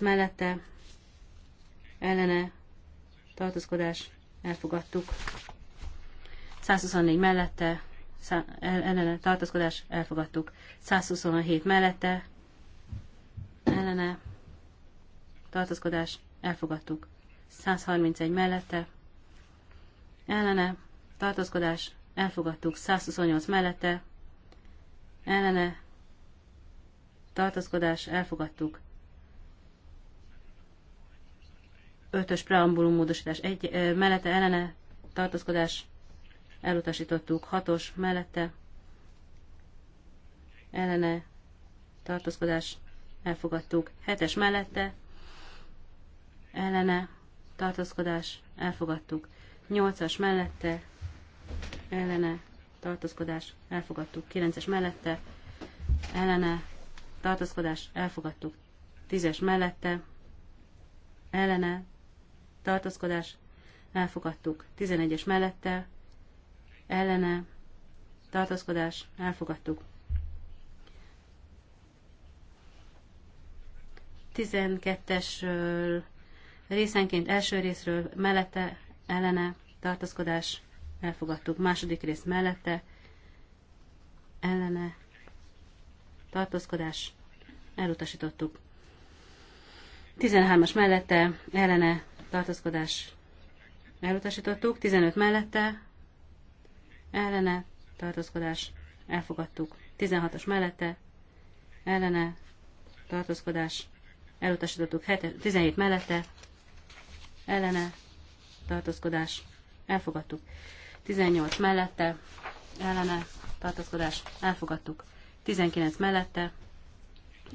mellette ellene tartózkodás elfogadtuk. 124 mellette ellene tartózkodás elfogadtuk. 127 mellette ellene tartózkodás elfogadtuk. 131 mellette ellene tartózkodás elfogadtuk. 128 mellette ellene tartózkodás elfogadtuk. ötös preambulum módosítás egy, mellette ellene tartózkodás elutasítottuk, hatos mellette ellene tartózkodás elfogadtuk, hetes mellette ellene tartózkodás elfogadtuk, nyolcas mellette ellene tartózkodás elfogadtuk, kilences mellette ellene tartózkodás elfogadtuk, tízes mellette ellene tartózkodás, elfogadtuk. 11-es mellette, ellene, tartózkodás, elfogadtuk. 12-esről részenként első részről mellette, ellene, tartózkodás, elfogadtuk. Második rész mellette, ellene, tartózkodás, elutasítottuk. 13-as mellette, ellene, tartózkodás elutasítottuk, 15 mellette, ellene, tartózkodás elfogadtuk, 16-os mellette, ellene, tartózkodás elutasítottuk, 17 mellette, ellene, tartózkodás elfogadtuk, 18 mellette, ellene, tartózkodás elfogadtuk, 19 mellette,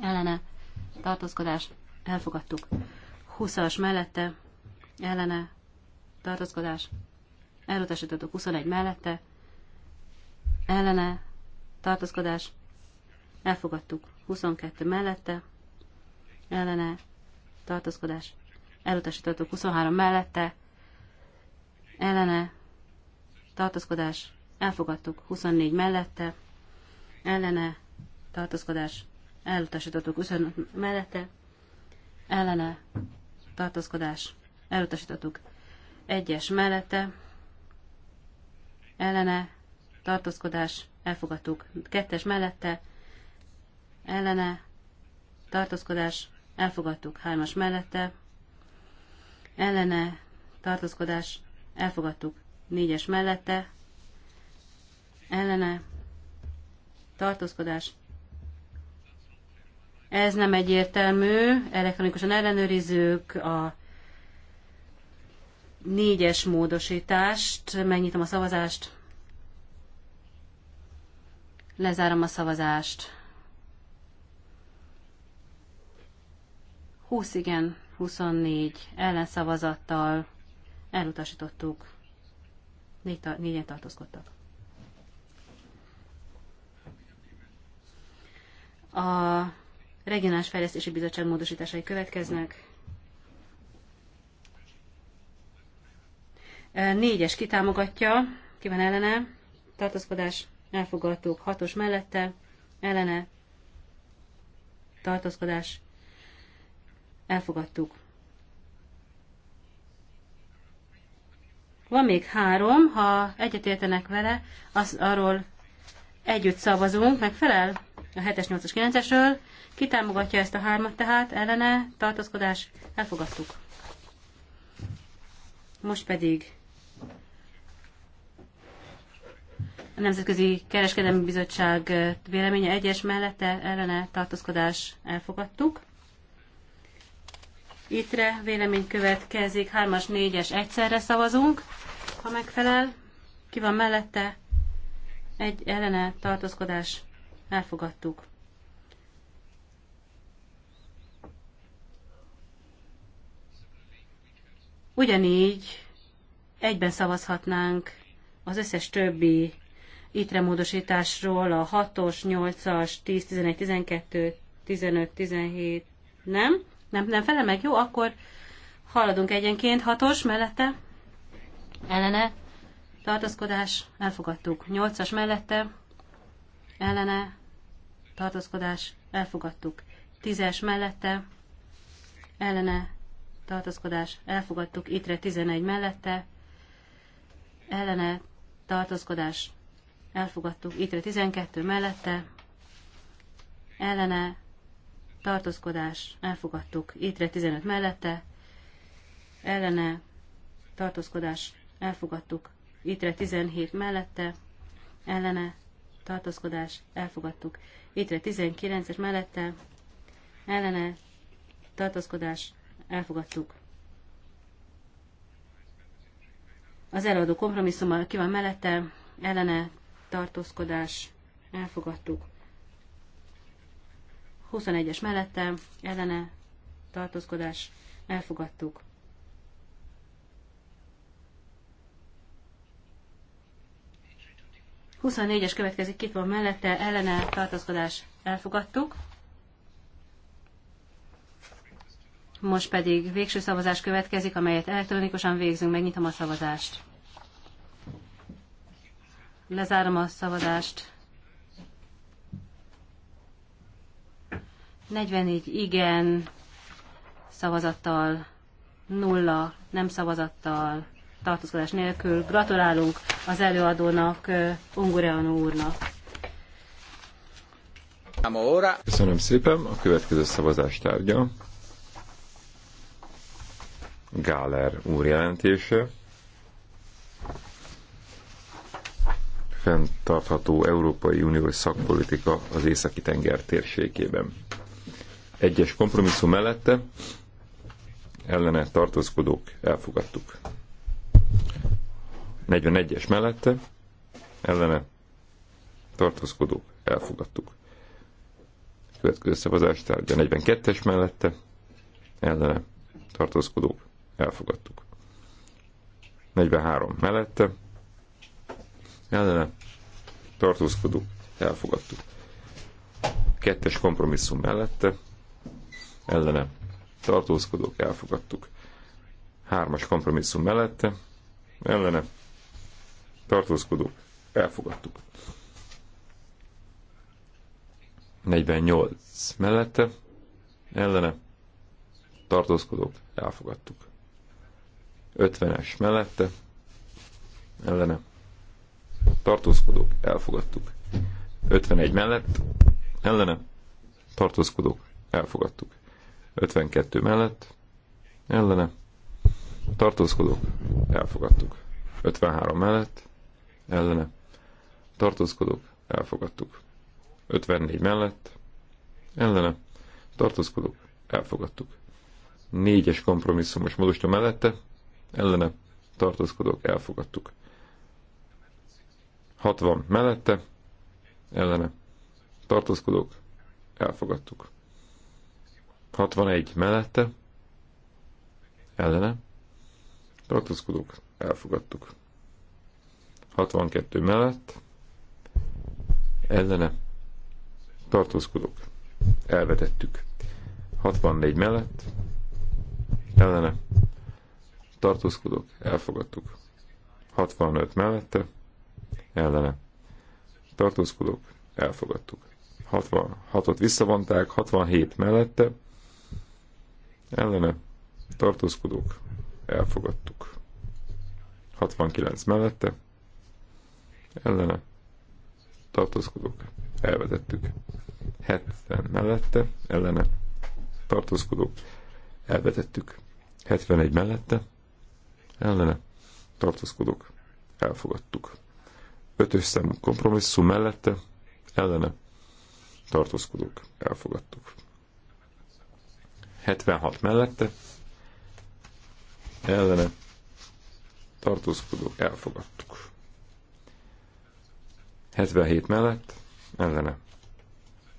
ellene, tartózkodás elfogadtuk, 20-as mellette, ellene tartózkodás elutasítottuk 21 mellette, ellene tartózkodás elfogadtuk 22 mellette, ellene tartózkodás elutasítottuk 23 mellette, ellene tartózkodás elfogadtuk 24 mellette, ellene tartózkodás elutasítottuk 25 mellette, ellene tartózkodás elutasítottuk. Egyes mellette, ellene, tartózkodás, elfogadtuk. Kettes mellette, ellene, tartózkodás, elfogadtuk. Hármas mellette, ellene, tartózkodás, elfogadtuk. Négyes mellette, ellene, tartózkodás. Ez nem egyértelmű, elektronikusan ellenőrizzük a négyes módosítást, megnyitom a szavazást, lezárom a szavazást. 20 igen, 24 ellenszavazattal elutasítottuk. Négy, négyen tartózkodtak. A Regionális Fejlesztési Bizottság módosításai következnek. Négyes kitámogatja, ki van ellene, tartózkodás, elfogadtuk, hatos mellette, ellene, tartózkodás, elfogadtuk. Van még három, ha egyetértenek vele, az arról együtt szavazunk, megfelel a 7-es, 8-as, 9-esről. Ki támogatja ezt a hármat tehát, ellene, tartózkodás, elfogadtuk. Most pedig a Nemzetközi Kereskedelmi Bizottság véleménye egyes mellette ellene tartózkodás elfogadtuk. Ittre vélemény következik, 3-as, 4-es egyszerre szavazunk, ha megfelel. Ki van mellette? Egy ellene tartózkodás elfogadtuk. Ugyanígy egyben szavazhatnánk az összes többi ITRE a 6-os, 8-as, 10, 11, 12, 15, 17, nem? Nem, nem felel meg? Jó, akkor haladunk egyenként. 6-os mellette, ellene, tartózkodás, elfogadtuk. 8-as mellette, ellene, tartózkodás, elfogadtuk. 10-es mellette, ellene, tartózkodás, elfogadtuk. ITRE 11 mellette, ellene, tartózkodás, elfogadtuk. Itre 12 mellette, ellene, tartózkodás, elfogadtuk. Itre 15 mellette, ellene, tartózkodás, elfogadtuk. Itre 17 mellette, ellene, tartózkodás, elfogadtuk. Itre 19 mellette, ellene, tartózkodás, elfogadtuk. Az előadó kompromisszummal ki van mellette, ellene tartózkodás, elfogadtuk. 21-es mellette, ellene, tartózkodás, elfogadtuk. es következik, kit van mellette, ellene, tartózkodás, elfogadtuk. Most pedig végső szavazás következik, amelyet elektronikusan végzünk, megnyitom a szavazást. Lezárom a szavazást. 44 igen szavazattal, nulla nem szavazattal, tartózkodás nélkül. Gratulálunk az előadónak, Ungureanu úrnak. Köszönöm szépen. A következő szavazás tárgya Gáler úr jelentése. fenntartható Európai Uniós szakpolitika az északi tenger térségében. Egyes kompromisszum mellette ellene tartózkodók elfogadtuk. 41-es mellette ellene tartózkodók elfogadtuk. Következő szavazás a 42-es mellette ellene tartózkodók elfogadtuk. 43 mellette ellene Tartózkodó. elfogadtuk. Kettes kompromisszum mellette ellene tartózkodók elfogadtuk. Hármas kompromisszum mellette ellene tartózkodók elfogadtuk. 48 mellette ellene tartózkodók elfogadtuk. 50-es mellette ellene tartózkodók, elfogadtuk. 51 mellett, ellene, tartózkodók, elfogadtuk. 52 mellett, ellene, tartózkodók, elfogadtuk. 53 mellett, ellene, tartózkodók, elfogadtuk. 54 mellett, ellene, tartózkodók, elfogadtuk. 4-es kompromisszumos módosító mellette, ellene, tartózkodók, elfogadtuk. 60 mellette, ellene tartózkodók, elfogadtuk. 61 mellette, ellene tartózkodók, elfogadtuk. 62 mellett, ellene tartózkodók, elvetettük. 64 mellett, ellene tartózkodók, elfogadtuk. 65 mellette, ellene tartózkodók, elfogadtuk. 66-ot visszavonták, 67 mellette, ellene tartózkodók, elfogadtuk. 69 mellette, ellene tartózkodók, elvetettük. 70 mellette, ellene tartózkodók, elvetettük. 71 mellette, ellene tartózkodók, elfogadtuk. Ötös számú kompromisszum mellette ellene tartózkodók elfogadtuk. 76 mellette ellene tartózkodók elfogadtuk. 77 mellett ellene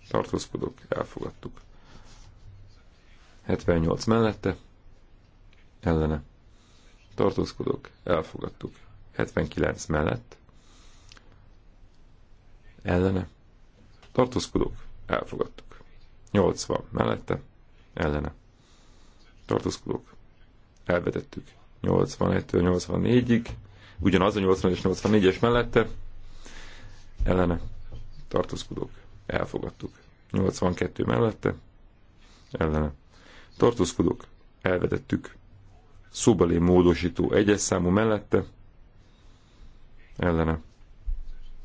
tartózkodók elfogadtuk. 78 mellette ellene tartózkodók elfogadtuk. 79 mellett ellene, tartózkodók, elfogadtuk. 80 mellette, ellene, tartózkodók, elvetettük. 81-től 84-ig, ugyanaz a 80 és 84-es mellette, ellene, tartózkodók, elfogadtuk. 82 mellette, ellene, tartózkodók, elvetettük. Szóbeli módosító egyes számú mellette, ellene,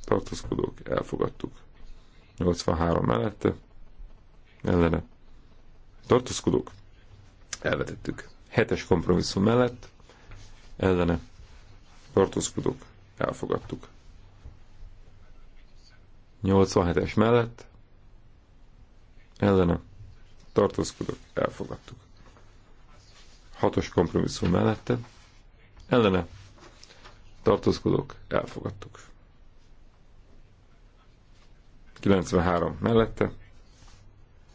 tartózkodók elfogadtuk. 83 mellette ellene tartózkodók elvetettük. 7-es kompromisszum mellett ellene tartózkodók elfogadtuk. 87-es mellett ellene tartózkodók elfogadtuk. 6-os kompromisszum mellette ellene tartózkodók elfogadtuk. 93 mellette,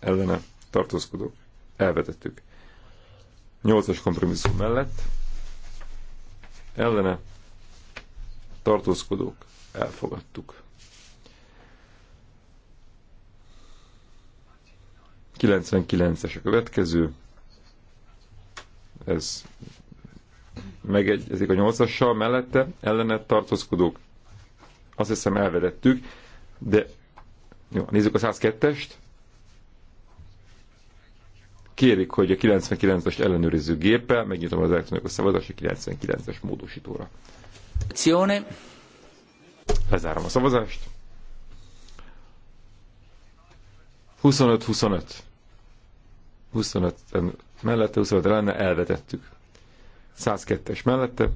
ellene tartózkodók, elvetettük. 8-as kompromisszum mellett, ellene tartózkodók, elfogadtuk. 99-es a következő, ez megegyezik a 8-assal mellette, ellene tartózkodók, azt hiszem elvedettük, de jó, nézzük a 102-est. Kérik, hogy a 99 es ellenőrző géppel, megnyitom az elektronikus szavazási a 99-es módosítóra. Lezárom a szavazást. 25-25. 25 mellette, 25 ellene elvetettük. 102-es mellette,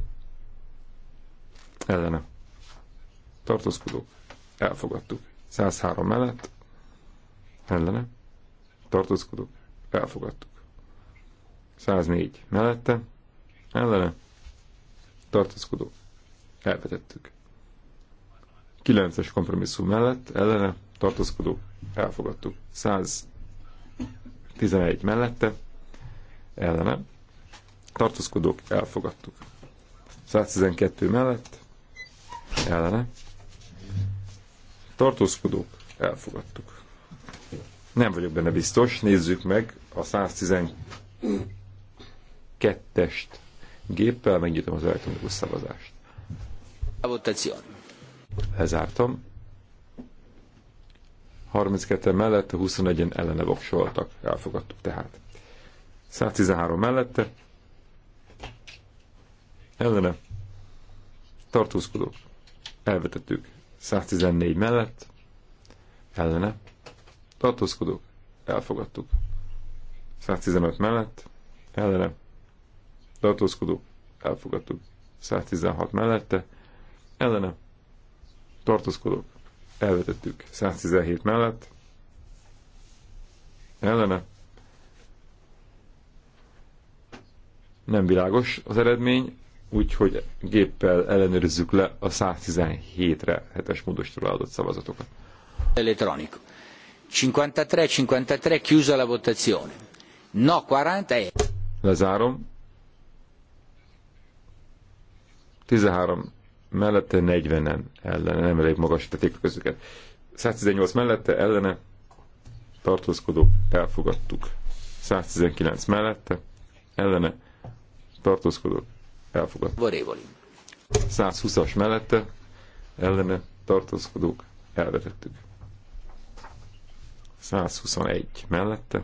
ellene. Tartózkodók. Elfogadtuk. 103 mellett ellene tartózkodók elfogadtuk. 104 mellette ellene tartózkodó, elvetettük. 9-es kompromisszum mellett ellene tartózkodó, elfogadtuk. 111 mellette ellene tartózkodók elfogadtuk. 112 mellett ellene tartózkodók, elfogadtuk. Nem vagyok benne biztos, nézzük meg a 112-est géppel, megnyitom az elektronikus szavazást. Lezártam. 32 mellett, 21-en ellene voksoltak, elfogadtuk tehát. 113 mellette, ellene tartózkodók, elvetettük. 114 mellett ellene tartózkodók elfogadtuk. 115 mellett ellene tartózkodók elfogadtuk. 116 mellette ellene tartózkodók elvetettük. 117 mellett ellene nem világos az eredmény, úgyhogy géppel ellenőrizzük le a 117-re hetes módosítóra adott szavazatokat. Elektronik. 53-53, chiusa la votazione. No, 40 e- Lezárom. 13 mellette 40-en ellene, nem elég magas tették közüket. 118 mellette ellene tartózkodó elfogadtuk. 119 mellette ellene tartózkodó elfogad. Varévali. 120-as mellette ellene tartózkodók elvetettük. 121 mellette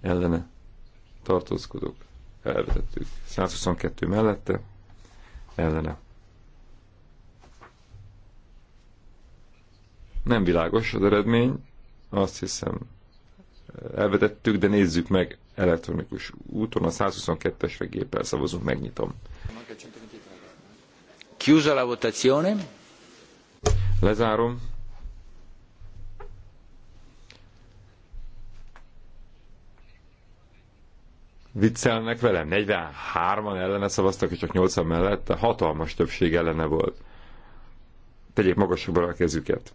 ellene tartózkodók elvetettük. 122 mellette ellene. Nem világos az eredmény, azt hiszem elvetettük, de nézzük meg elektronikus úton. A 122-esre géppel szavazunk, megnyitom. Chiusa la votazione. Lezárom. viccelnek velem. 43-an ellene szavaztak, és csak 80 mellett, a hatalmas többség ellene volt. Tegyék magasabbra a kezüket.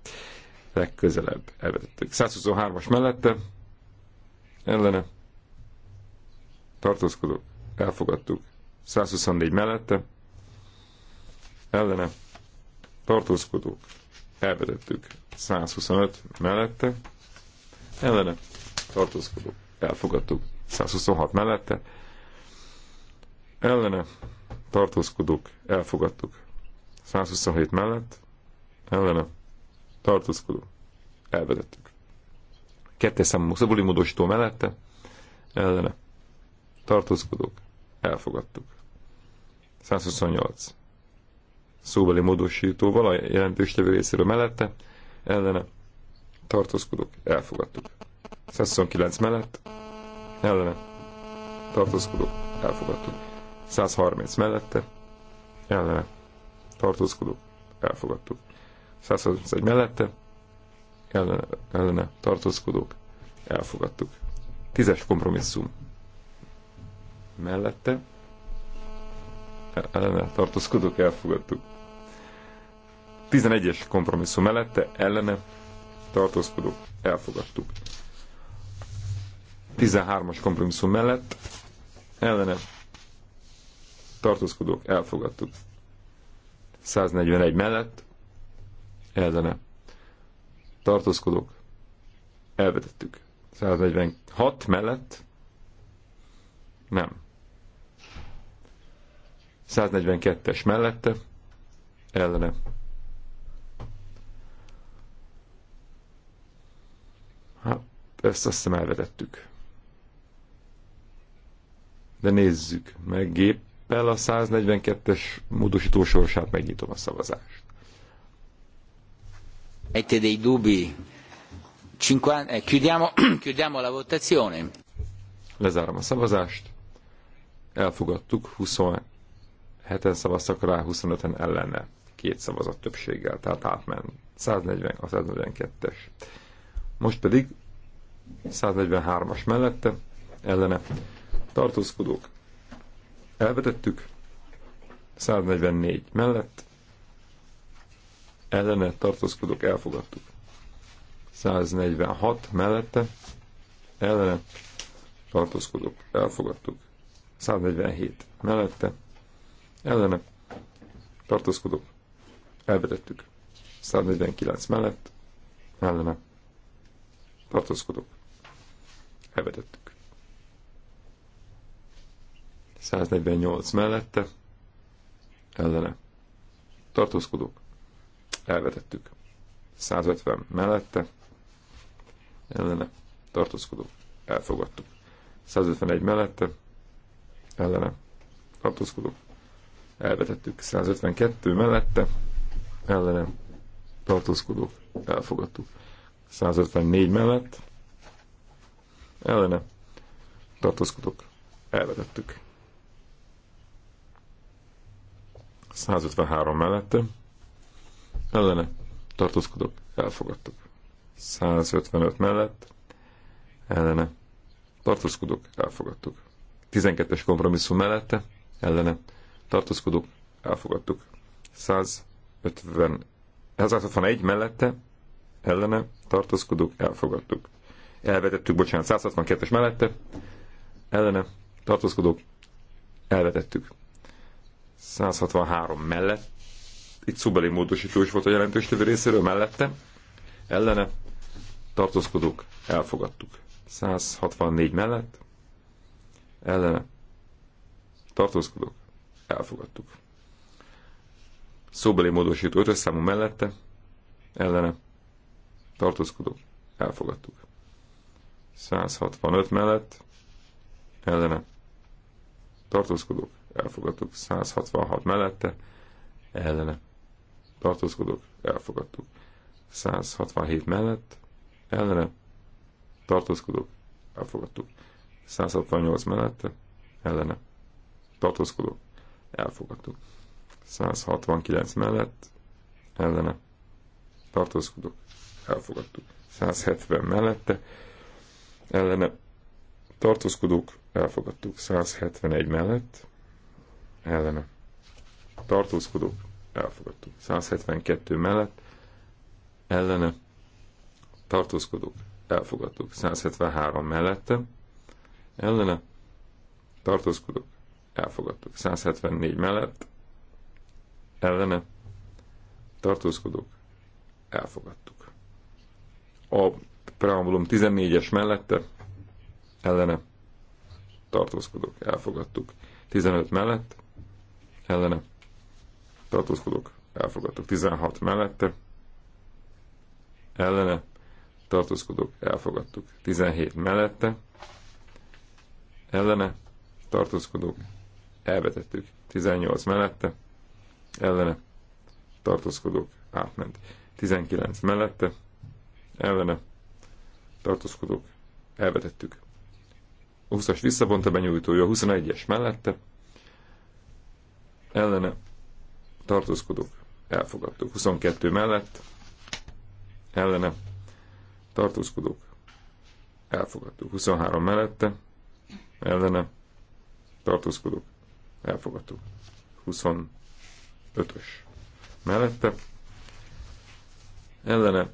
Legközelebb elvetettük. 123-as mellette, ellene tartózkodók, elfogadtuk. 124 mellette, ellene, tartózkodók, elvetettük. 125 mellette, ellene, tartózkodók, elfogadtuk. 126 mellette, ellene, tartózkodók, elfogadtuk. 127 mellett, ellene, tartózkodók, elvetettük. Kettes számú szabuli módosító mellette, ellene, tartózkodók, elfogadtuk. 128. Szóbeli módosító vala jelentőstevő részéről mellette, ellene tartózkodók, elfogadtuk. 129 mellett, ellene tartózkodók, elfogadtuk. 130 mellette, ellene tartózkodók, elfogadtuk. 131 mellette, ellene, ellene tartózkodók, elfogadtuk. Tízes kompromisszum mellette ellene tartózkodók elfogadtuk. 11-es kompromisszum mellette ellene tartózkodók elfogadtuk. 13-as kompromisszum mellett ellene tartózkodók elfogadtuk. 141 mellett ellene tartózkodók elvetettük. 146 mellett nem. 142-es mellette, ellene. Hát, ezt azt hiszem elvetettük. De nézzük meg géppel a 142-es módosító sorsát, megnyitom a szavazást. Mette dei dubi. Cinquan... Eh, chiudiamo, la votazione. Lezárom a szavazást. Elfogadtuk 20 heten szavaztak rá, 25-en ellene, két szavazat többséggel, tehát átment 140 a 142-es. Most pedig 143-as mellette, ellene tartózkodók. Elvetettük 144 mellett, ellene tartózkodók elfogadtuk. 146 mellette, ellene tartózkodók elfogadtuk. 147 mellette, ellene tartózkodok, elvetettük. 149 mellett ellene tartózkodok, elvetettük. 148 mellette ellene tartózkodók elvetettük. 150 mellette ellene tartózkodók elfogadtuk. 151 mellette ellene tartózkodók elvetettük 152 mellette, ellene tartózkodók, elfogadtuk 154 mellett, ellene tartózkodók, elvetettük 153 mellette, ellene tartózkodók, elfogadtuk 155 mellett, ellene tartózkodók, elfogadtuk 12-es kompromisszum mellette, ellene tartózkodók elfogadtuk. 150, 161 mellette ellene tartózkodók elfogadtuk. Elvetettük, bocsánat, 162-es mellette ellene tartózkodók elvetettük. 163 mellett, itt szubeli módosító is volt a jelentős tevő részéről mellette, ellene tartózkodók elfogadtuk. 164 mellett, ellene tartózkodók elfogadtuk. Szóbeli módosító ötös számú mellette, ellene, tartózkodó, elfogadtuk. 165 mellett, ellene, tartózkodók, elfogadtuk. 166 mellette, ellene, tartózkodók, elfogadtuk. 167 mellett, ellene, tartózkodók, elfogadtuk. 168 mellette, ellene, tartózkodók, elfogadtuk. 169 mellett ellene tartózkodok, elfogadtuk. 170 mellette ellene tartózkodók, elfogadtuk. 171 mellett ellene tartózkodók, elfogadtuk. 172 mellett ellene tartózkodók, elfogadtuk. 173 mellette ellene tartózkodók, elfogadtuk. 174 mellett ellene tartózkodók elfogadtuk. A preambulum 14-es mellette ellene tartózkodók elfogadtuk. 15 mellett ellene tartózkodók elfogadtuk. 16 mellette ellene tartózkodók elfogadtuk. 17 mellette ellene tartózkodók elvetettük. 18 mellette, ellene, tartózkodók, átment. 19 mellette, ellene, tartózkodók, elvetettük. A 20-as visszavonta benyújtója, a 21-es mellette, ellene, tartózkodók, elfogadtuk. 22 mellett, ellene, tartózkodók, elfogadtuk. 23 mellette, ellene, tartózkodók, elfogadtuk. 25-ös mellette ellene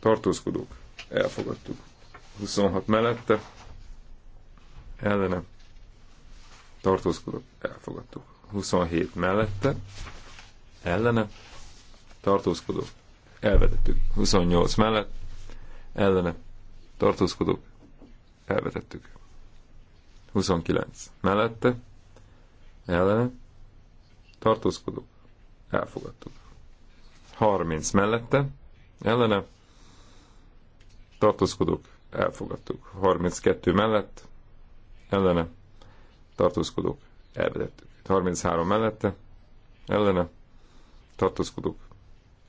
tartózkodók elfogadtuk. 26 mellette ellene tartózkodók elfogadtuk. 27 mellette ellene tartózkodók elvetettük. 28 mellett ellene tartózkodók elvetettük. 29 mellette ellene Tartózkodok. elfogadtuk. 30 mellette ellene Tartózkodok. elfogadtuk. 32 mellett ellene Tartózkodok. elvetettük. 33 mellette ellene Tartózkodok.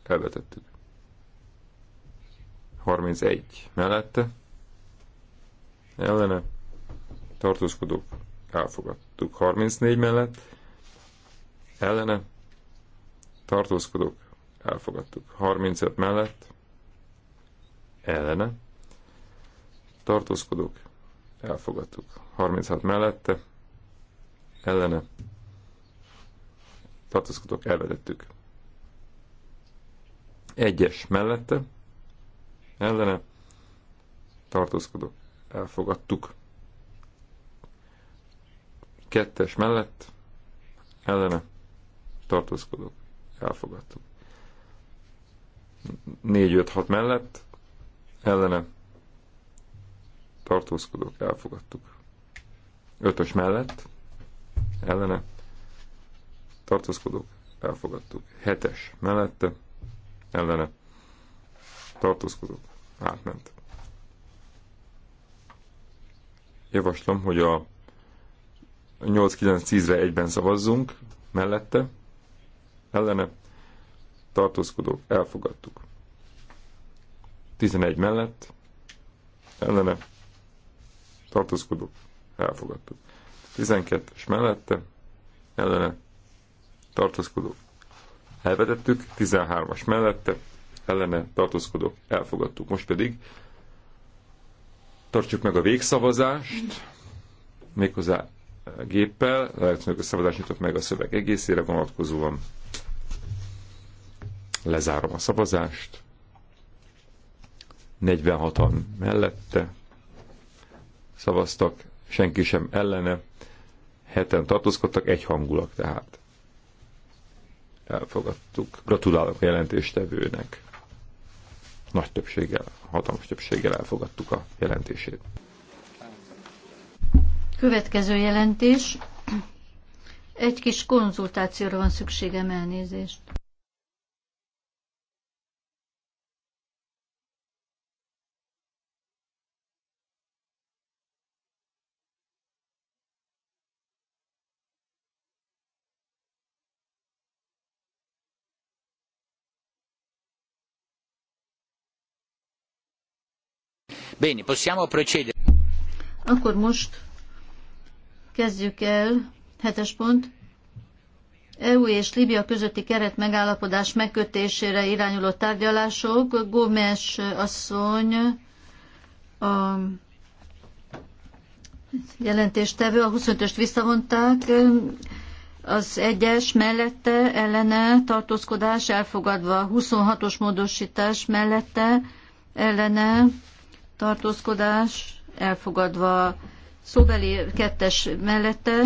elvetettük. 31 mellette ellene Tartózkodok elfogadtuk. 34 mellett ellene tartózkodok, elfogadtuk. 35 mellett ellene tartózkodok, elfogadtuk. 36 mellette ellene tartózkodok, elvedettük. Egyes mellette ellene tartózkodok, elfogadtuk. Kettes mellett ellene tartózkodok, elfogadtuk. 4-5-6 mellett ellene tartózkodok, elfogadtuk. 5 mellett ellene tartózkodok, elfogadtuk. 7-es mellette ellene tartózkodok, átment. Javaslom, hogy a 8-9-10-re egyben szavazzunk, mellette, ellene, tartózkodók, elfogadtuk. 11 mellett, ellene, tartózkodók, elfogadtuk. 12-es mellette, ellene, tartózkodók, elvetettük, 13-as mellette, ellene, tartózkodók, elfogadtuk. Most pedig tartsuk meg a végszavazást, méghozzá géppel, a szavazást nyitott meg a szöveg egészére vonatkozóan. Lezárom a szavazást. 46-an mellette szavaztak, senki sem ellene, heten tartózkodtak, egyhangulak tehát. Elfogadtuk. Gratulálok a jelentéstevőnek. Nagy többséggel, hatalmas többséggel elfogadtuk a jelentését. Következő jelentés. Egy kis konzultációra van szükségem elnézést. Bene, possiamo procedere. Akkor most Kezdjük el. Hetes pont. EU és Líbia közötti keret megállapodás megkötésére irányuló tárgyalások. Gómez asszony a jelentéstevő, a 25-öst visszavonták, az egyes mellette ellene tartózkodás elfogadva, 26-os módosítás mellette ellene tartózkodás elfogadva, Szóbeli kettes mellette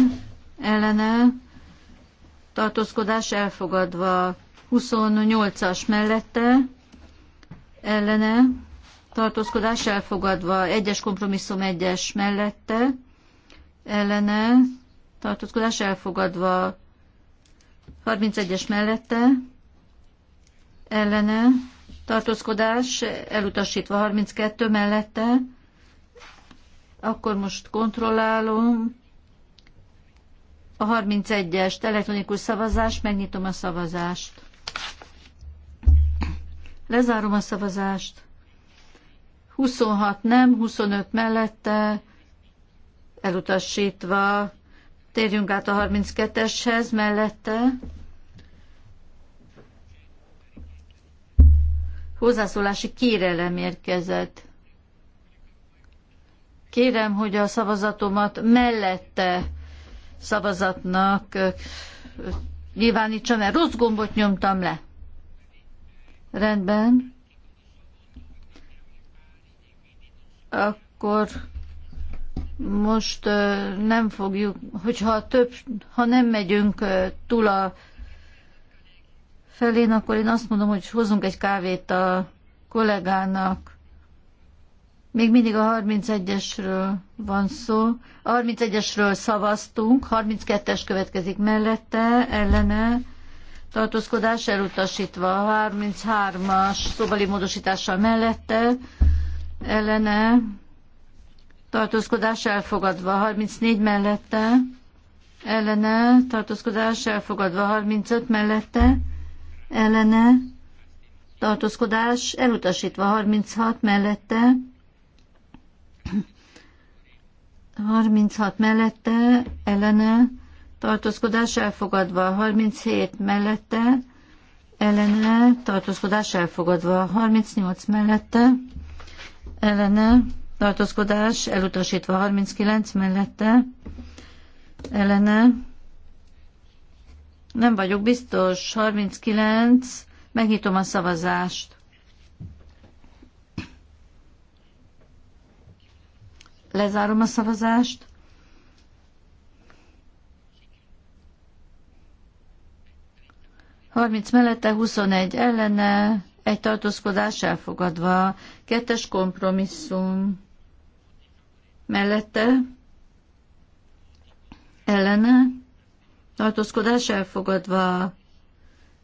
ellene tartózkodás elfogadva. 28-as mellette ellene tartózkodás elfogadva. Egyes kompromisszum egyes mellette ellene tartózkodás elfogadva. 31-es mellette ellene tartózkodás elutasítva. 32 mellette akkor most kontrollálom. A 31-es elektronikus szavazást, megnyitom a szavazást. Lezárom a szavazást. 26 nem, 25 mellette, elutasítva. Térjünk át a 32-eshez mellette. Hozzászólási kérelem érkezett. Kérem, hogy a szavazatomat mellette szavazatnak nyilvánítsam, mert rossz gombot nyomtam le. Rendben. Akkor most nem fogjuk, hogyha több, ha nem megyünk túl a felén, akkor én azt mondom, hogy hozunk egy kávét a kollégának. Még mindig a 31-esről van szó. A 31-esről szavaztunk, 32-es következik mellette, ellene, tartózkodás elutasítva, 33-as szobali módosítással mellette, ellene, tartózkodás elfogadva, 34 mellette, ellene, tartózkodás elfogadva, 35 mellette, ellene, tartózkodás elutasítva, 36 mellette, 36 mellette, ellene, tartózkodás elfogadva. 37 mellette, ellene, tartózkodás elfogadva. 38 mellette, ellene, tartózkodás elutasítva. 39 mellette, ellene, nem vagyok biztos, 39, megnyitom a szavazást. Lezárom a szavazást. Harminc mellette, 21 ellene, egy tartózkodás elfogadva, kettes kompromisszum mellette, ellene, tartózkodás elfogadva,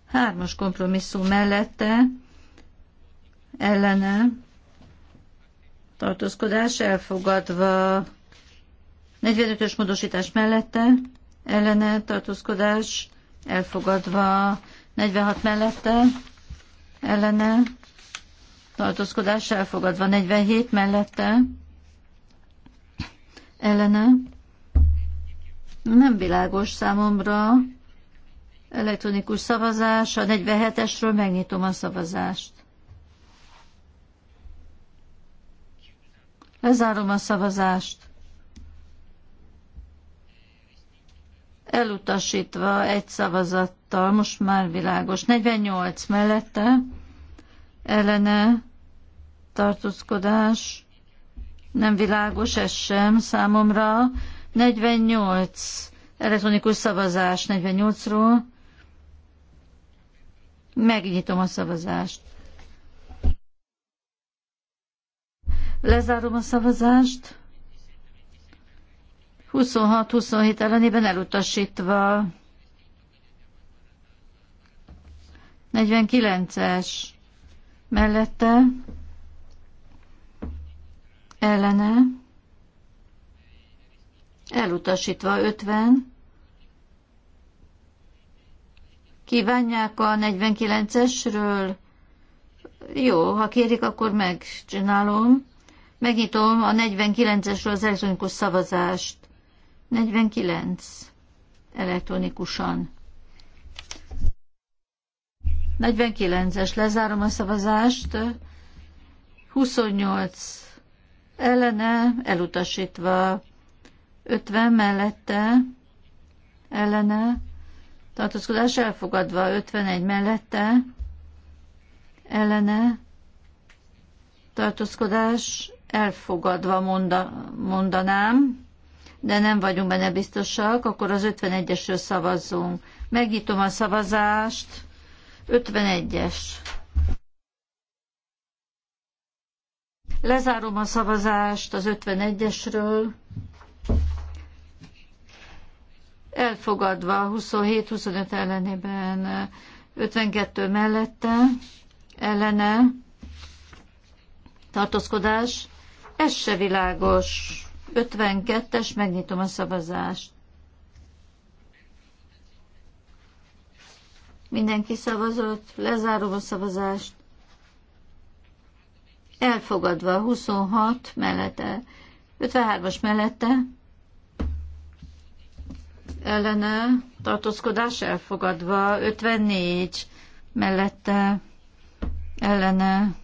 hármas kompromisszum mellette, ellene, tartózkodás elfogadva. 45-ös módosítás mellette, ellene tartózkodás elfogadva. 46 mellette, ellene tartózkodás elfogadva. 47 mellette, ellene. Nem világos számomra elektronikus szavazás. A 47-esről megnyitom a szavazást. Lezárom a szavazást. Elutasítva egy szavazattal, most már világos. 48 mellette ellene tartózkodás. Nem világos ez sem számomra. 48 elektronikus szavazás 48-ról. Megnyitom a szavazást. Lezárom a szavazást. 26-27 ellenében elutasítva. 49-es mellette ellene elutasítva 50 kívánják a 49-esről jó, ha kérik, akkor megcsinálom Megnyitom a 49-esről az elektronikus szavazást. 49 elektronikusan. 49-es, lezárom a szavazást. 28 ellene, elutasítva. 50 mellette, ellene, tartózkodás elfogadva. 51 mellette, ellene, tartózkodás elfogadva monda, mondanám, de nem vagyunk benne biztosak, akkor az 51-esről szavazzunk. Megnyitom a szavazást. 51-es. Lezárom a szavazást az 51-esről. Elfogadva 27-25 ellenében, 52 mellette, ellene, tartózkodás, ez se világos. 52-es, megnyitom a szavazást. Mindenki szavazott, lezárom a szavazást. Elfogadva 26 mellette, 53-as mellette, ellene tartózkodás elfogadva, 54 mellette, ellene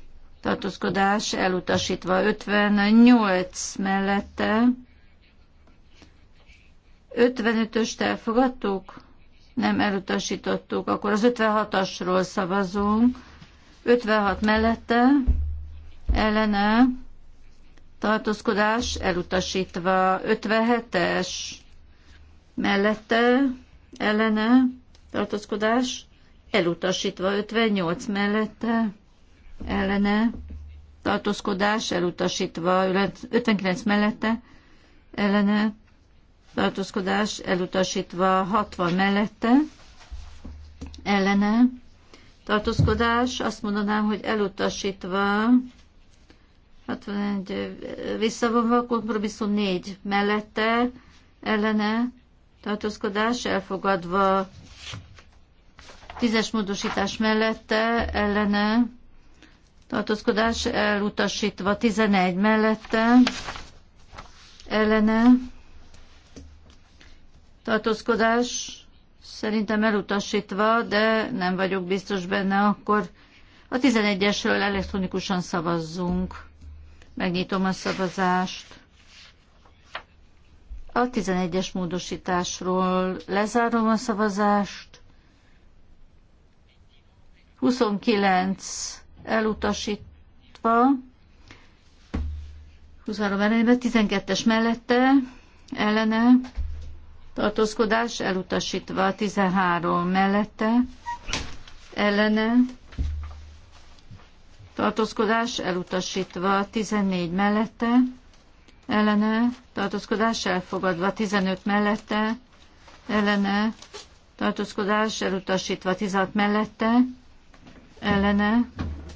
tartózkodás elutasítva 58 mellette. 55-öst elfogadtuk? Nem elutasítottuk. Akkor az 56-asról szavazunk. 56 mellette ellene tartózkodás elutasítva 57-es mellette ellene tartózkodás elutasítva 58 mellette ellene tartózkodás elutasítva, 59 mellette ellene tartózkodás elutasítva, 60 mellette ellene tartózkodás, azt mondanám, hogy elutasítva, 61 visszavonva, kompromisszum 4 mellette ellene tartózkodás elfogadva, 10-es módosítás mellette ellene tartózkodás elutasítva 11 mellette, ellene tartózkodás szerintem elutasítva, de nem vagyok biztos benne, akkor a 11-esről elektronikusan szavazzunk. Megnyitom a szavazást. A 11-es módosításról lezárom a szavazást. 29 elutasítva, 23 ellenében, 12-es mellette, ellene, tartózkodás elutasítva, 13 mellette, ellene, tartózkodás elutasítva, 14 mellette, ellene, tartózkodás elfogadva, 15 mellette, ellene, tartózkodás elutasítva, 16 mellette, ellene,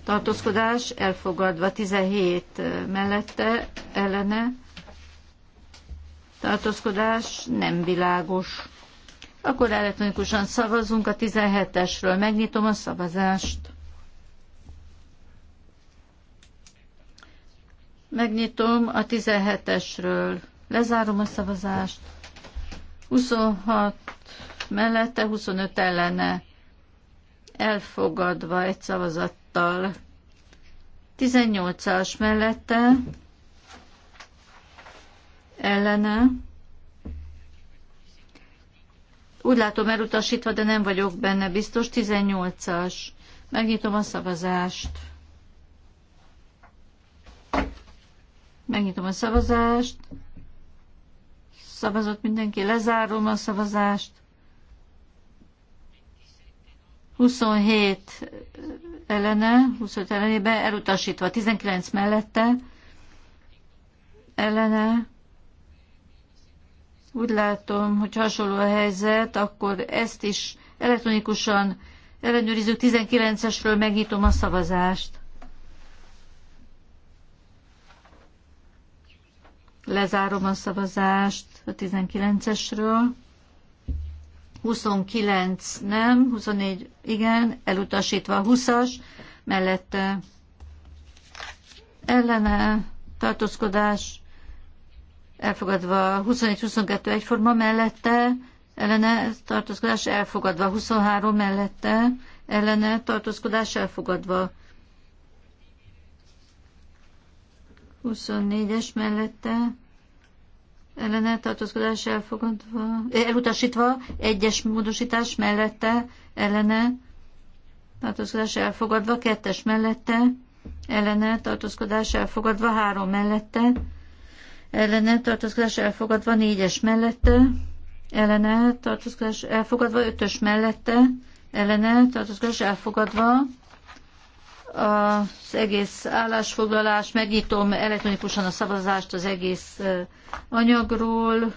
tartózkodás elfogadva 17 mellette ellene tartózkodás nem világos. Akkor elektronikusan szavazunk a 17-esről. Megnyitom a szavazást. Megnyitom a 17-esről. Lezárom a szavazást. 26 mellette, 25 ellene. Elfogadva egy szavazat szavazattal. 18-as mellette ellene. Úgy látom elutasítva, de nem vagyok benne biztos. 18-as. Megnyitom a szavazást. Megnyitom a szavazást. Szavazott mindenki, lezárom a szavazást. 27 ellene, 25 ellenébe, elutasítva 19 mellette, ellene. Úgy látom, hogy hasonló a helyzet, akkor ezt is elektronikusan ellenőrizzük. 19-esről megnyitom a szavazást. Lezárom a szavazást a 19-esről. 29 nem, 24 igen, elutasítva a 20-as, mellette ellene tartózkodás, elfogadva 21-22 egyforma mellette, ellene tartózkodás elfogadva, 23 mellette, ellene tartózkodás elfogadva. 24-es mellette ellene tartózkodás elfogadva, eh, elutasítva, egyes módosítás mellette ellene tartózkodás elfogadva, kettes mellette ellene tartózkodás elfogadva, három mellette ellene tartózkodás elfogadva, négyes mellette ellene tartózkodás elfogadva, ötös mellette ellene tartózkodás elfogadva, az egész állásfoglalás. Megnyitom elektronikusan a szavazást az egész anyagról.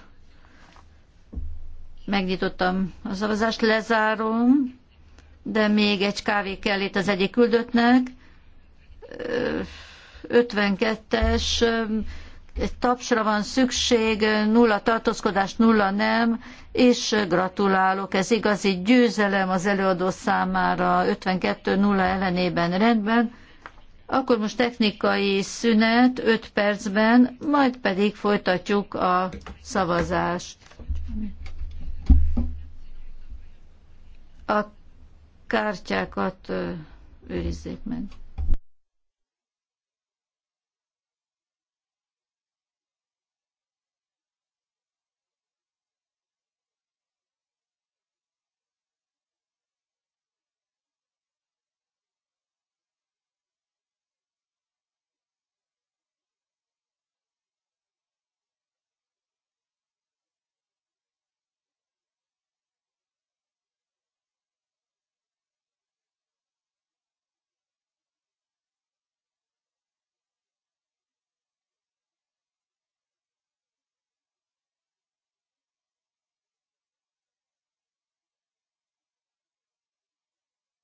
Megnyitottam a szavazást, lezárom, de még egy kávé kell itt az egyik küldöttnek. 52-es tapsra van szükség, nulla tartózkodás, nulla nem, és gratulálok, ez igazi győzelem az előadó számára 52-0 ellenében rendben. Akkor most technikai szünet 5 percben, majd pedig folytatjuk a szavazást. A kártyákat őrizzék meg.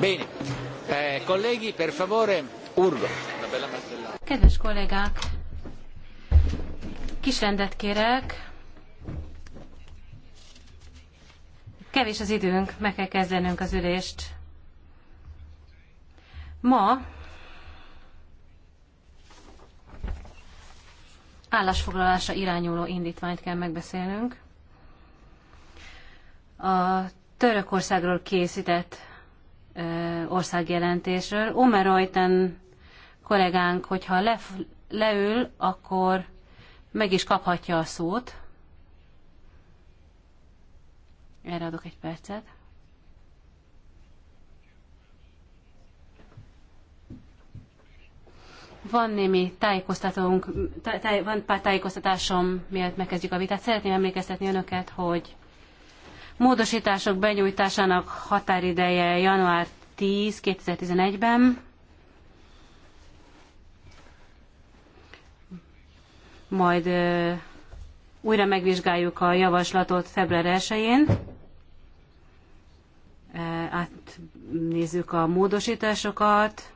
Bene. Eh, colleghi, per favore, urlo. Kedves kollégák, kis rendet kérek. Kevés az időnk, meg kell kezdenünk az ülést. Ma állásfoglalásra irányuló indítványt kell megbeszélnünk. A Törökországról készített országjelentésről. Omerojten kollégánk, hogyha le, leül, akkor meg is kaphatja a szót. Erre adok egy percet. Van némi tájékoztatónk, táj, van pár tájékoztatásom, miért megkezdjük a vitát. Szeretném emlékeztetni önöket, hogy Módosítások benyújtásának határideje január 10 2011-ben. Majd ö, újra megvizsgáljuk a javaslatot február 1-én. Átnézzük a módosításokat,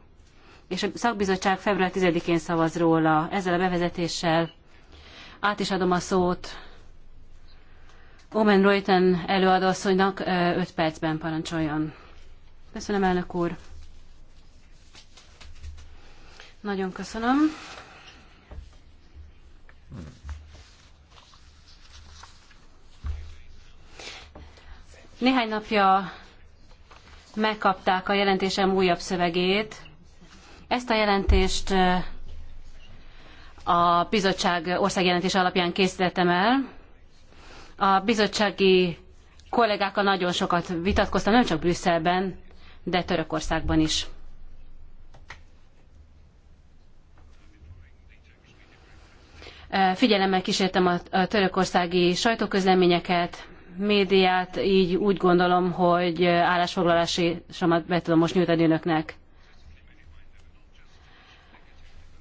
és a szakbizottság február 10-én szavaz róla. Ezzel a bevezetéssel át is adom a szót Omen Reuten előadóasszonynak 5 percben parancsoljon. Köszönöm, elnök úr. Nagyon köszönöm. Néhány napja megkapták a jelentésem újabb szövegét. Ezt a jelentést a bizottság országjelentés alapján készítettem el a bizottsági kollégákkal nagyon sokat vitatkoztam, nem csak Brüsszelben, de Törökországban is. Figyelemmel kísértem a törökországi sajtóközleményeket, médiát, így úgy gondolom, hogy állásfoglalásomat be tudom most nyújtani önöknek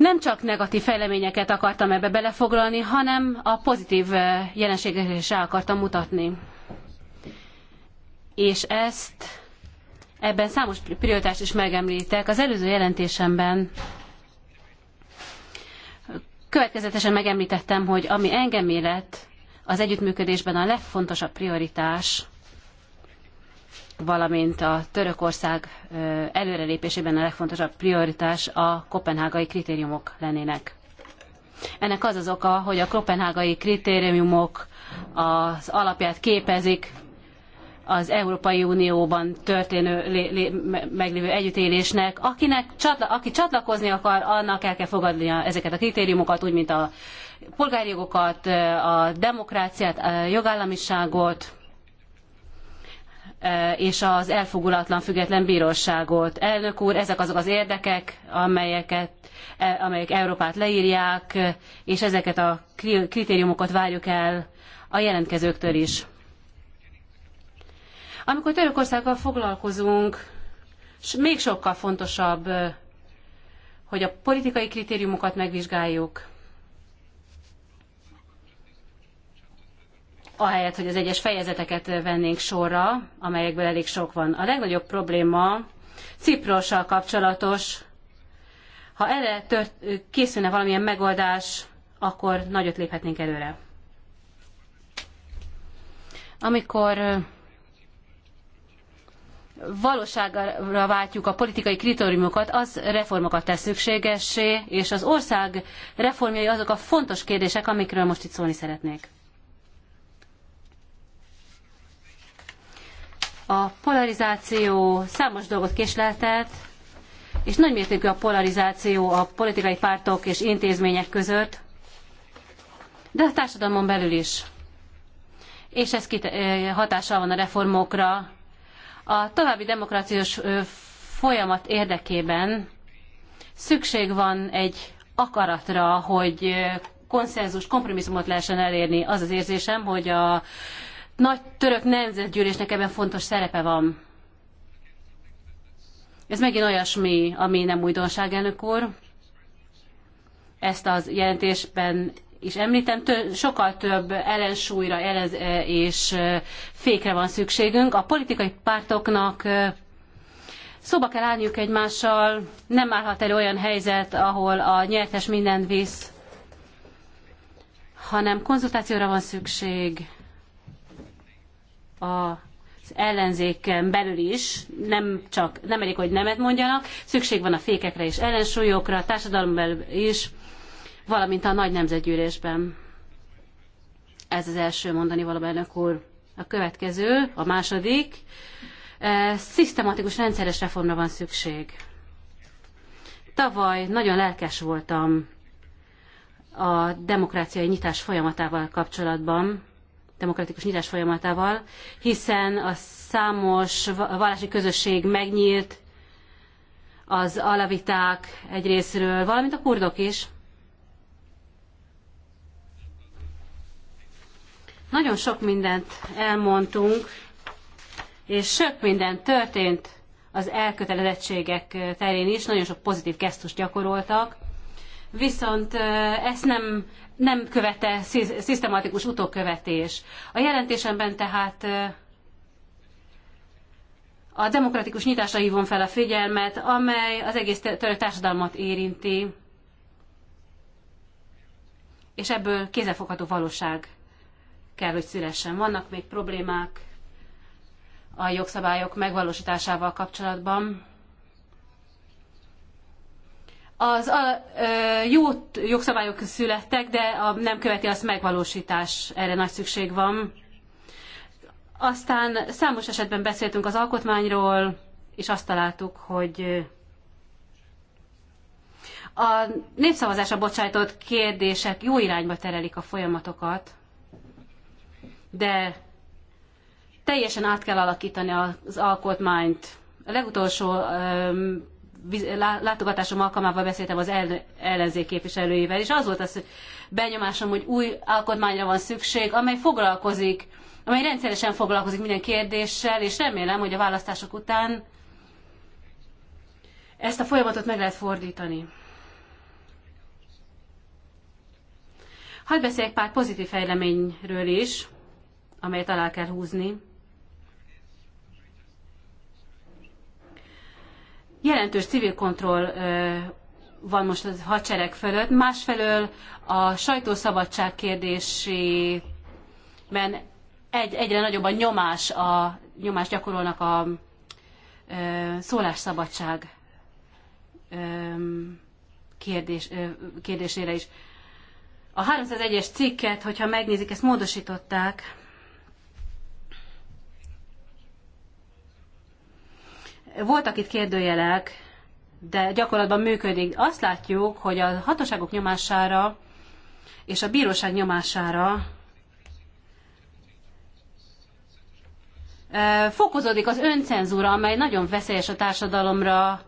nem csak negatív fejleményeket akartam ebbe belefoglalni, hanem a pozitív eh, jelenségekre is rá akartam mutatni. És ezt ebben számos prioritást is megemlítek. Az előző jelentésemben következetesen megemlítettem, hogy ami engem élet, az együttműködésben a legfontosabb prioritás valamint a Törökország előrelépésében a legfontosabb prioritás a kopenhágai kritériumok lennének. Ennek az az oka, hogy a kopenhágai kritériumok az alapját képezik az Európai Unióban történő meglévő együttélésnek. Akinek, csatla, aki csatlakozni akar, annak el kell fogadnia ezeket a kritériumokat, úgy, mint a polgárjogokat, a demokráciát, a jogállamiságot, Eh, és az elfogulatlan független bíróságot. Elnök úr, ezek azok az érdekek, amelyeket, eh, amelyek Európát leírják, és ezeket a kritériumokat várjuk el a jelentkezőktől is. Amikor Törökországgal foglalkozunk, még sokkal fontosabb, eh, hogy a politikai kritériumokat megvizsgáljuk, ahelyett, hogy az egyes fejezeteket vennénk sorra, amelyekből elég sok van. A legnagyobb probléma Ciprossal kapcsolatos. Ha erre tört, készülne valamilyen megoldás, akkor nagyot léphetnénk előre. Amikor valóságra váltjuk a politikai kritériumokat, az reformokat tesz szükségessé, és az ország reformjai azok a fontos kérdések, amikről most itt szólni szeretnék. A polarizáció számos dolgot késleltet, és nagymértékű a polarizáció a politikai pártok és intézmények között, de a társadalmon belül is. És ez hatással van a reformokra. A további demokrációs folyamat érdekében szükség van egy akaratra, hogy konszenzus, kompromisszumot lehessen elérni. Az az érzésem, hogy a nagy török nemzetgyűlésnek ebben fontos szerepe van. Ez megint olyasmi, ami nem újdonság, elnök úr. Ezt az jelentésben is említem, tő, sokkal több ellensúlyra elez, eh, és eh, fékre van szükségünk. A politikai pártoknak eh, szóba kell állniuk egymással, nem állhat elő olyan helyzet, ahol a nyertes mindent visz, hanem konzultációra van szükség, az ellenzéken belül is, nem csak, nem elég, hogy nemet mondjanak, szükség van a fékekre és ellensúlyokra, a társadalom belül is, valamint a nagy nemzetgyűlésben. Ez az első mondani való elnök úr. A következő, a második, szisztematikus rendszeres reformra van szükség. Tavaly nagyon lelkes voltam a demokráciai nyitás folyamatával kapcsolatban, demokratikus nyitás folyamatával, hiszen a számos vallási közösség megnyílt, az alaviták egy részről, valamint a kurdok is. Nagyon sok mindent elmondtunk, és sok minden történt az elkötelezettségek terén is, nagyon sok pozitív gesztust gyakoroltak, viszont ezt nem nem követte szisztematikus utókövetés. A jelentésemben tehát a demokratikus nyitásra hívom fel a figyelmet, amely az egész társadalmat érinti, és ebből kézefogható valóság kell, hogy szülessen. Vannak még problémák a jogszabályok megvalósításával kapcsolatban, az a, ö, jó jogszabályok születtek, de a nem követi azt megvalósítás, erre nagy szükség van. Aztán számos esetben beszéltünk az alkotmányról, és azt találtuk, hogy a népszavazásra bocsájtott kérdések jó irányba terelik a folyamatokat, de teljesen át kell alakítani az alkotmányt. A legutolsó látogatásom alkalmával beszéltem az ellenzék képviselőivel, és az volt az benyomásom, hogy új alkotmányra van szükség, amely foglalkozik, amely rendszeresen foglalkozik minden kérdéssel, és remélem, hogy a választások után ezt a folyamatot meg lehet fordítani. Hadd beszéljek pár pozitív fejleményről is, amelyet alá kell húzni. jelentős civil kontroll van most a hadsereg fölött, másfelől a sajtószabadság kérdésében egy, egyre nagyobb a nyomás, a nyomás gyakorolnak a ö, szólásszabadság ö, kérdés, ö, kérdésére is. A 301-es cikket, hogyha megnézik, ezt módosították, Voltak itt kérdőjelek, de gyakorlatban működik. Azt látjuk, hogy a hatóságok nyomására és a bíróság nyomására e, fokozódik az öncenzúra, amely nagyon veszélyes a társadalomra.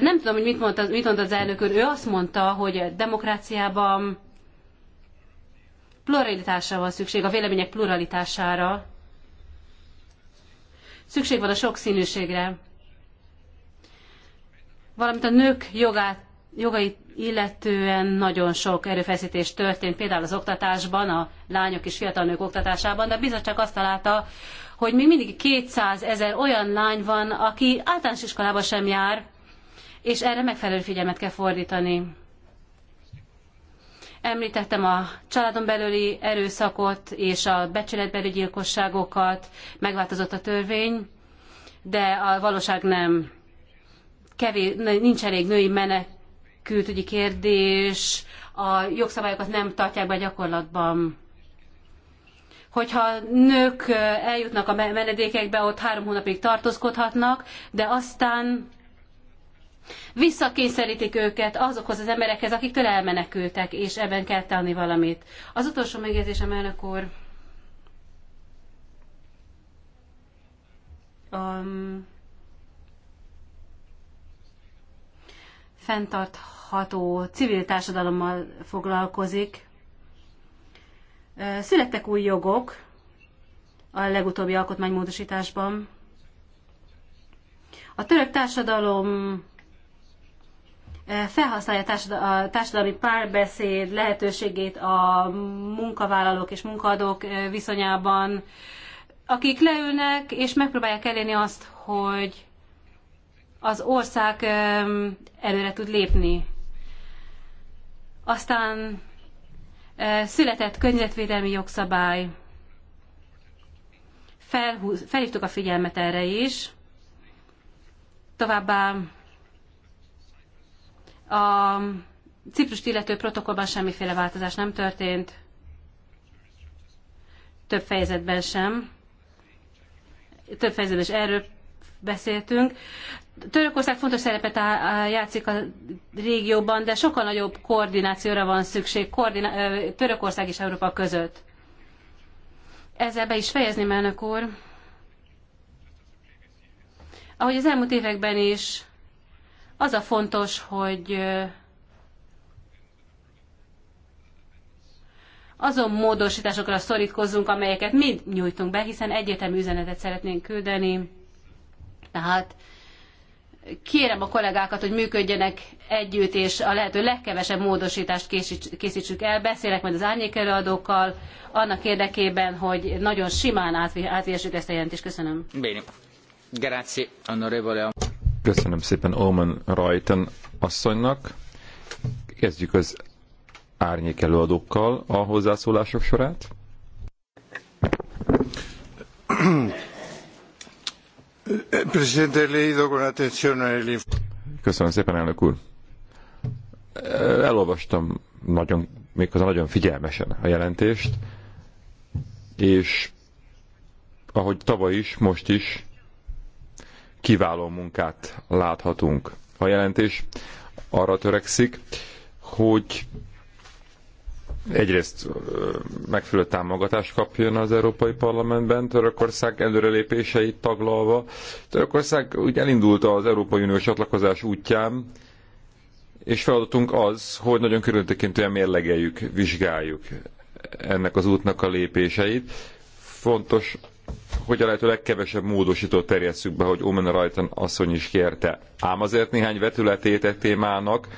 Nem tudom, hogy mit mondta, mit mondta az elnök úr. Ő azt mondta, hogy demokráciában pluralitásra van szükség, a vélemények pluralitására. Szükség van a sokszínűségre valamint a nők jogát, jogait illetően nagyon sok erőfeszítés történt, például az oktatásban, a lányok és fiatal nők oktatásában, de a bizottság azt találta, hogy még mindig 200 ezer olyan lány van, aki általános iskolába sem jár, és erre megfelelő figyelmet kell fordítani. Említettem a családon belüli erőszakot és a becsületbeli gyilkosságokat, megváltozott a törvény, de a valóság nem kevés, nincs elég női menekültügyi kérdés, a jogszabályokat nem tartják be gyakorlatban. Hogyha nők eljutnak a menedékekbe, ott három hónapig tartózkodhatnak, de aztán visszakényszerítik őket azokhoz az emberekhez, akiktől elmenekültek, és ebben kell tenni valamit. Az utolsó megjegyzésem, elnök úr. Um, fenntartható civil társadalommal foglalkozik. Születtek új jogok a legutóbbi alkotmánymódosításban. A török társadalom felhasználja a társadalmi párbeszéd lehetőségét a munkavállalók és munkadók viszonyában, akik leülnek és megpróbálják elérni azt, hogy az ország előre tud lépni. Aztán született környezetvédelmi jogszabály. Felhúz, felhívtuk a figyelmet erre is. Továbbá a Ciprust illető protokollban semmiféle változás nem történt, több fejezetben sem. Több fejezetben is erről beszéltünk. Törökország fontos szerepet játszik a régióban, de sokkal nagyobb koordinációra van szükség koordiná- Törökország és Európa között. Ezzel be is fejezném, elnök úr. Ahogy az elmúlt években is, az a fontos, hogy azon módosításokra szorítkozzunk, amelyeket mi nyújtunk be, hiszen egyértelmű üzenetet szeretnénk küldeni tehát kérem a kollégákat, hogy működjenek együtt, és a lehető legkevesebb módosítást készítsük el. Beszélek majd az árnyékelőadókkal, annak érdekében, hogy nagyon simán átvihessük ezt a jelentést. Köszönöm. Béni. Grazie, onorevole. Köszönöm szépen Omen Rajten asszonynak. Kezdjük az árnyékelőadókkal a hozzászólások sorát. Köszönöm szépen, elnök úr. Elolvastam nagyon, méghozzá nagyon figyelmesen a jelentést, és ahogy tavaly is, most is kiváló munkát láthatunk. A jelentés arra törekszik, hogy egyrészt megfelelő támogatást kapjon az Európai Parlamentben, Törökország előrelépéseit taglalva. Törökország úgy elindult az Európai Unió csatlakozás útján, és feladatunk az, hogy nagyon körültekintően mérlegeljük, vizsgáljuk ennek az útnak a lépéseit. Fontos, hogy a lehető legkevesebb módosítót terjesszük be, hogy Omen Rajtan asszony is kérte. Ám azért néhány vetületét a e témának,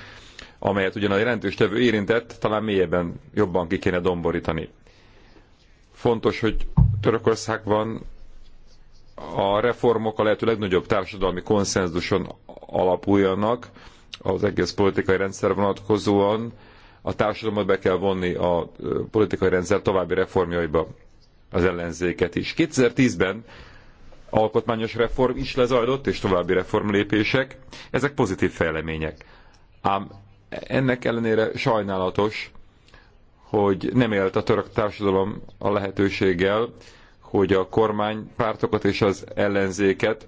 amelyet ugyan a jelentős tevő érintett, talán mélyebben jobban ki kéne domborítani. Fontos, hogy Törökországban a reformok a lehető legnagyobb társadalmi konszenzuson alapuljanak, az egész politikai rendszer vonatkozóan a társadalmat be kell vonni a politikai rendszer további reformjaiba az ellenzéket is. 2010-ben alkotmányos reform is lezajlott, és további reformlépések, ezek pozitív fejlemények. Ám ennek ellenére sajnálatos, hogy nem élt a török társadalom a lehetőséggel, hogy a kormány pártokat és az ellenzéket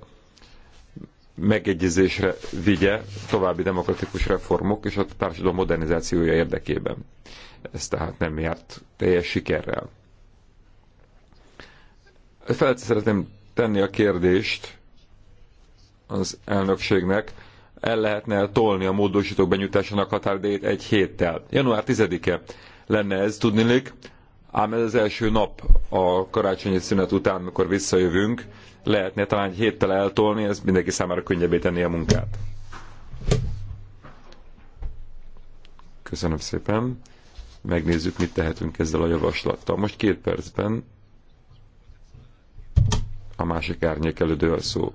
megegyezésre vigye további demokratikus reformok és a társadalom modernizációja érdekében. Ez tehát nem járt teljes sikerrel. Felt szeretném tenni a kérdést az elnökségnek, el lehetne tolni a módosítók benyújtásának határidejét egy héttel. Január 10-e lenne ez, tudnilik, ám ez az első nap a karácsonyi szünet után, amikor visszajövünk, lehetne talán egy héttel eltolni, ez mindenki számára könnyebbé tenni a munkát. Köszönöm szépen. Megnézzük, mit tehetünk ezzel a javaslattal. Most két percben a másik elődő a szó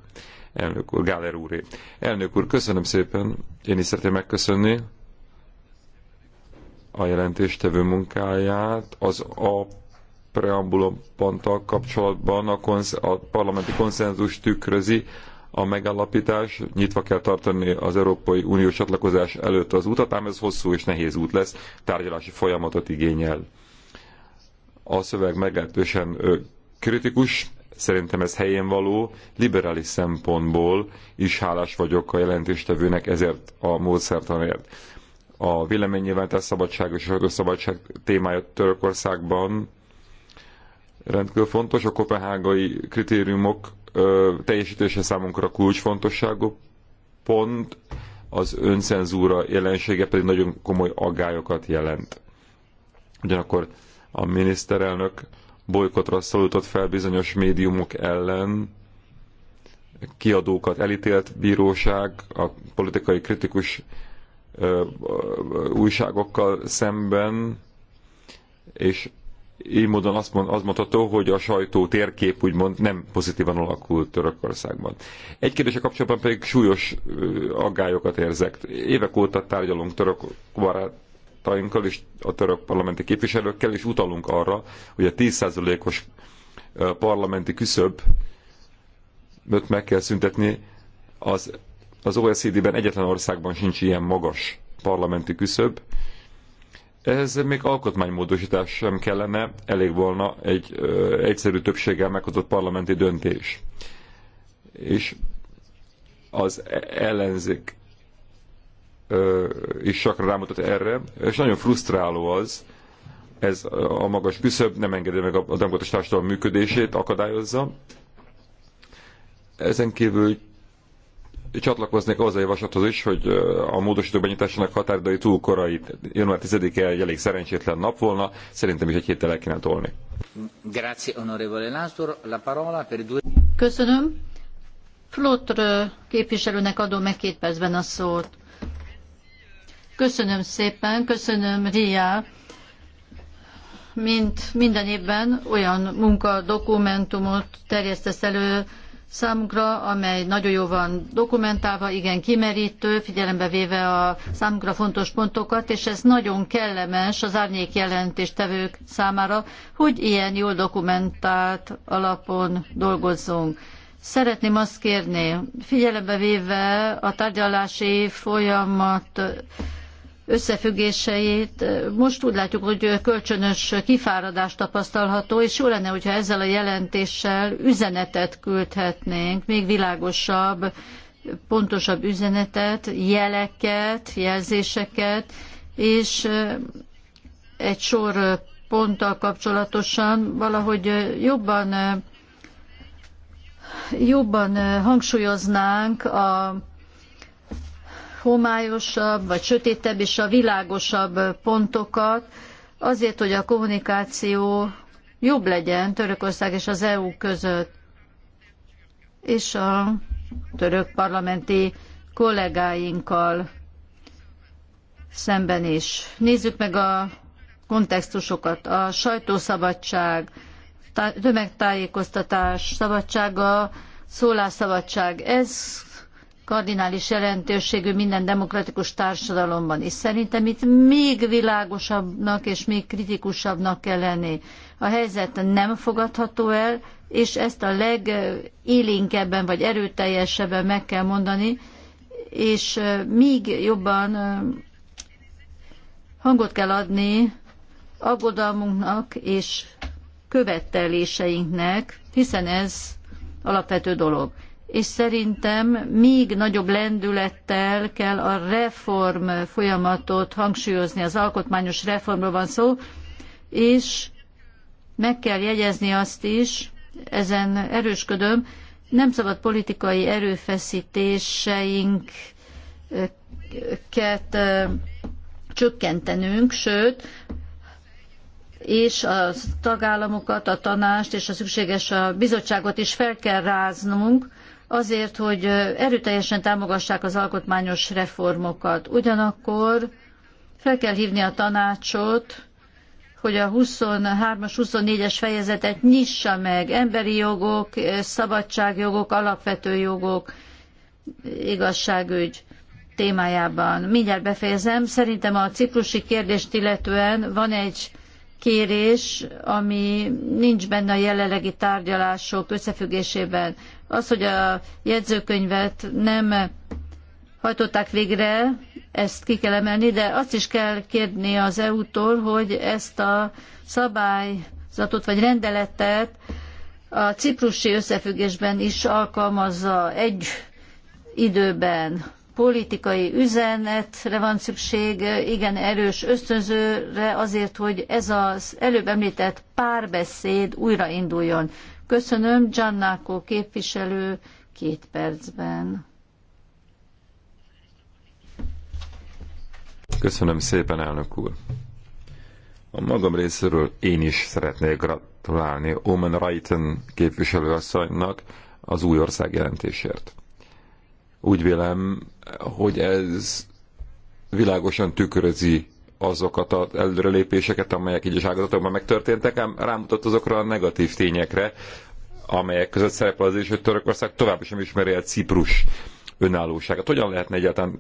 elnök úr, Gáler úré. Elnök úr, köszönöm szépen, én is szeretném megköszönni a jelentéstevő munkáját, az a preambulumponttal kapcsolatban a, konz a parlamenti konszenzus tükrözi a megállapítás, nyitva kell tartani az Európai Unió csatlakozás előtt az utat, ám ez hosszú és nehéz út lesz, tárgyalási folyamatot igényel. A szöveg meglehetősen kritikus, Szerintem ez helyén való, liberális szempontból is hálás vagyok a jelentéstevőnek ezért a módszertanért. A véleménynyilvántás szabadság és a szabadság témája Törökországban rendkívül fontos, a kopenhágai kritériumok ö, teljesítése számunkra kulcsfontosságú pont, az öncenzúra jelensége pedig nagyon komoly aggályokat jelent. Ugyanakkor a miniszterelnök bolykotra szólított fel bizonyos médiumok ellen, kiadókat elítélt bíróság, a politikai kritikus ö, ö, újságokkal szemben, és így módon azt mond, az mondható, hogy a sajtó térkép úgymond nem pozitívan alakult Törökországban. Egy kérdése kapcsolatban pedig súlyos aggályokat érzek. Évek óta tárgyalunk török barát barátainkkal és a török parlamenti képviselőkkel, és utalunk arra, hogy a 10%-os parlamenti küszöb meg kell szüntetni, az, az OECD-ben egyetlen országban sincs ilyen magas parlamenti küszöb. Ehhez még alkotmánymódosítás sem kellene, elég volna egy ö, egyszerű többséggel meghozott parlamenti döntés. És az ellenzék is sokra rámutat erre, és nagyon frusztráló az, ez a magas küszöb nem engedi meg a demokratikus társadalom működését, akadályozza. Ezen kívül csatlakoznék az a javaslathoz is, hogy a módosító benyitásának határidai túl korai, január 10-e egy elég szerencsétlen nap volna, szerintem is egy héttel el kéne tolni. Köszönöm. Flotr képviselőnek adom meg két percben a szót. Köszönöm szépen, köszönöm Ria, mint minden évben olyan munkadokumentumot terjesztesz elő számunkra, amely nagyon jó van dokumentálva, igen kimerítő, figyelembe véve a számunkra fontos pontokat, és ez nagyon kellemes az árnyék jelentéstevők számára, hogy ilyen jól dokumentált alapon dolgozzunk. Szeretném azt kérni, figyelembe véve a tárgyalási folyamat összefüggéseit. Most úgy látjuk, hogy kölcsönös kifáradás tapasztalható, és jó lenne, hogyha ezzel a jelentéssel üzenetet küldhetnénk, még világosabb, pontosabb üzenetet, jeleket, jelzéseket, és egy sor ponttal kapcsolatosan valahogy jobban jobban hangsúlyoznánk a homályosabb vagy sötétebb és a világosabb pontokat, azért, hogy a kommunikáció jobb legyen Törökország és az EU között, és a török parlamenti kollégáinkkal szemben is. Nézzük meg a kontextusokat. A sajtószabadság, tömegtájékoztatás szabadsága, szólásszabadság. Ez kardinális jelentőségű minden demokratikus társadalomban. És szerintem itt még világosabbnak és még kritikusabbnak kell lenni. A helyzet nem fogadható el, és ezt a legélénkebben vagy erőteljesebben meg kell mondani, és még jobban hangot kell adni aggodalmunknak és követeléseinknek, hiszen ez alapvető dolog és szerintem még nagyobb lendülettel kell a reform folyamatot hangsúlyozni, az alkotmányos reformról van szó, és meg kell jegyezni azt is, ezen erősködöm, nem szabad politikai erőfeszítéseinket csökkentenünk, sőt, és a tagállamokat, a tanást és a szükséges a bizottságot is fel kell ráznunk, azért, hogy erőteljesen támogassák az alkotmányos reformokat. Ugyanakkor fel kell hívni a tanácsot, hogy a 23-as, 24-es fejezetet nyissa meg. Emberi jogok, szabadságjogok, alapvető jogok, igazságügy témájában. Mindjárt befejezem. Szerintem a ciprusi kérdést illetően van egy kérés, ami nincs benne a jelenlegi tárgyalások összefüggésében. Az, hogy a jegyzőkönyvet nem hajtották végre, ezt ki kell emelni, de azt is kell kérni az EU-tól, hogy ezt a szabályzatot vagy rendeletet a ciprusi összefüggésben is alkalmazza egy időben. Politikai üzenetre van szükség, igen erős ösztönzőre azért, hogy ez az előbb említett párbeszéd újrainduljon. Köszönöm, Giannáko képviselő, két percben. Köszönöm szépen, elnök úr. A magam részéről én is szeretnék gratulálni Omen Reiten képviselőasszonynak az új ország jelentésért. Úgy vélem, hogy ez világosan tükrözi azokat az előrelépéseket, amelyek egyes ágazatokban megtörténtek, ám rámutat azokra a negatív tényekre, amelyek között szerepel az is, hogy Törökország tovább sem ismeri el Ciprus önállóságát. Hogyan lehetne egyáltalán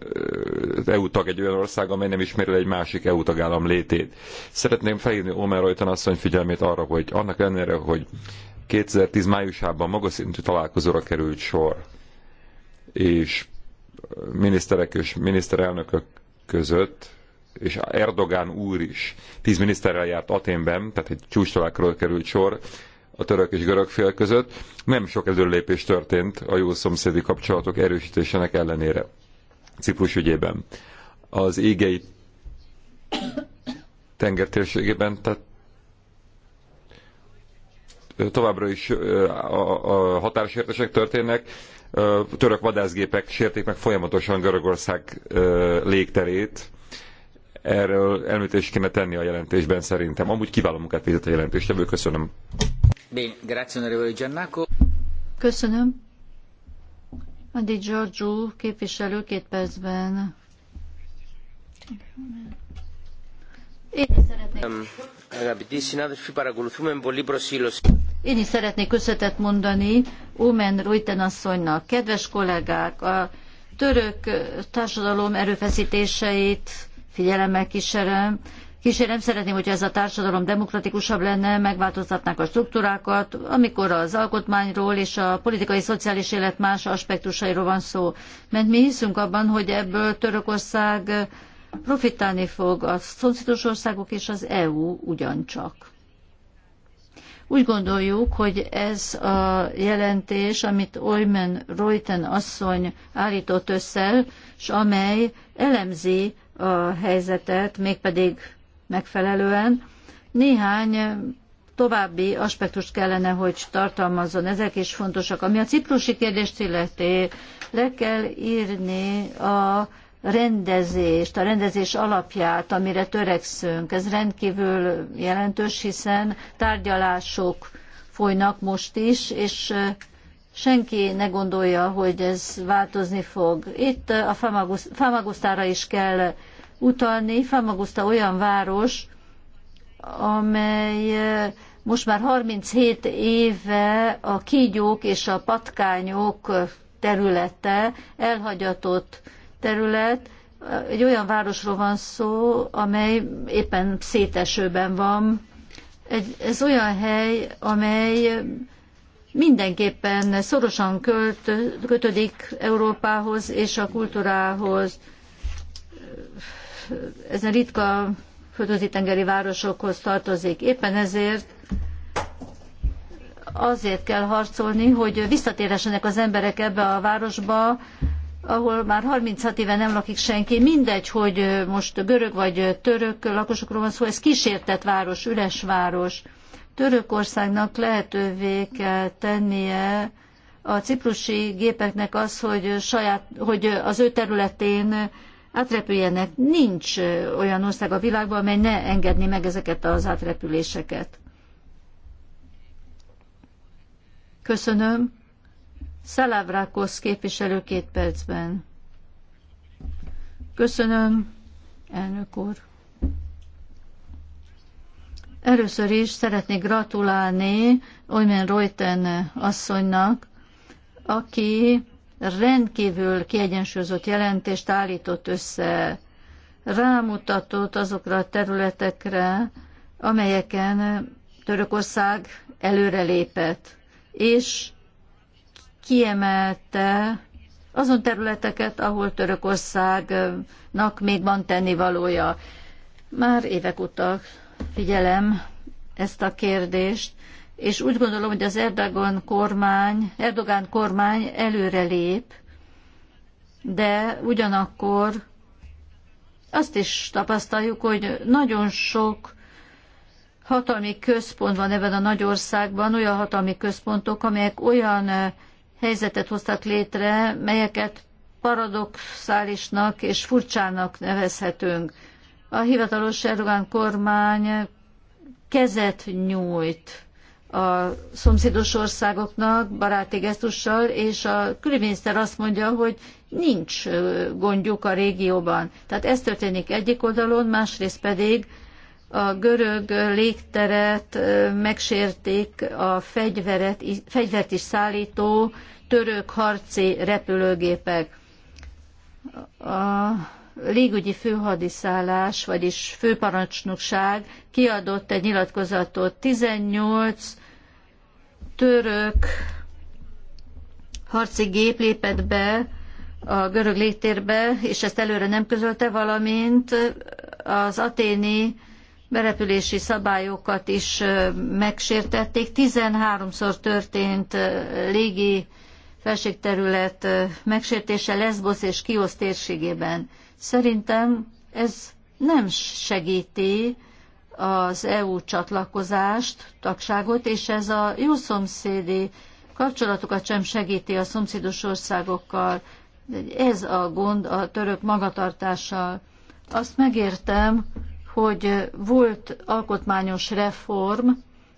EU tag egy olyan ország, amely nem ismeri egy másik EU tagállam létét? Szeretném felhívni Omer Rajtan asszony figyelmét arra, hogy annak ellenére, hogy 2010 májusában magas szintű találkozóra került sor, és miniszterek és miniszterelnökök között és Erdogán úr is tíz miniszterrel járt Aténben, tehát egy csúcs került sor a török és görög fél között, nem sok előlépés történt a jó szomszédi kapcsolatok erősítésének ellenére Ciprus ügyében. Az égei tenger térségében, tehát továbbra is a, a határsértések történnek, török vadászgépek sérték meg folyamatosan Görögország légterét, Erről elműtést kéne tenni a jelentésben szerintem. Amúgy kiváló munkát végzett a jelentéstevő. Köszönöm. Köszönöm. Andi Giorgio képviselő két percben. Én is szeretnék. Én szeretnék köszönetet mondani Umen Ruiten asszonynak. Kedves kollégák, a török társadalom erőfeszítéseit figyelemmel kísérem. Kísérem, szeretném, hogyha ez a társadalom demokratikusabb lenne, megváltoztatnák a struktúrákat, amikor az alkotmányról és a politikai szociális élet más aspektusairól van szó. Mert mi hiszünk abban, hogy ebből Törökország profitálni fog, a szomszédos országok és az EU ugyancsak. Úgy gondoljuk, hogy ez a jelentés, amit Oymen Reuten asszony állított össze, és amely elemzi a helyzetet, mégpedig megfelelően. Néhány további aspektust kellene, hogy tartalmazzon, ezek is fontosak. Ami a ciprusi kérdést illeti, le kell írni a rendezést, a rendezés alapját, amire törekszünk. Ez rendkívül jelentős, hiszen tárgyalások folynak most is, és senki ne gondolja, hogy ez változni fog. Itt a famagusztára is kell utalni. Famagusta olyan város, amely most már 37 éve a kígyók és a patkányok területe, elhagyatott terület. Egy olyan városról van szó, amely éppen szétesőben van. Egy, ez olyan hely, amely mindenképpen szorosan költ, kötődik Európához és a kultúrához ezen ritka földközi tengeri városokhoz tartozik. Éppen ezért azért kell harcolni, hogy visszatérhessenek az emberek ebbe a városba, ahol már 36 éve nem lakik senki, mindegy, hogy most görög vagy török lakosokról van szó, ez kísértett város, üres város. Törökországnak lehetővé kell tennie a ciprusi gépeknek az, hogy, saját, hogy az ő területén átrepüljenek. Nincs olyan ország a világban, amely ne engedni meg ezeket az átrepüléseket. Köszönöm. Szelávrákosz képviselő két percben. Köszönöm, elnök úr. Először is szeretnék gratulálni Oymen Reuten asszonynak, aki rendkívül kiegyensúlyozott jelentést állított össze, rámutatott azokra a területekre, amelyeken Törökország előrelépett, és kiemelte azon területeket, ahol Törökországnak még van tennivalója. Már évek óta figyelem ezt a kérdést, és úgy gondolom, hogy az Erdogan kormány, Erdogan kormány előrelép, de ugyanakkor azt is tapasztaljuk, hogy nagyon sok hatalmi központ van ebben a nagy országban, olyan hatalmi központok, amelyek olyan helyzetet hoztak létre, melyeket paradoxálisnak és furcsának nevezhetünk. A hivatalos Erdogan kormány kezet nyújt a szomszédos országoknak baráti gesztussal, és a külügyminiszter azt mondja, hogy nincs gondjuk a régióban. Tehát ez történik egyik oldalon, másrészt pedig a görög légteret megsérték a fegyveret, fegyvert is szállító török harci repülőgépek. A légügyi főhadiszállás, vagyis főparancsnokság kiadott egy nyilatkozatot. 18 török harci gép lépett be a görög légtérbe, és ezt előre nem közölte, valamint az aténi berepülési szabályokat is megsértették. 13-szor történt légi felségterület megsértése Lesbos és Kiosz térségében. Szerintem ez nem segíti az EU csatlakozást, tagságot, és ez a jó szomszédi kapcsolatokat sem segíti a szomszédos országokkal. Ez a gond a török magatartással. Azt megértem, hogy volt alkotmányos reform,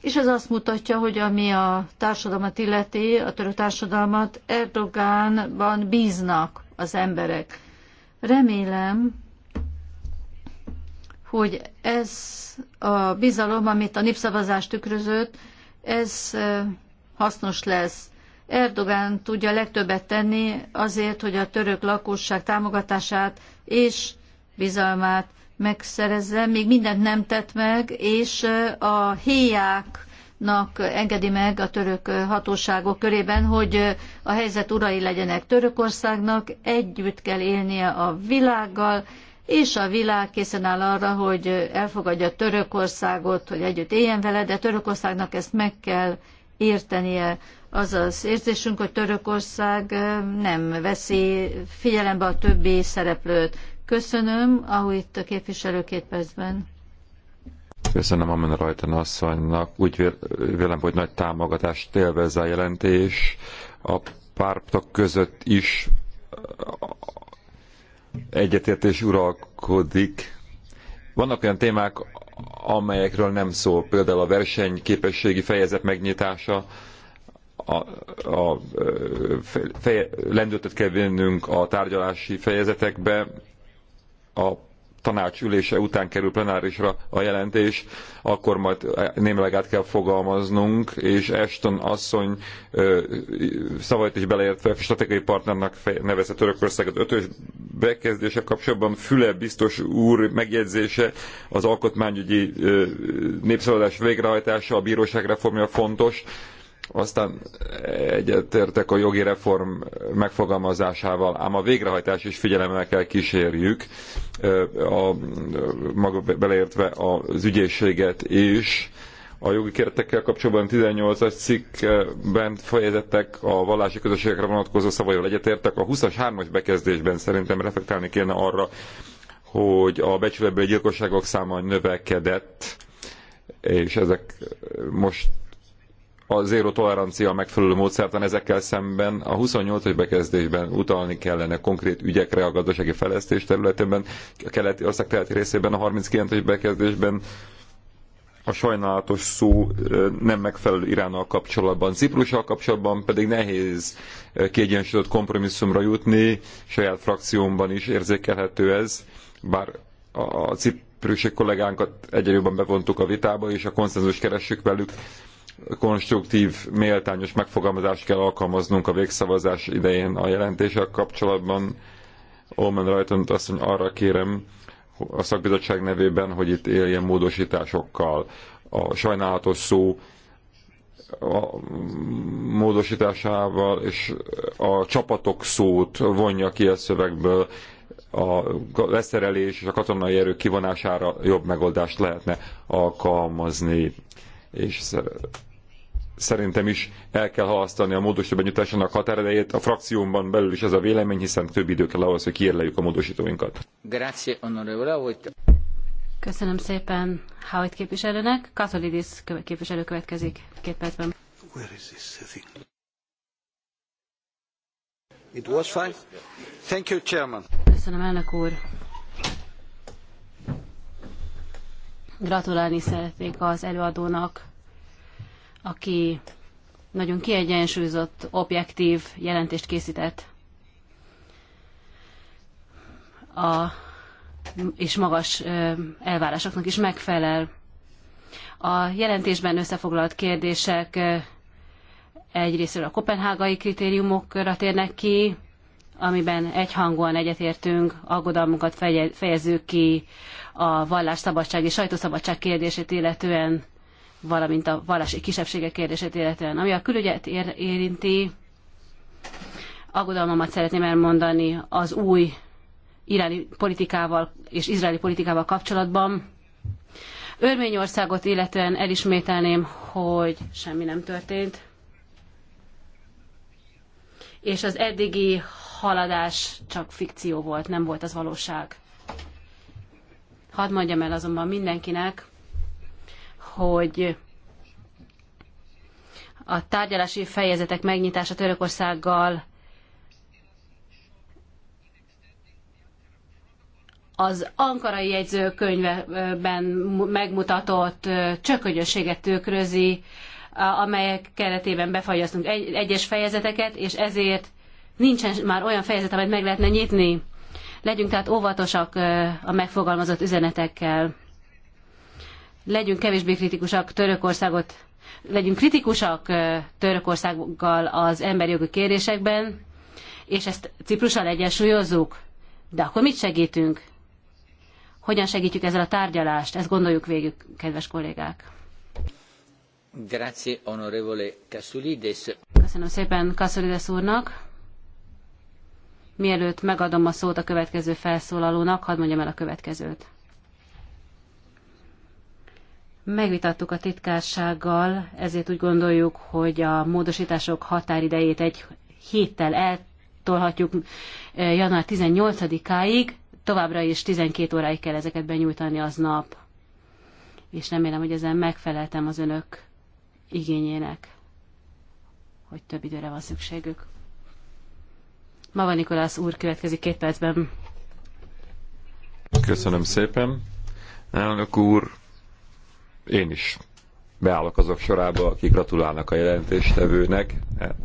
és ez azt mutatja, hogy ami a társadalmat illeti, a török társadalmat, Erdogánban bíznak az emberek. Remélem, hogy ez a bizalom, amit a népszavazás tükrözött, ez hasznos lesz. Erdogan tudja legtöbbet tenni azért, hogy a török lakosság támogatását és bizalmát megszerezze. Még mindent nem tett meg, és a héják nak engedi meg a török hatóságok körében, hogy a helyzet urai legyenek Törökországnak, együtt kell élnie a világgal, és a világ készen áll arra, hogy elfogadja Törökországot, hogy együtt éljen vele, de Törökországnak ezt meg kell értenie. Az az érzésünk, hogy Törökország nem veszi figyelembe a többi szereplőt. Köszönöm, ahogy itt a képviselő két percben. Köszönöm Amen Rajtan asszonynak. Úgy vélem, hogy nagy támogatást élvez a jelentés. A pártok között is egyetértés uralkodik. Vannak olyan témák, amelyekről nem szól, például a versenyképességi fejezet megnyitása, a, a feje, lendületet kell vennünk a tárgyalási fejezetekbe, a Tanács ülése után kerül plenárisra a jelentés, akkor majd eh, némileg át kell fogalmaznunk, és Ashton asszony szavait is beleértve stratégiai partnernek nevezett Törökországot ötös bekezdése kapcsolatban Füle biztos úr megjegyzése, az alkotmányügyi népszavazás végrehajtása, a bíróság reformja fontos, aztán egyetértek a jogi reform megfogalmazásával, ám a végrehajtás is figyelemmel kell kísérjük, a, maga beleértve az ügyészséget is. A jogi keretekkel kapcsolatban 18-as cikkben fejezettek a vallási közösségekre vonatkozó szavaival egyetértek. A 20-as 3-as bekezdésben szerintem reflektálni kéne arra, hogy a becsületbeli gyilkosságok száma növekedett, és ezek most a zéró tolerancia a megfelelő módszertan ezekkel szemben a 28. bekezdésben utalni kellene konkrét ügyekre a gazdasági fejlesztés területében, a keleti ország keleti részében, a 39. bekezdésben a sajnálatos szó nem megfelelő Iránnal kapcsolatban. Ciprussal kapcsolatban pedig nehéz kiegyensúlyozott kompromisszumra jutni, saját frakciómban is érzékelhető ez, bár a ciprusi kollégánkat egyre jobban bevontuk a vitába, és a konszenzus keressük velük konstruktív, méltányos megfogalmazást kell alkalmaznunk a végszavazás idején a jelentések kapcsolatban. Olman azt mondja, arra kérem a szakbizottság nevében, hogy itt éljen módosításokkal. A sajnálatos szó a módosításával és a csapatok szót vonja ki a szövegből, a leszerelés és a katonai erők kivonására jobb megoldást lehetne alkalmazni és szerintem is el kell halasztani a módosító nyújtásának határidejét. A frakciómban belül is ez a vélemény, hiszen több idő kell ahhoz, hogy kiérleljük a módosítóinkat. Köszönöm szépen Howard képviselőnek. Katolidis képviselő következik két percben. Where is this thing? It was fine. Thank you, Chairman. Köszönöm, elnök úr. Gratulálni szeretnék az előadónak, aki nagyon kiegyensúlyozott, objektív jelentést készített. A, és magas elvárásoknak is megfelel. A jelentésben összefoglalt kérdések egyrésztről a kopenhágai kritériumokra térnek ki, amiben egyhangúan egyetértünk, aggodalmunkat fejezzük ki a vallásszabadság és sajtószabadság kérdését illetően, valamint a vallási kisebbségek kérdését illetően. Ami a külügyet ér- érinti, aggodalmamat szeretném elmondani az új iráni politikával és izraeli politikával kapcsolatban. Örményországot illetően elismételném, hogy semmi nem történt. És az eddigi haladás csak fikció volt, nem volt az valóság. Hadd mondjam el azonban mindenkinek, hogy a tárgyalási fejezetek megnyitása Törökországgal az Ankarai jegyzőkönyvben megmutatott csökönyösséget tükrözi, amelyek keretében befagyasztunk egyes fejezeteket, és ezért nincsen már olyan fejezet, amit meg lehetne nyitni. Legyünk tehát óvatosak a megfogalmazott üzenetekkel. Legyünk kevésbé kritikusak Törökországot, legyünk kritikusak Törökországgal az emberi jogi kérésekben, és ezt Ciprussal egyensúlyozzuk. De akkor mit segítünk? Hogyan segítjük ezzel a tárgyalást? Ezt gondoljuk végig, kedves kollégák. Grazie, onorevole Kasulides. Köszönöm szépen Kasulides úrnak. Mielőtt megadom a szót a következő felszólalónak, hadd mondjam el a következőt. Megvitattuk a titkársággal, ezért úgy gondoljuk, hogy a módosítások határidejét egy héttel eltolhatjuk eh, január 18-áig, továbbra is 12 óráig kell ezeket benyújtani aznap. És remélem, hogy ezen megfeleltem az önök igényének, hogy több időre van szükségük. Mava Nikolász úr következik két percben. Köszönöm szépen. Elnök úr, én is beállok azok sorába, akik gratulálnak a jelentéstevőnek. E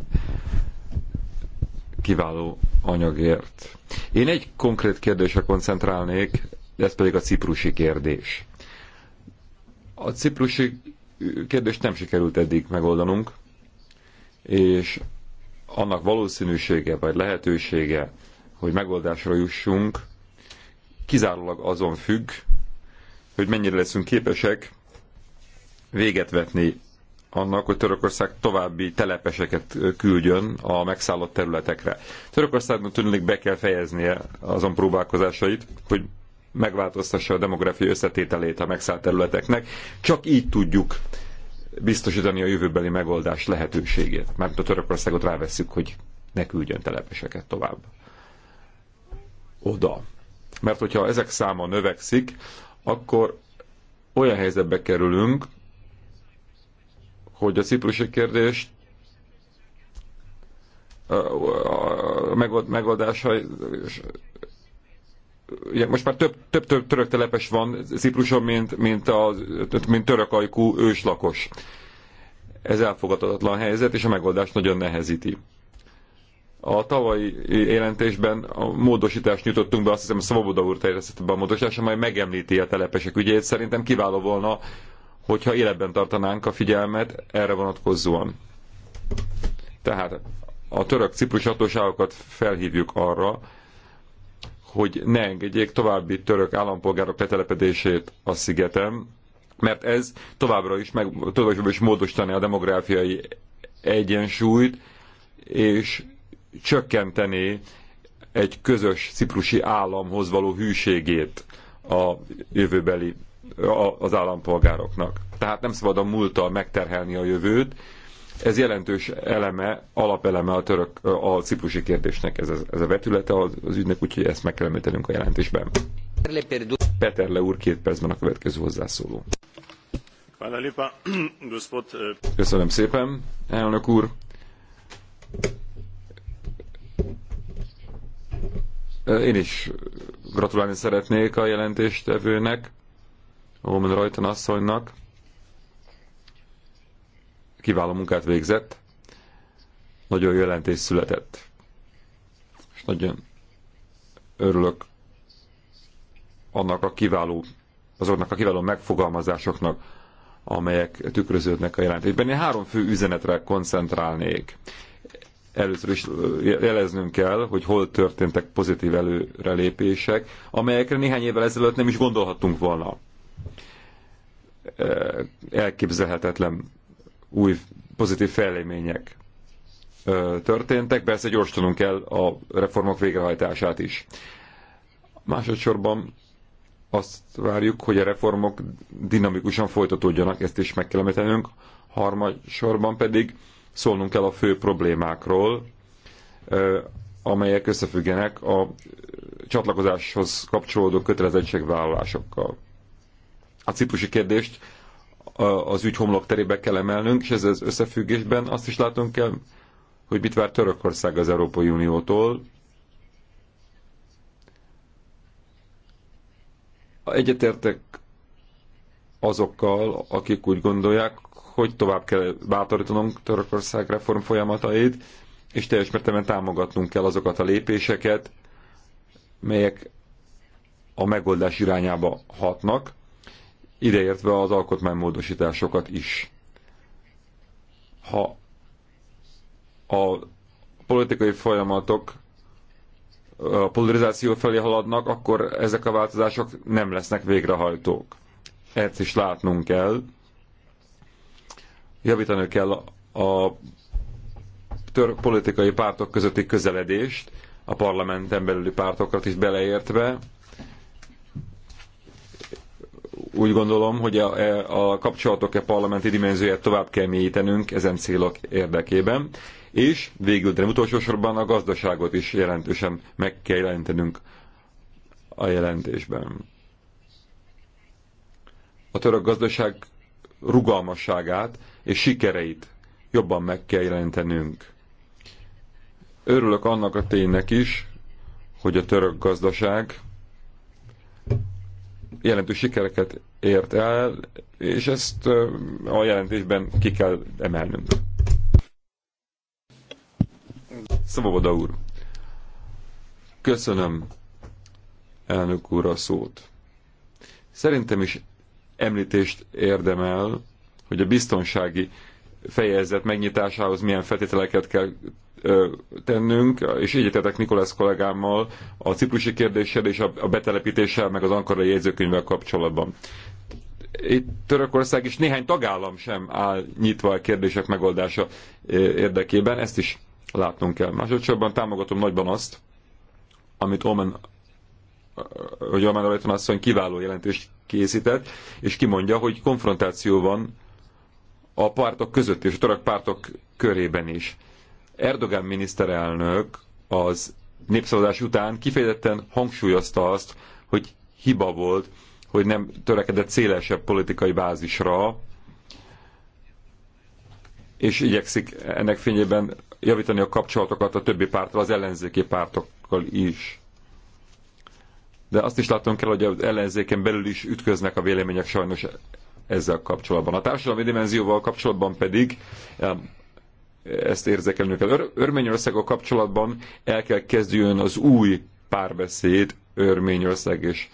kiváló anyagért. Én egy konkrét kérdésre koncentrálnék, ez pedig a ciprusi kérdés. A ciprusi kérdést nem sikerült eddig megoldanunk, és annak valószínűsége vagy lehetősége, hogy megoldásra jussunk, kizárólag azon függ, hogy mennyire leszünk képesek véget vetni annak, hogy Törökország további telepeseket küldjön a megszállott területekre. Törökországnak tűnik be kell fejeznie azon próbálkozásait, hogy megváltoztassa a demográfiai összetételét a megszállt területeknek. Csak így tudjuk biztosítani a jövőbeli megoldás lehetőségét. Mert a Törökországot rávesszük, hogy ne küldjön telepeseket tovább oda. Mert hogyha ezek száma növekszik, akkor olyan helyzetbe kerülünk, hogy a ciprusi kérdés a megoldásai ugye most már több, több, több török telepes van Cipruson, mint, mint, a, mint török ajkú őslakos. Ez elfogadhatatlan helyzet, és a megoldást nagyon nehezíti. A tavalyi jelentésben a módosítást nyújtottunk be, azt hiszem a Szababoda úr terjesztett be a módosítást, amely megemlíti a telepesek ügyét. Szerintem kiváló volna, hogyha életben tartanánk a figyelmet erre vonatkozóan. Tehát a török ciprus hatóságokat felhívjuk arra, hogy ne engedjék további török állampolgárok letelepedését a szigetem, mert ez továbbra is, meg, továbbra is módosítani a demográfiai egyensúlyt, és csökkenteni egy közös ciprusi államhoz való hűségét a jövőbeli a, az állampolgároknak. Tehát nem szabad a múlttal megterhelni a jövőt, ez jelentős eleme, alapeleme a török, a ciprusi kérdésnek ez, ez a vetülete az, az ügynek, úgyhogy ezt meg kell említenünk a jelentésben. Le úr két percben a következő hozzászóló. Eh, Köszönöm szépen, elnök úr. Eh, én is gratulálni szeretnék a jelentéstevőnek, Woman Rajtan asszonynak kiváló munkát végzett, nagyon jelentés született. És nagyon örülök annak a kiváló, azoknak a kiváló megfogalmazásoknak, amelyek tükröződnek a jelentésben. Én három fő üzenetre koncentrálnék. Először is jeleznünk kell, hogy hol történtek pozitív előrelépések, amelyekre néhány évvel ezelőtt nem is gondolhattunk volna elképzelhetetlen új pozitív fejlemények történtek, persze gyorsítanunk kell a reformok végrehajtását is. Másodszorban azt várjuk, hogy a reformok dinamikusan folytatódjanak, ezt is meg kell említenünk. Harmadsorban pedig szólnunk kell a fő problémákról, amelyek összefüggenek a csatlakozáshoz kapcsolódó kötelezettségvállalásokkal. A ciprusi kérdést az ügy homlok terébe kell emelnünk, és ez az összefüggésben azt is látunk kell, hogy mit vár Törökország az Európai Uniótól. Egyetértek azokkal, akik úgy gondolják, hogy tovább kell bátorítanunk Törökország reform folyamatait, és teljes mértékben támogatnunk kell azokat a lépéseket, melyek a megoldás irányába hatnak, ideértve az alkotmánymódosításokat is. Ha a politikai folyamatok a polarizáció felé haladnak, akkor ezek a változások nem lesznek végrehajtók. Ezt is látnunk kell. Javítani kell a tör politikai pártok közötti közeledést, a parlamenten belüli pártokat is beleértve, úgy gondolom, hogy a, e, a kapcsolatok e parlamenti dimenzióját tovább kell mélyítenünk ezen célok érdekében, és végül, de nem utolsó sorban a gazdaságot is jelentősen meg kell jelentenünk a jelentésben. A török gazdaság rugalmasságát és sikereit jobban meg kell jelentenünk. Örülök annak a ténynek is, hogy a török gazdaság jelentős sikereket ért el, és ezt a jelentésben ki kell emelnünk. Szaboboda úr, köszönöm elnök úr a szót. Szerintem is említést érdemel, hogy a biztonsági fejezet megnyitásához milyen feltételeket kell tennünk, és így egyetetek Nikolász kollégámmal a ciprusi kérdéssel és a betelepítéssel, meg az ankarai jegyzőkönyvvel kapcsolatban. Itt Törökország és néhány tagállam sem áll nyitva a kérdések megoldása érdekében, ezt is látnunk kell. Másodszorban támogatom nagyban azt, amit Omen hogy Omen Rajton asszony kiváló jelentést készített, és kimondja, hogy konfrontáció van a pártok között és a török pártok körében is. Erdogan miniszterelnök az népszavazás után kifejezetten hangsúlyozta azt, hogy hiba volt, hogy nem törekedett szélesebb politikai bázisra, és igyekszik ennek fényében javítani a kapcsolatokat a többi párttal, az ellenzéki pártokkal is. De azt is látom kell, hogy az ellenzéken belül is ütköznek a vélemények sajnos ezzel kapcsolatban. A társadalmi dimenzióval kapcsolatban pedig ezt érzékelni kell. Ör- Örményországgal kapcsolatban el kell kezdjön az új párbeszéd Örményország és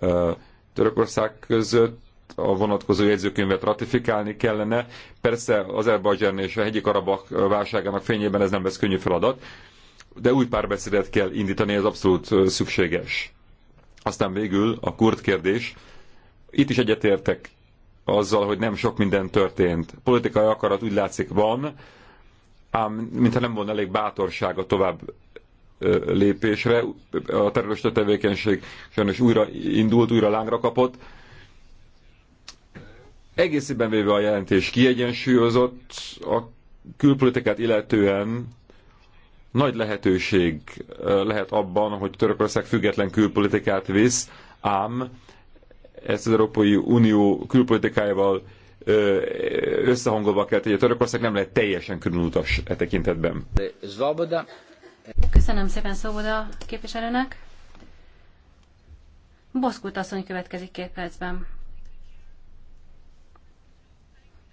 uh, Törökország között a vonatkozó jegyzőkönyvet ratifikálni kellene. Persze Azerbajdzsán és a hegyi Karabak válságának fényében ez nem lesz könnyű feladat, de új párbeszédet kell indítani, ez abszolút szükséges. Aztán végül a kurd kérdés. Itt is egyetértek azzal, hogy nem sok minden történt. Politikai akarat úgy látszik van, ám mintha nem volna elég bátorsága tovább lépésre. A terrorista tevékenység sajnos újra indult, újra lángra kapott. Egészében véve a jelentés kiegyensúlyozott, a külpolitikát illetően nagy lehetőség lehet abban, hogy Törökország független külpolitikát visz, ám ezt az Európai Unió külpolitikájával összehangolva kell tegye. Törökország nem lehet teljesen különutas e tekintetben. Köszönöm szépen Szoboda képviselőnek. Boszkút asszony következik két percben.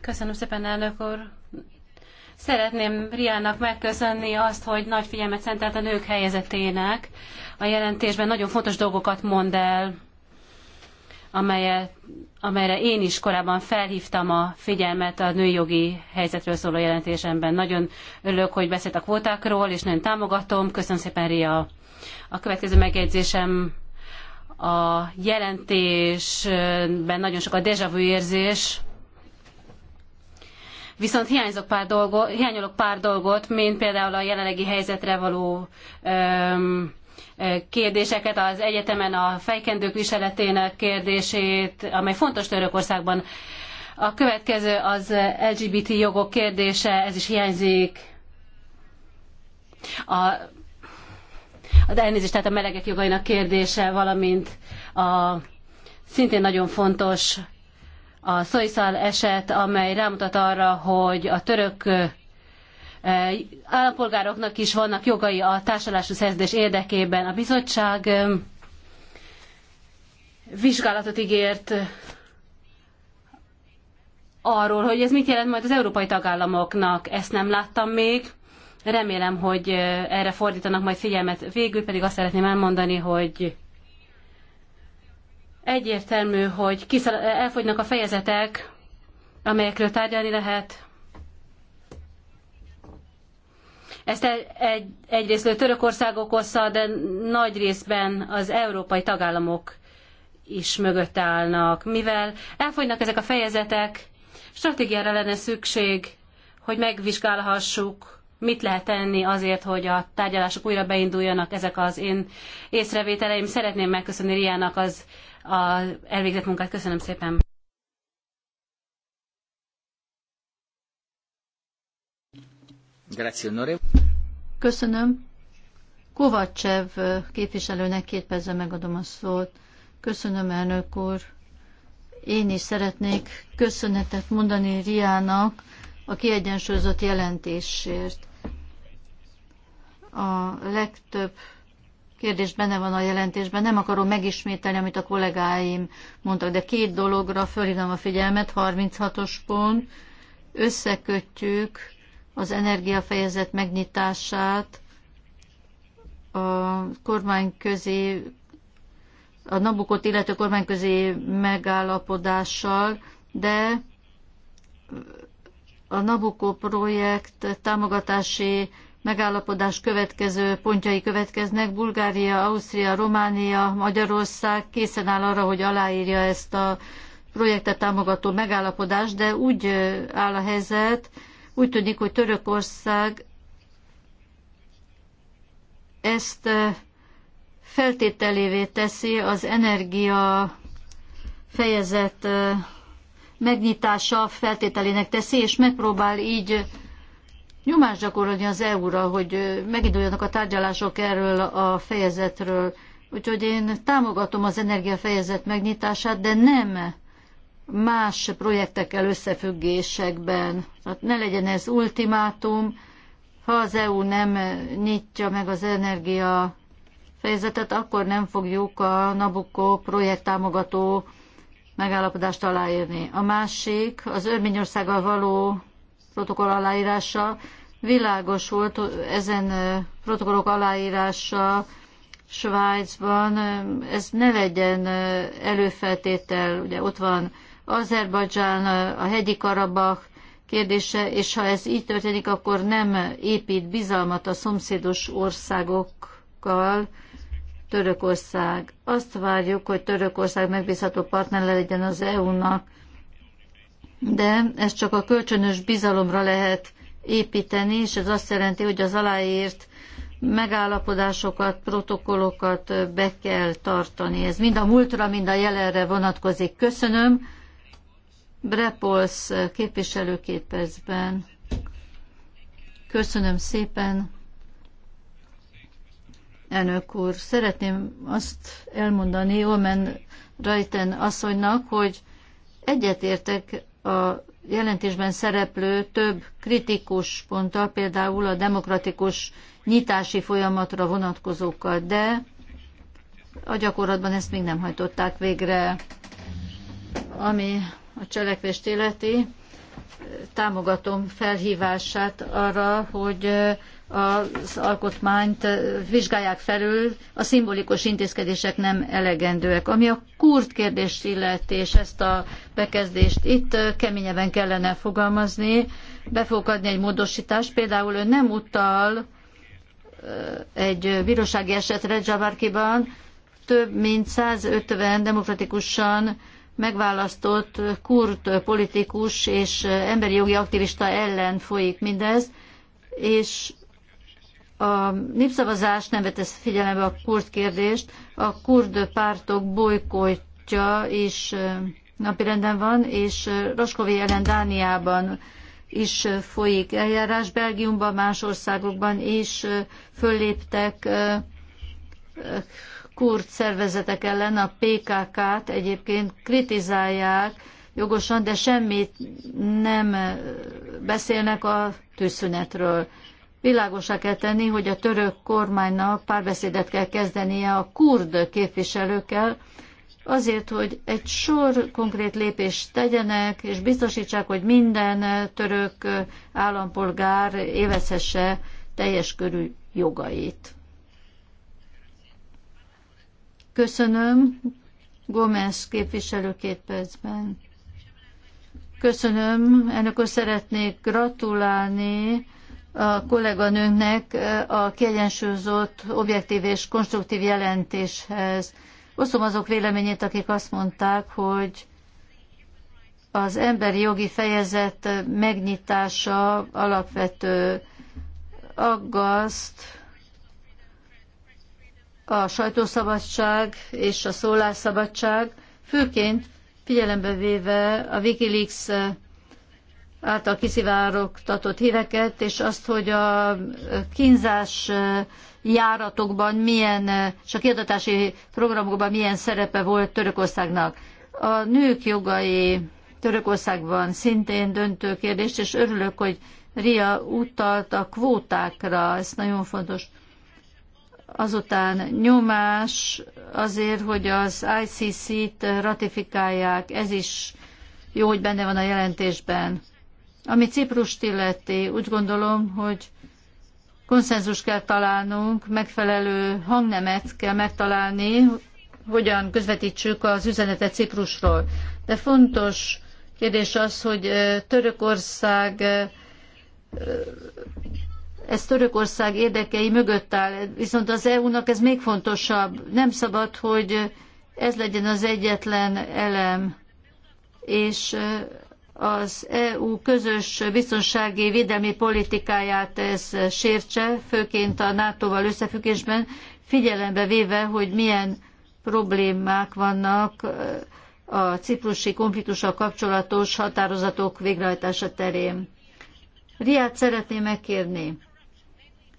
Köszönöm szépen, elnök úr. Szeretném Riának megköszönni azt, hogy nagy figyelmet szentelt a nők helyzetének. A jelentésben nagyon fontos dolgokat mond el amelyet, amelyre én is korábban felhívtam a figyelmet a női jogi helyzetről szóló jelentésemben. Nagyon örülök, hogy beszélt a kvótákról, és nagyon támogatom. Köszönöm szépen, Ria. A következő megjegyzésem a jelentésben nagyon sok a déjà vu érzés, Viszont hiányzok pár dolgo, hiányolok pár dolgot, mint például a jelenlegi helyzetre való öm, kérdéseket, az egyetemen a fejkendők viseletének kérdését, amely fontos Törökországban. A következő az LGBT jogok kérdése, ez is hiányzik. A, az elnézést, tehát a melegek jogainak kérdése, valamint a szintén nagyon fontos a Szoiszal eset, amely rámutat arra, hogy a török Eh, állampolgároknak is vannak jogai a társadalmi szerződés érdekében. A bizottság eh, vizsgálatot ígért eh, arról, hogy ez mit jelent majd az európai tagállamoknak, ezt nem láttam még. Remélem, hogy erre fordítanak majd figyelmet. Végül pedig azt szeretném elmondani, hogy egyértelmű, hogy elfogynak a fejezetek, amelyekről tárgyalni lehet, Ezt e- egy, egyrészt Törökország okozza, de nagy részben az európai tagállamok is mögött állnak. Mivel elfogynak ezek a fejezetek, stratégiára lenne szükség, hogy megvizsgálhassuk, mit lehet tenni azért, hogy a tárgyalások újra beinduljanak ezek az én észrevételeim. Szeretném megköszönni Riának az a elvégzett munkát. Köszönöm szépen! Köszönöm. Kovacsev képviselőnek két percre megadom a szót. Köszönöm, elnök úr. Én is szeretnék köszönetet mondani Riának a kiegyensúlyozott jelentésért. A legtöbb kérdés benne van a jelentésben. Nem akarom megismételni, amit a kollégáim mondtak, de két dologra fölhívom a figyelmet. 36-os pont, összekötjük az energiafejezet megnyitását a kormány közé, a Nabukot illető kormány közé megállapodással, de a Nabukó projekt támogatási megállapodás következő pontjai következnek. Bulgária, Ausztria, Románia, Magyarország készen áll arra, hogy aláírja ezt a projektet támogató megállapodást, de úgy áll a helyzet, úgy tűnik, hogy Törökország ezt eh, feltételévé teszi az energia fejezet eh, megnyitása feltételének teszi, és megpróbál így nyomást gyakorolni az EU-ra, hogy eh, meginduljanak a tárgyalások erről a fejezetről. Úgyhogy én támogatom az energiafejezet megnyitását, de nem más projektekkel összefüggésekben. Tehát ne legyen ez ultimátum, ha az EU nem nyitja meg az energia fejezetet, akkor nem fogjuk a Nabucco projekt támogató megállapodást aláírni. A másik, az Örményországgal való protokoll aláírása világos volt, ezen protokollok aláírása Svájcban, ez ne legyen előfeltétel, ugye ott van Azerbajdzsán, a hegyi Karabach kérdése, és ha ez így történik, akkor nem épít bizalmat a szomszédos országokkal, Törökország. Azt várjuk, hogy Törökország megbízható partner legyen az EU-nak, de ez csak a kölcsönös bizalomra lehet építeni, és ez azt jelenti, hogy az aláírt megállapodásokat, protokollokat be kell tartani. Ez mind a múltra, mind a jelenre vonatkozik. Köszönöm. Brepolsz képviselő két percben. Köszönöm szépen. Elnök úr, szeretném azt elmondani Omen Rajten asszonynak, hogy egyetértek a jelentésben szereplő több kritikus ponttal, például a demokratikus nyitási folyamatra vonatkozókkal, de a gyakorlatban ezt még nem hajtották végre, ami a cselekvést életi támogatom felhívását arra, hogy az alkotmányt vizsgálják felül, a szimbolikus intézkedések nem elegendőek. Ami a kurd kérdést illeti, és ezt a bekezdést itt keményebben kellene fogalmazni, be fogok adni egy módosítást, például ő nem utal egy bírósági esetre Jabarkiban, több mint 150 demokratikusan megválasztott kurt politikus és emberi jogi aktivista ellen folyik mindez, és a népszavazás nem vette figyelembe a kurd kérdést, a kurd pártok bolykotja is napirenden van, és Roskovi ellen Dániában is folyik eljárás, Belgiumban, más országokban is fölléptek kurd szervezetek ellen, a PKK-t egyébként kritizálják jogosan, de semmit nem beszélnek a tűzszünetről. Világosá kell tenni, hogy a török kormánynak párbeszédet kell kezdenie a kurd képviselőkkel, azért, hogy egy sor konkrét lépést tegyenek, és biztosítsák, hogy minden török állampolgár évezhesse teljes körű jogait. Köszönöm. Gómez képviselő két percben. Köszönöm. Ennek szeretnék gratulálni a kolléganőnknek a kiegyensúlyozott, objektív és konstruktív jelentéshez. Osztom azok véleményét, akik azt mondták, hogy az emberi jogi fejezet megnyitása alapvető aggaszt, a sajtószabadság és a szólásszabadság, főként figyelembe véve a Wikileaks által kiszivárogtatott híreket, és azt, hogy a kínzás járatokban milyen, és a kiadatási programokban milyen szerepe volt Törökországnak. A nők jogai Törökországban szintén döntő kérdés, és örülök, hogy Ria utalt a kvótákra, ez nagyon fontos azután nyomás azért, hogy az ICC-t ratifikálják, ez is jó, hogy benne van a jelentésben. Ami Ciprust illeti, úgy gondolom, hogy konszenzus kell találnunk, megfelelő hangnemet kell megtalálni, hogyan közvetítsük az üzenetet Ciprusról. De fontos kérdés az, hogy Törökország ez Törökország érdekei mögött áll, viszont az EU-nak ez még fontosabb. Nem szabad, hogy ez legyen az egyetlen elem, és az EU közös biztonsági védelmi politikáját ez sértse, főként a NATO-val összefüggésben, figyelembe véve, hogy milyen problémák vannak a ciprusi konfliktussal kapcsolatos határozatok végrehajtása terén. Riát szeretném megkérni,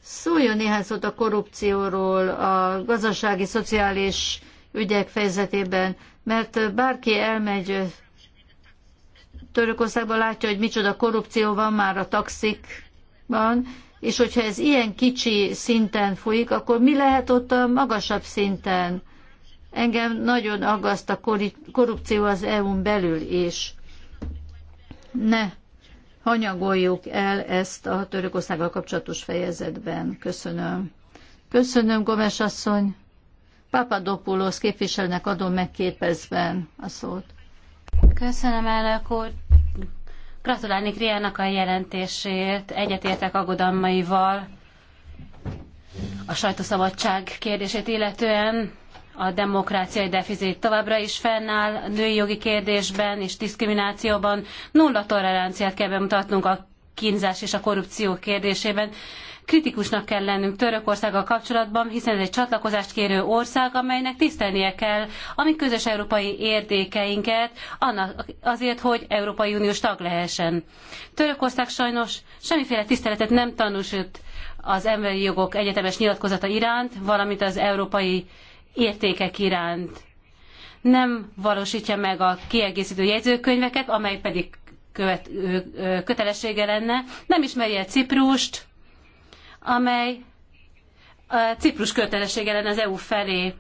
Szóljon néhány szót a korrupcióról, a gazdasági, szociális ügyek fejezetében, mert bárki elmegy Törökországba, látja, hogy micsoda korrupció van már a taxikban, és hogyha ez ilyen kicsi szinten folyik, akkor mi lehet ott a magasabb szinten? Engem nagyon aggaszt a korrupció az EU-n belül is. Ne hanyagoljuk el ezt a Törökországgal kapcsolatos fejezetben. Köszönöm. Köszönöm, Gomes asszony. Papadopoulos képviselőnek adom meg két percben a szót. Köszönöm, elnök úr. Gratulálni Kriának a jelentésért. Egyetértek aggodalmaival a sajtószabadság kérdését illetően a demokráciai deficit továbbra is fennáll, női jogi kérdésben és diszkriminációban nulla toleranciát kell bemutatnunk a kínzás és a korrupció kérdésében. Kritikusnak kell lennünk Törökországgal kapcsolatban, hiszen ez egy csatlakozást kérő ország, amelynek tisztelnie kell a mi közös európai értékeinket azért, hogy Európai Uniós tag lehessen. Törökország sajnos semmiféle tiszteletet nem tanúsít az emberi jogok egyetemes nyilatkozata iránt, valamint az európai értékek iránt. Nem valósítja meg a kiegészítő jegyzőkönyveket, amely pedig követ, kötelessége lenne. Nem ismeri a Ciprust, amely a Ciprus kötelessége lenne az EU felé.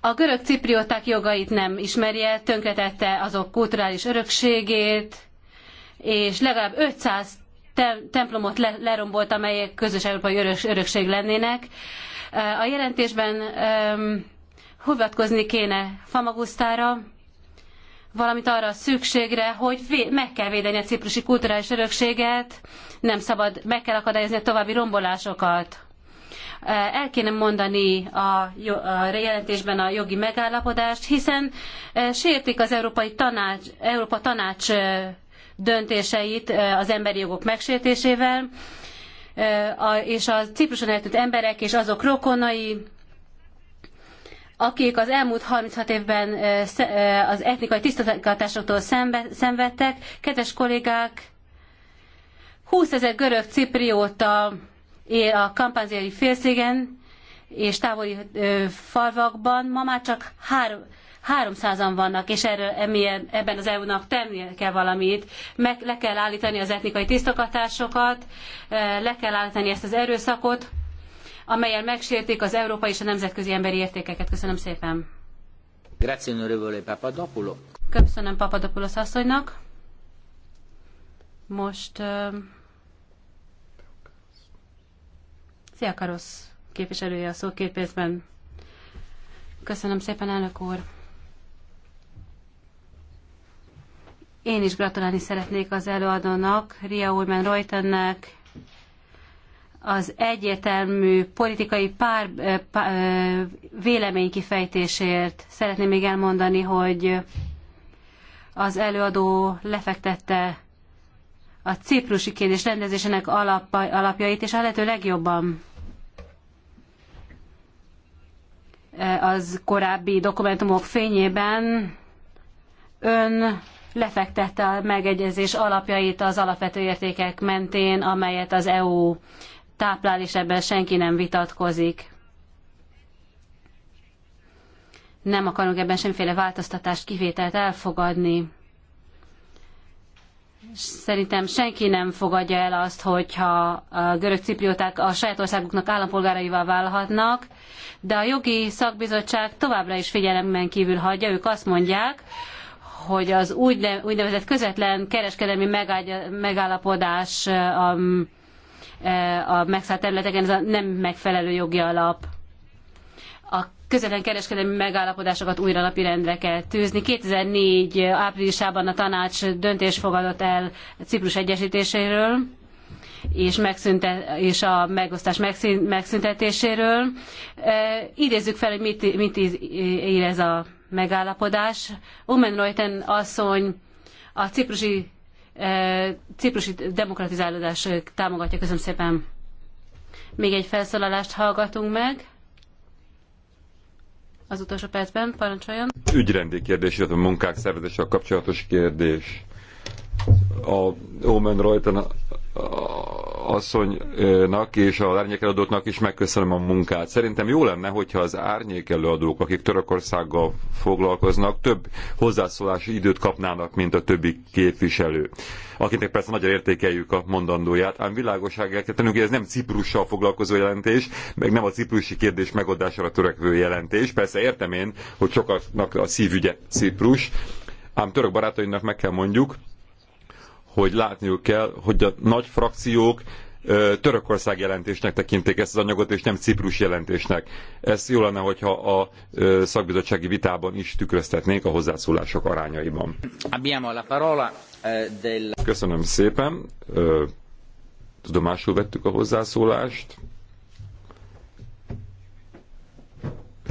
A görög ciprióták jogait nem ismeri el, tönkretette azok kulturális örökségét, és legalább 500 templomot lerombolt, amelyek közös európai örökség lennének. A jelentésben hivatkozni kéne Famagusztára, valamint arra a szükségre, hogy meg kell védeni a ciprusi kulturális örökséget, nem szabad, meg kell akadályozni a további rombolásokat. El kéne mondani a, jelentésben a jogi megállapodást, hiszen sértik az Európai Tanács, Európa Tanács döntéseit az emberi jogok megsértésével, és a Cipruson eltűnt emberek és azok rokonai, akik az elmúlt 36 évben az etnikai tisztogatásoktól szenvedtek. Kedves kollégák, 20 ezer görög ciprióta él a kampanziai félszigen és távoli falvakban, ma már csak három Háromszázan vannak, és erről emilyen, ebben az EU-nak tennie kell valamit. Meg, le kell állítani az etnikai tisztogatásokat, eh, le kell állítani ezt az erőszakot, amelyen megsértik az európai és a nemzetközi emberi értékeket. Köszönöm szépen. Grazie, onorevole Papadopoulou. Köszönöm Papadopoulos asszonynak. Most... Uh, Szia Karosz képviselője a szó két percben. Köszönöm szépen, elnök úr. Én is gratulálni szeretnék az előadónak, Ria Ullman Reutennek, az egyértelmű politikai pár, eh, pár eh, vélemény kifejtésért. Szeretném még elmondani, hogy az előadó lefektette a ciprusi kérdés rendezésének alap, alapjait, és a lehető legjobban eh, az korábbi dokumentumok fényében ön lefektette a megegyezés alapjait az alapvető értékek mentén, amelyet az EU táplál, és ebben senki nem vitatkozik. Nem akarunk ebben semmiféle változtatást, kivételt elfogadni. Szerintem senki nem fogadja el azt, hogyha a görög ciprióták a saját országuknak állampolgáraival válhatnak, de a jogi szakbizottság továbbra is figyelemben kívül hagyja. Ők azt mondják, hogy az úgynevezett közvetlen kereskedelmi megállapodás a, a megszállt területeken ez a nem megfelelő jogi alap. A közvetlen kereskedelmi megállapodásokat újra rendre kell tűzni. 2004. áprilisában a tanács döntés fogadott el Ciprus egyesítéséről és, megszünte, és a megosztás megszüntetéséről. Idézzük fel, hogy mit, mit ír ez a megállapodás. Omen Reuten asszony a ciprusi, e, ciprusi demokratizálódás támogatja. Köszönöm szépen. Még egy felszólalást hallgatunk meg. Az utolsó percben, parancsoljon. Ügyrendi kérdés, illetve a munkák szervezéssel kapcsolatos kérdés. A Omen Reuten a, a, asszonynak és az árnyékelőadóknak is megköszönöm a munkát. Szerintem jó lenne, hogyha az árnyékelőadók, akik Törökországgal foglalkoznak, több hozzászólási időt kapnának, mint a többi képviselő. Akinek persze nagyon értékeljük a mondandóját, ám világosság kell hogy ez nem Ciprussal foglalkozó jelentés, meg nem a ciprusi kérdés megoldására törekvő jelentés. Persze értem én, hogy sokaknak a szívügye Ciprus, ám török barátainak meg kell mondjuk, hogy látniuk kell, hogy a nagy frakciók Törökország jelentésnek tekintik ezt az anyagot, és nem Ciprus jelentésnek. Ez jó lenne, hogyha a szakbizottsági vitában is tükröztetnénk a hozzászólások arányaiban. Eh, Köszönöm szépen. Tudomásul vettük a hozzászólást.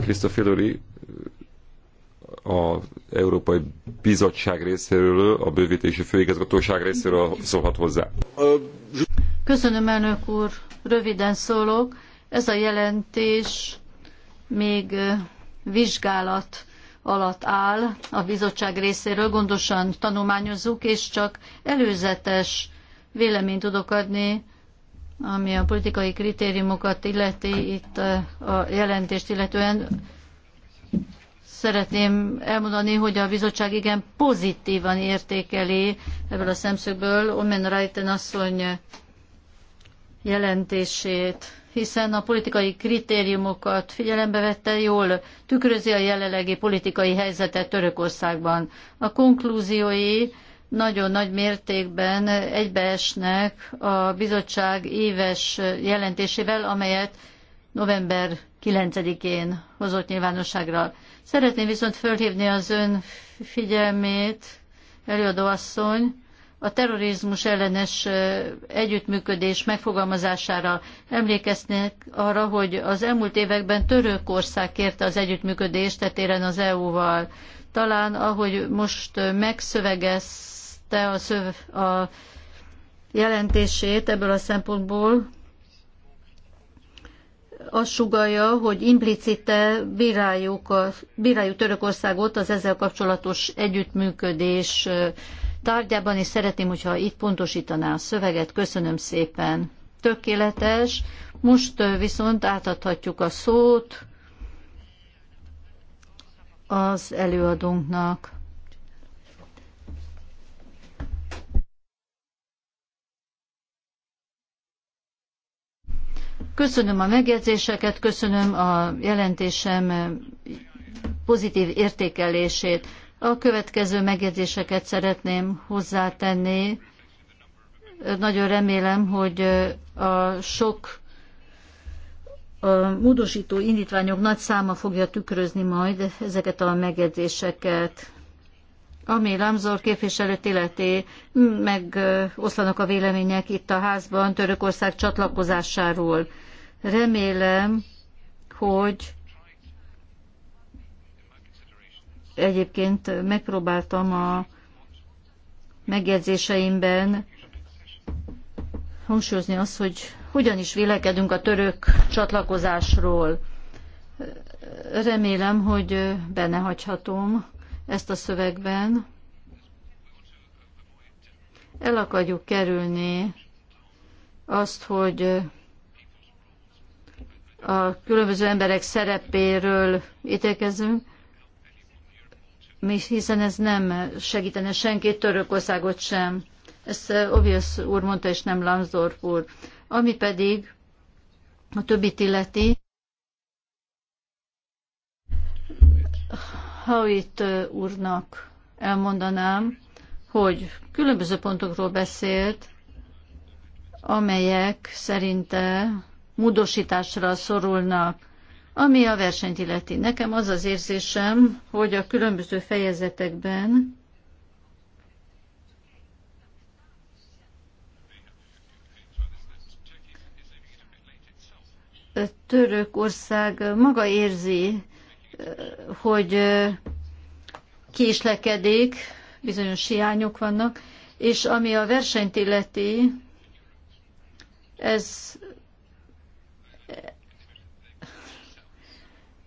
Krisztofilori az Európai Bizottság részéről, a bővítési főigazgatóság részéről szólhat hozzá. Köszönöm, elnök úr. Röviden szólok. Ez a jelentés még vizsgálat alatt áll a bizottság részéről, gondosan tanulmányozzuk, és csak előzetes véleményt tudok adni, ami a politikai kritériumokat illeti itt a jelentést illetően szeretném elmondani, hogy a bizottság igen pozitívan értékeli ebből a szemszögből Omen Reiten asszony jelentését, hiszen a politikai kritériumokat figyelembe vette, jól tükrözi a jelenlegi politikai helyzetet Törökországban. A konklúziói nagyon nagy mértékben egybeesnek a bizottság éves jelentésével, amelyet november 9-én hozott nyilvánosságra. Szeretném viszont fölhívni az ön figyelmét, előadóasszony, a terrorizmus ellenes együttműködés megfogalmazására emlékeznék arra, hogy az elmúlt években Törökország kérte az együttműködést tetéren az EU-val. Talán ahogy most megszövegezte a, szöv, a jelentését ebből a szempontból, azt sugalja, hogy implicite bíráljuk, a, bíráljuk Törökországot az ezzel kapcsolatos együttműködés tárgyában, és szeretném, hogyha itt pontosítaná a szöveget. Köszönöm szépen. Tökéletes. Most viszont átadhatjuk a szót az előadónknak. Köszönöm a megjegyzéseket, köszönöm a jelentésem pozitív értékelését. A következő megjegyzéseket szeretném hozzátenni. Nagyon remélem, hogy a sok a módosító indítványok nagy száma fogja tükrözni majd ezeket a megjegyzéseket. Ami Lamzor képviselőt illeti, megoszlanak a vélemények itt a házban Törökország csatlakozásáról. Remélem, hogy egyébként megpróbáltam a megjegyzéseimben hangsúlyozni azt, hogy hogyan is vélekedünk a török csatlakozásról. Remélem, hogy benne hagyhatom ezt a szövegben. El akarjuk kerülni azt, hogy a különböző emberek szerepéről ítélkezünk, hiszen ez nem segítene senkit, Törökországot sem. Ezt eh, Obvious úr mondta, és nem Lambsdorff úr. Ami pedig a többit illeti, itt eh, úrnak elmondanám, hogy különböző pontokról beszélt, amelyek szerinte módosításra szorulnak. Ami a versenyt illeti, nekem az az érzésem, hogy a különböző fejezetekben Törökország maga érzi, hogy késlekedik, bizonyos hiányok vannak, és ami a versenyt illeti, ez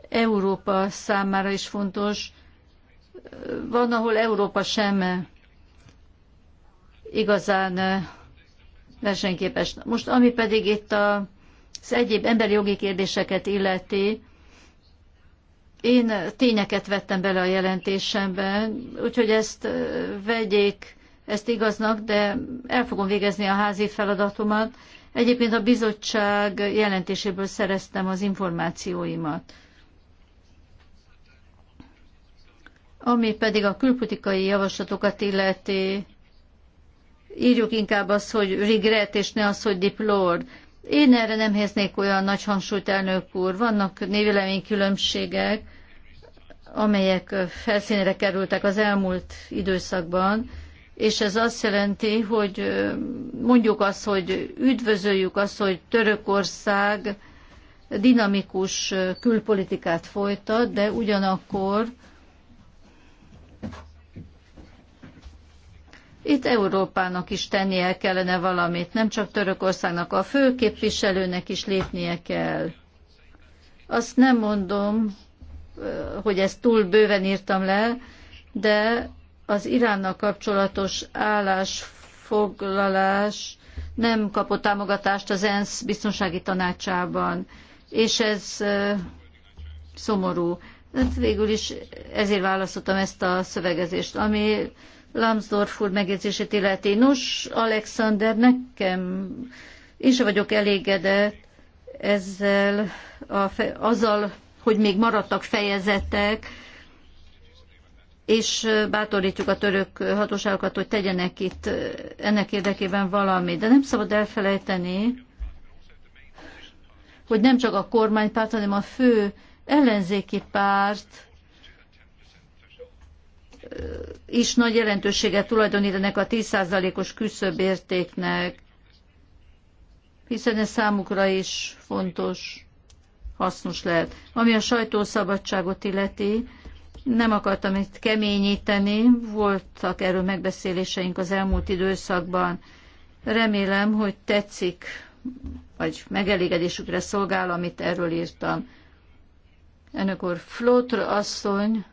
Európa számára is fontos. Van, ahol Európa sem igazán versenyképes. Most ami pedig itt a, az egyéb emberi jogi kérdéseket illeti, én tényeket vettem bele a jelentésemben, úgyhogy ezt vegyék, ezt igaznak, de el fogom végezni a házi feladatomat. Egyébként a bizottság jelentéséből szereztem az információimat. Ami pedig a külpolitikai javaslatokat illeti, írjuk inkább azt, hogy regret, és ne azt, hogy deplore. Én erre nem helyeznék olyan nagy hangsúlyt, elnök úr. Vannak különbségek, amelyek felszínre kerültek az elmúlt időszakban, és ez azt jelenti, hogy mondjuk azt, hogy üdvözöljük azt, hogy Törökország dinamikus külpolitikát folytat, de ugyanakkor Itt Európának is tennie kellene valamit, nem csak Törökországnak, a főképviselőnek is lépnie kell. Azt nem mondom, hogy ezt túl bőven írtam le, de az Iránnal kapcsolatos állásfoglalás nem kapott támogatást az ENSZ biztonsági tanácsában, és ez szomorú. Hát végül is ezért választottam ezt a szövegezést, ami Lambsdorff úr megjegyzését illeti. Nos, Alexander, nekem én sem vagyok elégedett ezzel a, azzal, hogy még maradtak fejezetek, és bátorítjuk a török hatóságokat, hogy tegyenek itt ennek érdekében valamit. De nem szabad elfelejteni, hogy nem csak a kormánypárt, hanem a fő ellenzéki párt is nagy jelentőséget tulajdonítanak a 10%-os értéknek, hiszen ez számukra is fontos, hasznos lehet. Ami a sajtószabadságot illeti, nem akartam itt keményíteni, voltak erről megbeszéléseink az elmúlt időszakban. Remélem, hogy tetszik, vagy megelégedésükre szolgál, amit erről írtam. Önök úr, Flótr asszony,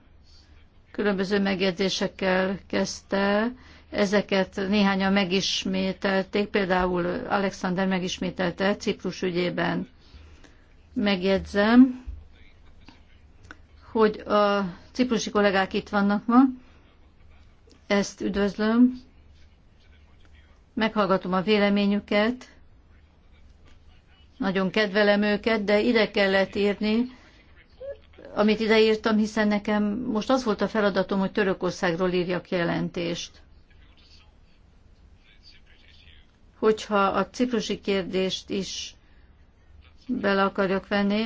különböző megjegyzésekkel kezdte, ezeket néhányan megismételték, például Alexander megismételte Ciprus ügyében. Megjegyzem, hogy a ciprusi kollégák itt vannak ma, ezt üdvözlöm, meghallgatom a véleményüket, nagyon kedvelem őket, de ide kellett írni, amit ide írtam, hiszen nekem most az volt a feladatom, hogy Törökországról írjak jelentést. Hogyha a ciprusi kérdést is bele akarjak venni,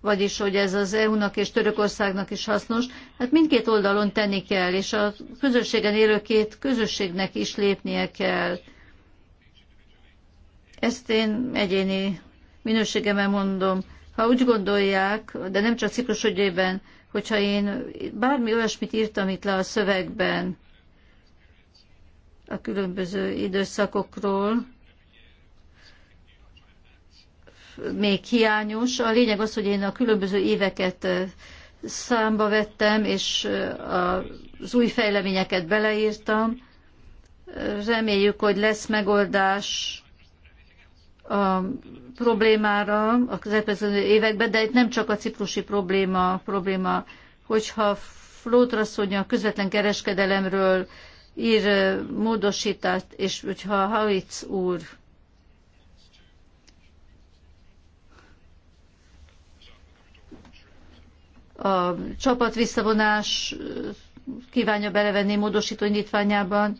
vagyis hogy ez az EU-nak és Törökországnak is hasznos, hát mindkét oldalon tenni kell, és a közösségen élő két közösségnek is lépnie kell. Ezt én egyéni minőségemben mondom, ha úgy gondolják, de nem csak Ciprus ügyében, hogyha én bármi olyasmit írtam itt le a szövegben a különböző időszakokról, még hiányos. A lényeg az, hogy én a különböző éveket számba vettem, és az új fejleményeket beleírtam. Reméljük, hogy lesz megoldás a problémára a következő években, de itt nem csak a ciprusi probléma, probléma hogyha Flótrasszonya a közvetlen kereskedelemről ír módosítást, és hogyha Hawitz úr a csapat visszavonás kívánja belevenni módosító indítványában,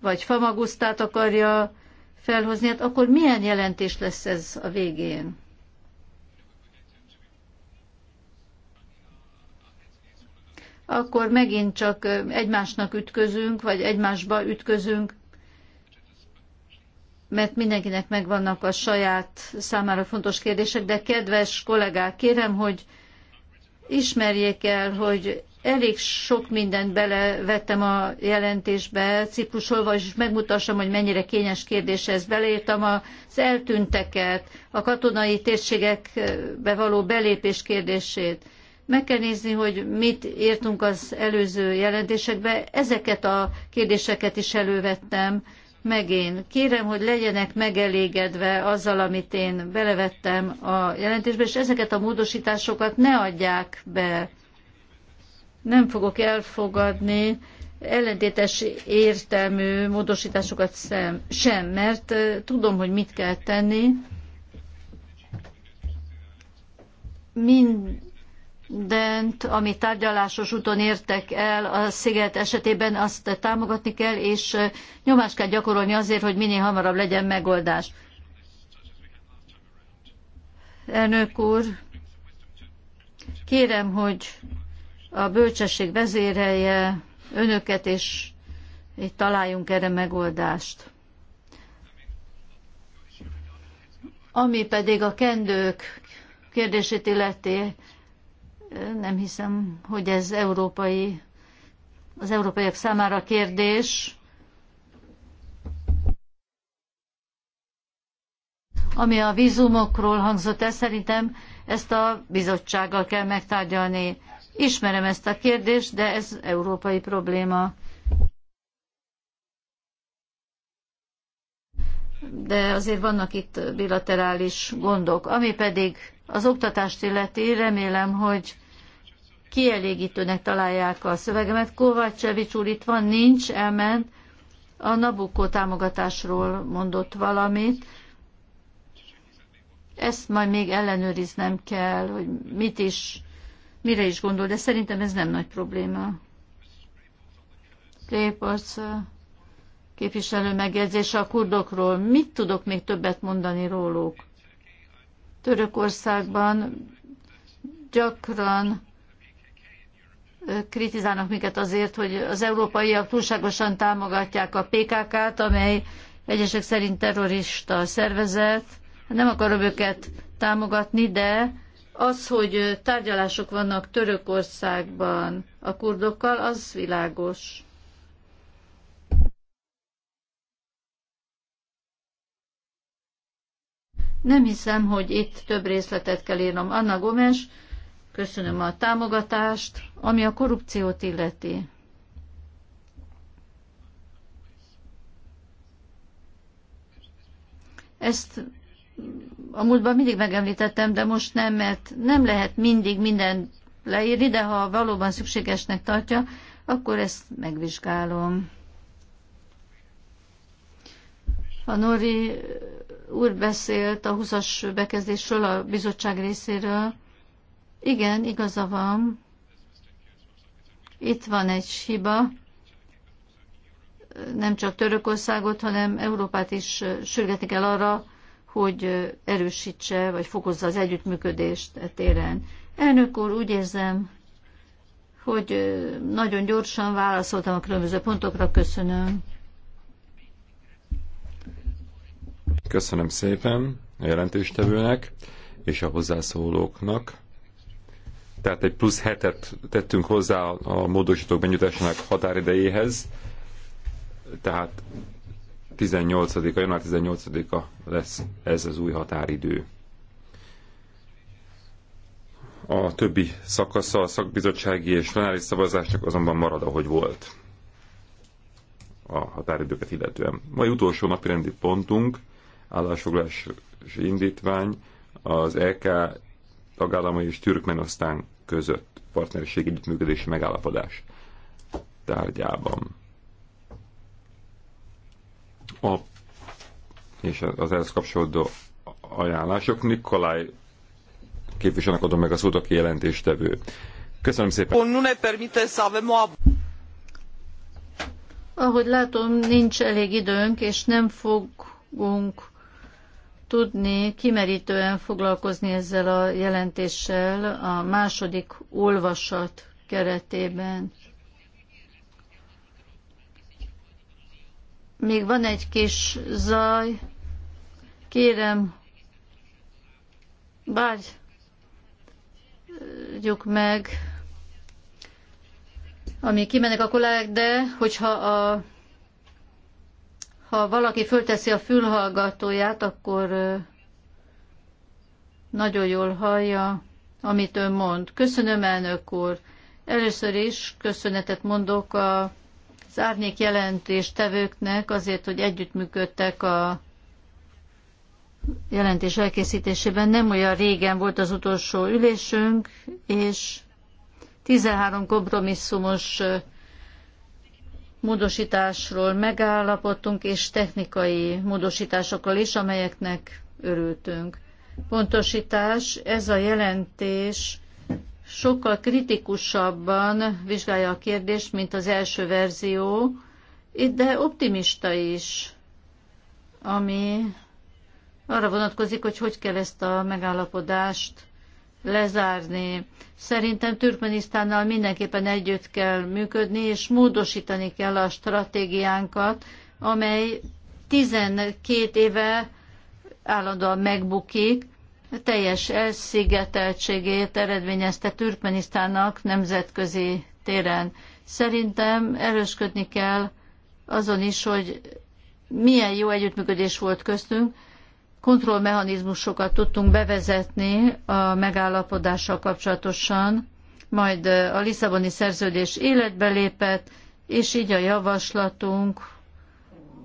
vagy Famagusztát akarja felhozni, hát akkor milyen jelentés lesz ez a végén? Akkor megint csak egymásnak ütközünk, vagy egymásba ütközünk, mert mindenkinek megvannak a saját számára fontos kérdések, de kedves kollégák, kérem, hogy ismerjék el, hogy Elég sok mindent belevettem a jelentésbe Ciprusról, és megmutassam, hogy mennyire kényes kérdés ez. Beleírtam az eltűnteket, a katonai térségekbe való belépés kérdését. Meg kell nézni, hogy mit írtunk az előző jelentésekbe. Ezeket a kérdéseket is elővettem meg én. Kérem, hogy legyenek megelégedve azzal, amit én belevettem a jelentésbe, és ezeket a módosításokat ne adják be nem fogok elfogadni ellentétes értelmű módosításokat sem, sem, mert tudom, hogy mit kell tenni. Mindent, ami tárgyalásos úton értek el a sziget esetében, azt támogatni kell, és nyomást kell gyakorolni azért, hogy minél hamarabb legyen megoldás. Elnök úr, kérem, hogy a bölcsesség vezérelje önöket, és itt találjunk erre megoldást. Ami pedig a kendők kérdését illeti, nem hiszem, hogy ez európai, az európaiak számára kérdés. Ami a vízumokról hangzott el, szerintem ezt a bizottsággal kell megtárgyalni. Ismerem ezt a kérdést, de ez európai probléma. De azért vannak itt bilaterális gondok. Ami pedig az oktatást illeti, remélem, hogy kielégítőnek találják a szövegemet. Kovácsevics úr itt van, nincs, elment. A Nabukó támogatásról mondott valamit. Ezt majd még ellenőriznem kell, hogy mit is mire is gondol, de szerintem ez nem nagy probléma. Képarc képviselő megjegyzése a kurdokról. Mit tudok még többet mondani róluk? Törökországban gyakran kritizálnak minket azért, hogy az európaiak túlságosan támogatják a PKK-t, amely egyesek szerint terrorista szervezet. Hát nem akarom őket támogatni, de az, hogy tárgyalások vannak Törökországban a kurdokkal, az világos. Nem hiszem, hogy itt több részletet kell írnom. Anna Gomes, köszönöm a támogatást, ami a korrupciót illeti. Ezt a múltban mindig megemlítettem, de most nem, mert nem lehet mindig minden leírni, de ha valóban szükségesnek tartja, akkor ezt megvizsgálom. A Nori úr beszélt a 20-as bekezdésről, a bizottság részéről. Igen, igaza van. Itt van egy hiba. Nem csak Törökországot, hanem Európát is sürgetik kell arra, hogy erősítse vagy fokozza az együttműködést e téren. Elnök úr, úgy érzem, hogy nagyon gyorsan válaszoltam a különböző pontokra. Köszönöm. Köszönöm szépen a jelentéstevőnek és a hozzászólóknak. Tehát egy plusz hetet tettünk hozzá a módosítók benyújtásának határidejéhez. Tehát 18-a, január 18-a lesz ez az új határidő. A többi szakasza a szakbizottsági és tanári szavazásnak azonban marad, ahogy volt a határidőket illetően. Mai utolsó napi rendi pontunk, állásfoglalási indítvány az EK tagállamai és Türkmenosztán között partnerségi együttműködési megállapodás tárgyában a, és az ehhez kapcsolódó ajánlások. Nikolaj képviselnek adom meg a szót, aki jelentéstevő. Köszönöm szépen. Ahogy látom, nincs elég időnk, és nem fogunk tudni kimerítően foglalkozni ezzel a jelentéssel a második olvasat keretében. Még van egy kis zaj. Kérem, bárjuk meg, ami kimenek a kollégák, de hogyha a, ha valaki fölteszi a fülhallgatóját, akkor nagyon jól hallja, amit ön mond. Köszönöm, elnök úr. Először is köszönetet mondok a az árnyék jelentéstevőknek azért, hogy együttműködtek a jelentés elkészítésében. Nem olyan régen volt az utolsó ülésünk, és 13 kompromisszumos módosításról megállapodtunk, és technikai módosításokkal is, amelyeknek örültünk. Pontosítás, ez a jelentés sokkal kritikusabban vizsgálja a kérdést, mint az első verzió, de optimista is, ami arra vonatkozik, hogy hogy kell ezt a megállapodást lezárni. Szerintem Türkmenisztánnal mindenképpen együtt kell működni, és módosítani kell a stratégiánkat, amely 12 éve állandóan megbukik, teljes elszigeteltségét eredményezte Türkmenisztának nemzetközi téren. Szerintem erősködni kell azon is, hogy milyen jó együttműködés volt köztünk, kontrollmechanizmusokat tudtunk bevezetni a megállapodással kapcsolatosan, majd a Lisszaboni szerződés életbe lépett, és így a javaslatunk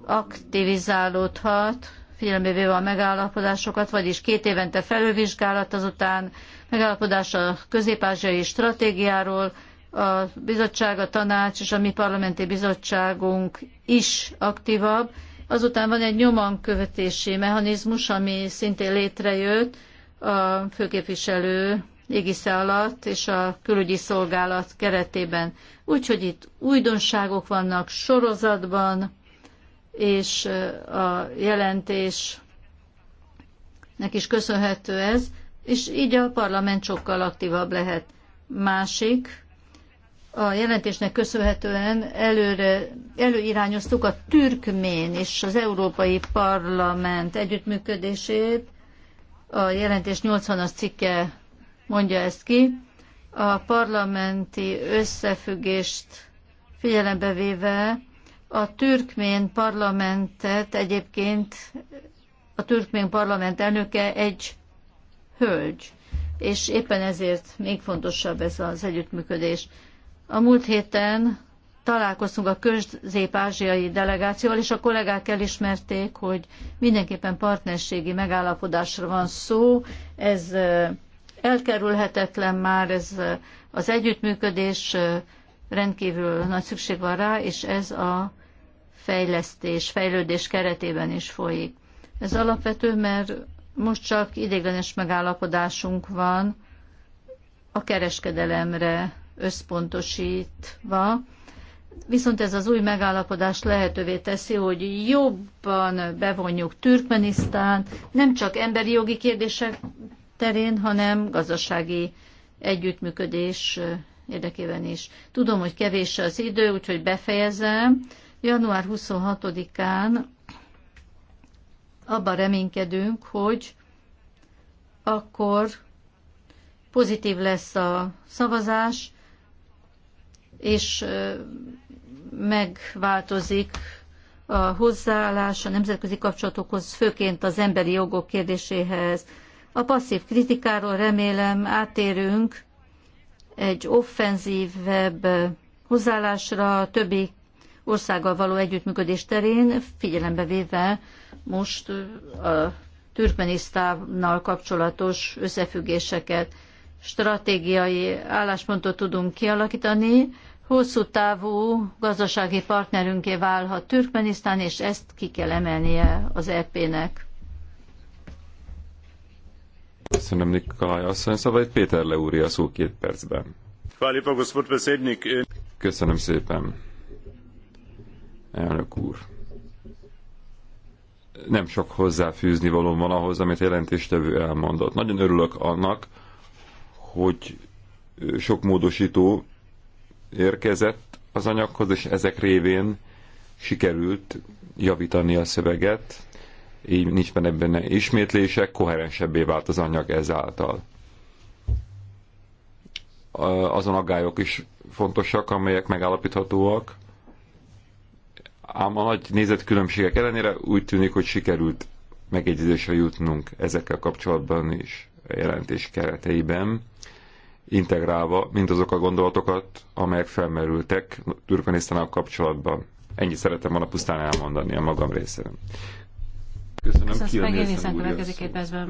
aktivizálódhat, figyelembe a megállapodásokat, vagyis két évente felülvizsgálat, azután megállapodás a közép-ázsiai stratégiáról, a bizottság, a tanács és a mi parlamenti bizottságunk is aktívabb. Azután van egy nyomankövetési mechanizmus, ami szintén létrejött a főképviselő égisze alatt és a külügyi szolgálat keretében. Úgyhogy itt újdonságok vannak sorozatban, és a jelentésnek is köszönhető ez, és így a parlament sokkal aktívabb lehet. Másik, a jelentésnek köszönhetően előre, előirányoztuk a türkmén és az Európai Parlament együttműködését. A jelentés 80-as cikke mondja ezt ki. A parlamenti összefüggést figyelembe véve a türkmén parlamentet egyébként a türkmén parlament elnöke egy hölgy, és éppen ezért még fontosabb ez az együttműködés. A múlt héten találkoztunk a közép-ázsiai delegációval, és a kollégák elismerték, hogy mindenképpen partnerségi megállapodásra van szó. Ez elkerülhetetlen már, ez az együttműködés rendkívül nagy szükség van rá, és ez a fejlesztés, fejlődés keretében is folyik. Ez alapvető, mert most csak idéglenes megállapodásunk van a kereskedelemre összpontosítva, viszont ez az új megállapodás lehetővé teszi, hogy jobban bevonjuk Türkmenisztán, nem csak emberi jogi kérdések terén, hanem gazdasági együttműködés érdekében is. Tudom, hogy kevés az idő, úgyhogy befejezem. Január 26-án abban reménykedünk, hogy akkor pozitív lesz a szavazás, és megváltozik a hozzáállás a nemzetközi kapcsolatokhoz, főként az emberi jogok kérdéséhez. A passzív kritikáról remélem átérünk egy offenzívebb hozzáállásra, többi országgal való együttműködés terén, figyelembe véve most a Türkmenisztánnal kapcsolatos összefüggéseket, stratégiai álláspontot tudunk kialakítani, hosszú távú gazdasági partnerünké válhat Türkmenisztán, és ezt ki kell emelnie az EP-nek. Köszönöm Nikolaj asszony szavait. Péter Leúri a szó két percben. Köszönöm szépen elnök úr. Nem sok hozzáfűzni való van ahhoz, amit jelentéstevő elmondott. Nagyon örülök annak, hogy sok módosító érkezett az anyaghoz, és ezek révén sikerült javítani a szöveget, így nincs benne benne ismétlések, koherensebbé vált az anyag ezáltal. Azon aggályok is fontosak, amelyek megállapíthatóak, Ám a nagy nézetkülönbségek ellenére úgy tűnik, hogy sikerült megegyezésre jutnunk ezekkel kapcsolatban is a jelentés kereteiben, integrálva mindazok a gondolatokat, amelyek felmerültek Turkmenisztánnal kapcsolatban. Ennyi szeretem volna pusztán elmondani a magam részéről. Köszönöm, Köszönöm Kiel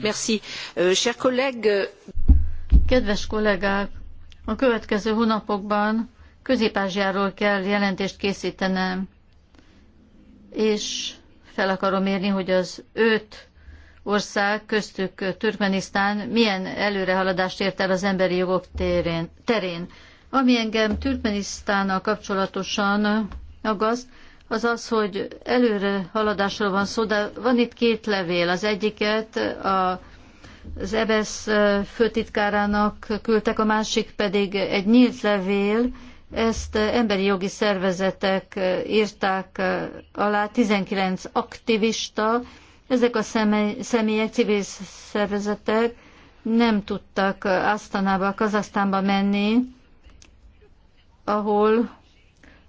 Merci. Euh, Cher collègue... Euh, Kedves kollégák, a következő hónapokban Közép-Ázsiáról kell jelentést készítenem, és fel akarom érni, hogy az öt ország, köztük Türkmenisztán, milyen előrehaladást ért el az emberi jogok terén. terén. Ami engem Türkmenisztánnal kapcsolatosan aggaszt, az az, hogy előre haladásról van szó, de van itt két levél. Az egyiket a, az EBSZ főtitkárának küldtek, a másik pedig egy nyílt levél, ezt eh, emberi jogi szervezetek eh, írták eh, alá, 19 aktivista, ezek a személyek, civil szervezetek nem tudtak Asztanába, Kazasztánba menni, ahol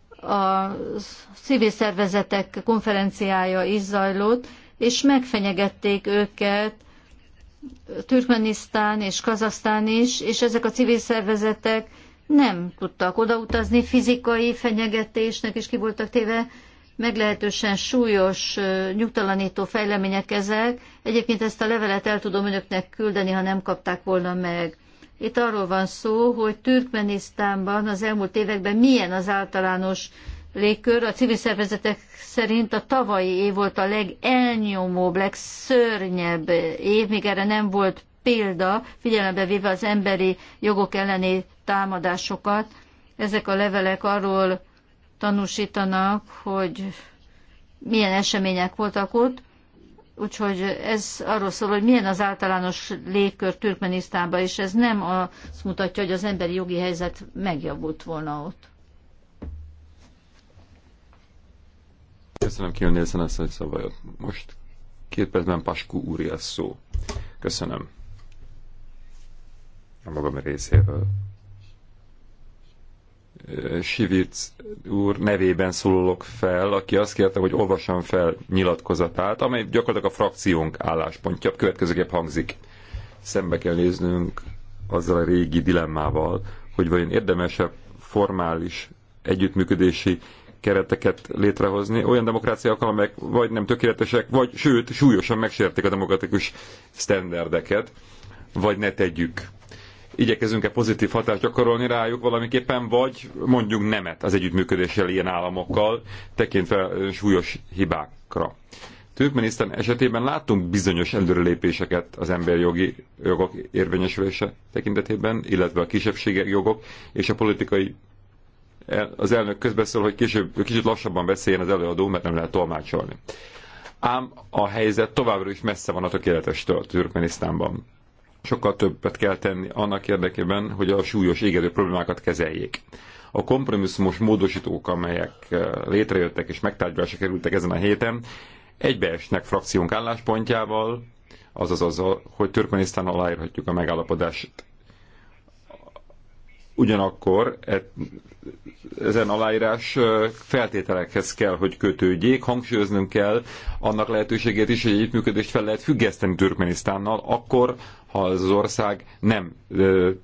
a civil szervezetek konferenciája is zajlott, és megfenyegették őket Türkmenisztán és Kazasztán is, és ezek a civil szervezetek nem tudtak odautazni fizikai fenyegetésnek, és ki voltak téve meglehetősen súlyos, nyugtalanító fejlemények ezek. Egyébként ezt a levelet el tudom önöknek küldeni, ha nem kapták volna meg. Itt arról van szó, hogy Türkmenisztánban az elmúlt években milyen az általános légkör. A civil szervezetek szerint a tavalyi év volt a legelnyomóbb, legszörnyebb év, még erre nem volt példa, figyelembe véve az emberi jogok elleni támadásokat. Ezek a levelek arról tanúsítanak, hogy milyen események voltak ott, Úgyhogy ez arról szól, hogy milyen az általános légkör Türkmenisztánban, és ez nem azt mutatja, hogy az emberi jogi helyzet megjavult volna ott. Köszönöm, Kiel ezen ezt, hogy szabályot. Most két percben Paskú úri szó. Köszönöm. A magam részéről. Sivic úr nevében szólalok fel, aki azt kérte, hogy olvassam fel nyilatkozatát, amely gyakorlatilag a frakciónk álláspontja. Következőképp hangzik. Szembe kell néznünk azzal a régi dilemmával, hogy vajon érdemesebb formális együttműködési kereteket létrehozni olyan demokráciákkal, amelyek vagy nem tökéletesek, vagy sőt, súlyosan megsértik a demokratikus sztenderdeket, vagy ne tegyük igyekezünk-e pozitív hatást gyakorolni rájuk valamiképpen, vagy mondjuk, nemet az együttműködéssel ilyen államokkal, tekintve súlyos hibákra. Türkmenisztán esetében láttunk bizonyos előrelépéseket az emberjogi jogok érvényesülése tekintetében, illetve a kisebbségek jogok és a politikai az elnök közbeszól, hogy később, kicsit lassabban beszéljen az előadó, mert nem lehet tolmácsolni. Ám a helyzet továbbra is messze van a tökéletestől Türkmenisztánban sokkal többet kell tenni annak érdekében, hogy a súlyos égető problémákat kezeljék. A kompromisszumos módosítók, amelyek eh, létrejöttek és megtárgyalásra kerültek ezen a héten, egybeesnek frakciónk álláspontjával, azaz azzal, hogy Türkmenisztán aláírhatjuk a megállapodást Ugyanakkor e- ezen aláírás feltételekhez kell, hogy kötődjék. Hangsúlyoznunk kell annak lehetőségét is, hogy együttműködést fel lehet függeszteni Türkmenisztánnal, akkor, ha az ország nem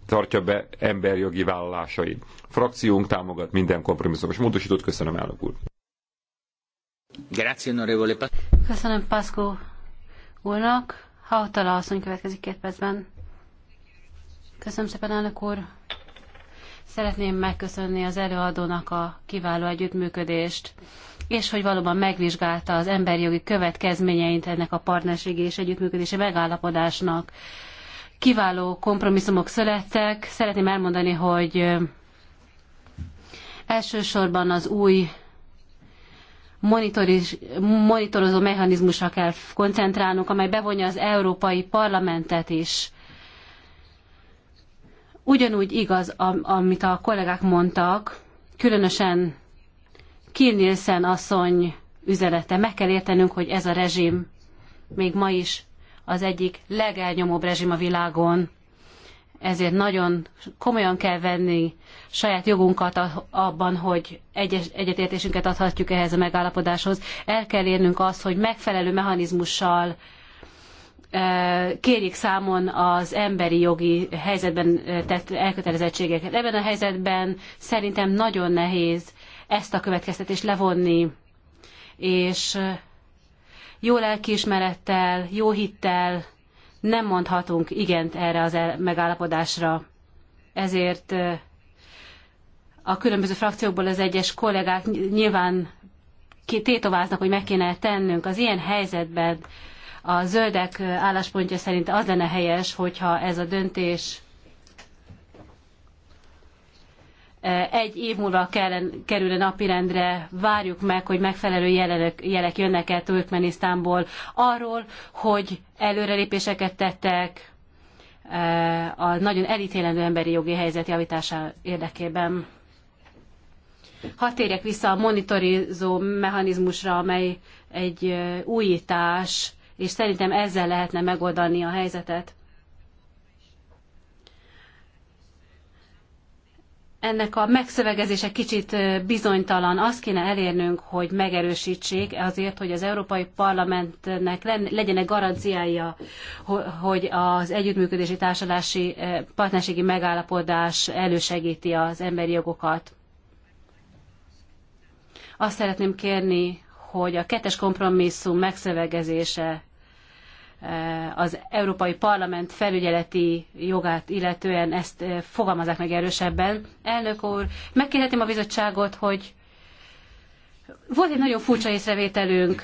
tartja be emberjogi vállalásait. Frakciónk támogat minden kompromisszumos módosítót. Köszönöm, elnök úr. Köszönöm Pászkó úrnak. Hautala asszony következik két percben. Köszönöm szépen, elnök úr. Szeretném megköszönni az előadónak a kiváló együttműködést, és hogy valóban megvizsgálta az emberi jogi következményeit ennek a partnerségi és együttműködési megállapodásnak. Kiváló kompromisszumok születtek. Szeretném elmondani, hogy elsősorban az új monitorozó mechanizmusra kell koncentrálnunk, amely bevonja az Európai Parlamentet is Ugyanúgy igaz, amit a kollégák mondtak, különösen Kill Nielsen asszony üzenete. Meg kell értenünk, hogy ez a rezsim még ma is az egyik legelnyomóbb rezsim a világon, ezért nagyon komolyan kell venni saját jogunkat abban, hogy egyes, egyetértésünket adhatjuk ehhez a megállapodáshoz. El kell érnünk azt, hogy megfelelő mechanizmussal kérjék számon az emberi jogi helyzetben tett elkötelezettségeket. Ebben a helyzetben szerintem nagyon nehéz ezt a következtetést levonni, és jó lelkiismerettel, jó hittel nem mondhatunk igent erre az megállapodásra. Ezért a különböző frakciókból az egyes kollégák nyilván tétováznak, hogy meg kéne tennünk. Az ilyen helyzetben a zöldek álláspontja szerint az lenne helyes, hogyha ez a döntés e, egy év múlva kerül a napirendre, várjuk meg, hogy megfelelő jelek, jelek jönnek el Turkmenisztánból arról, hogy előrelépéseket tettek e, a nagyon elítélendő emberi jogi helyzet javítása érdekében. Ha térjek vissza a monitorizó mechanizmusra, amely egy e, újítás, és szerintem ezzel lehetne megoldani a helyzetet. Ennek a megszövegezése kicsit bizonytalan. Azt kéne elérnünk, hogy megerősítsék azért, hogy az Európai Parlamentnek legyenek garanciája, hogy az együttműködési társadalási partnerségi megállapodás elősegíti az emberi jogokat. Azt szeretném kérni, hogy a kettes kompromisszum megszövegezése Eh, az Európai Parlament felügyeleti jogát illetően ezt eh, fogalmazzák meg erősebben. Elnök úr, megkérhetem a bizottságot, hogy volt egy nagyon furcsa észrevételünk.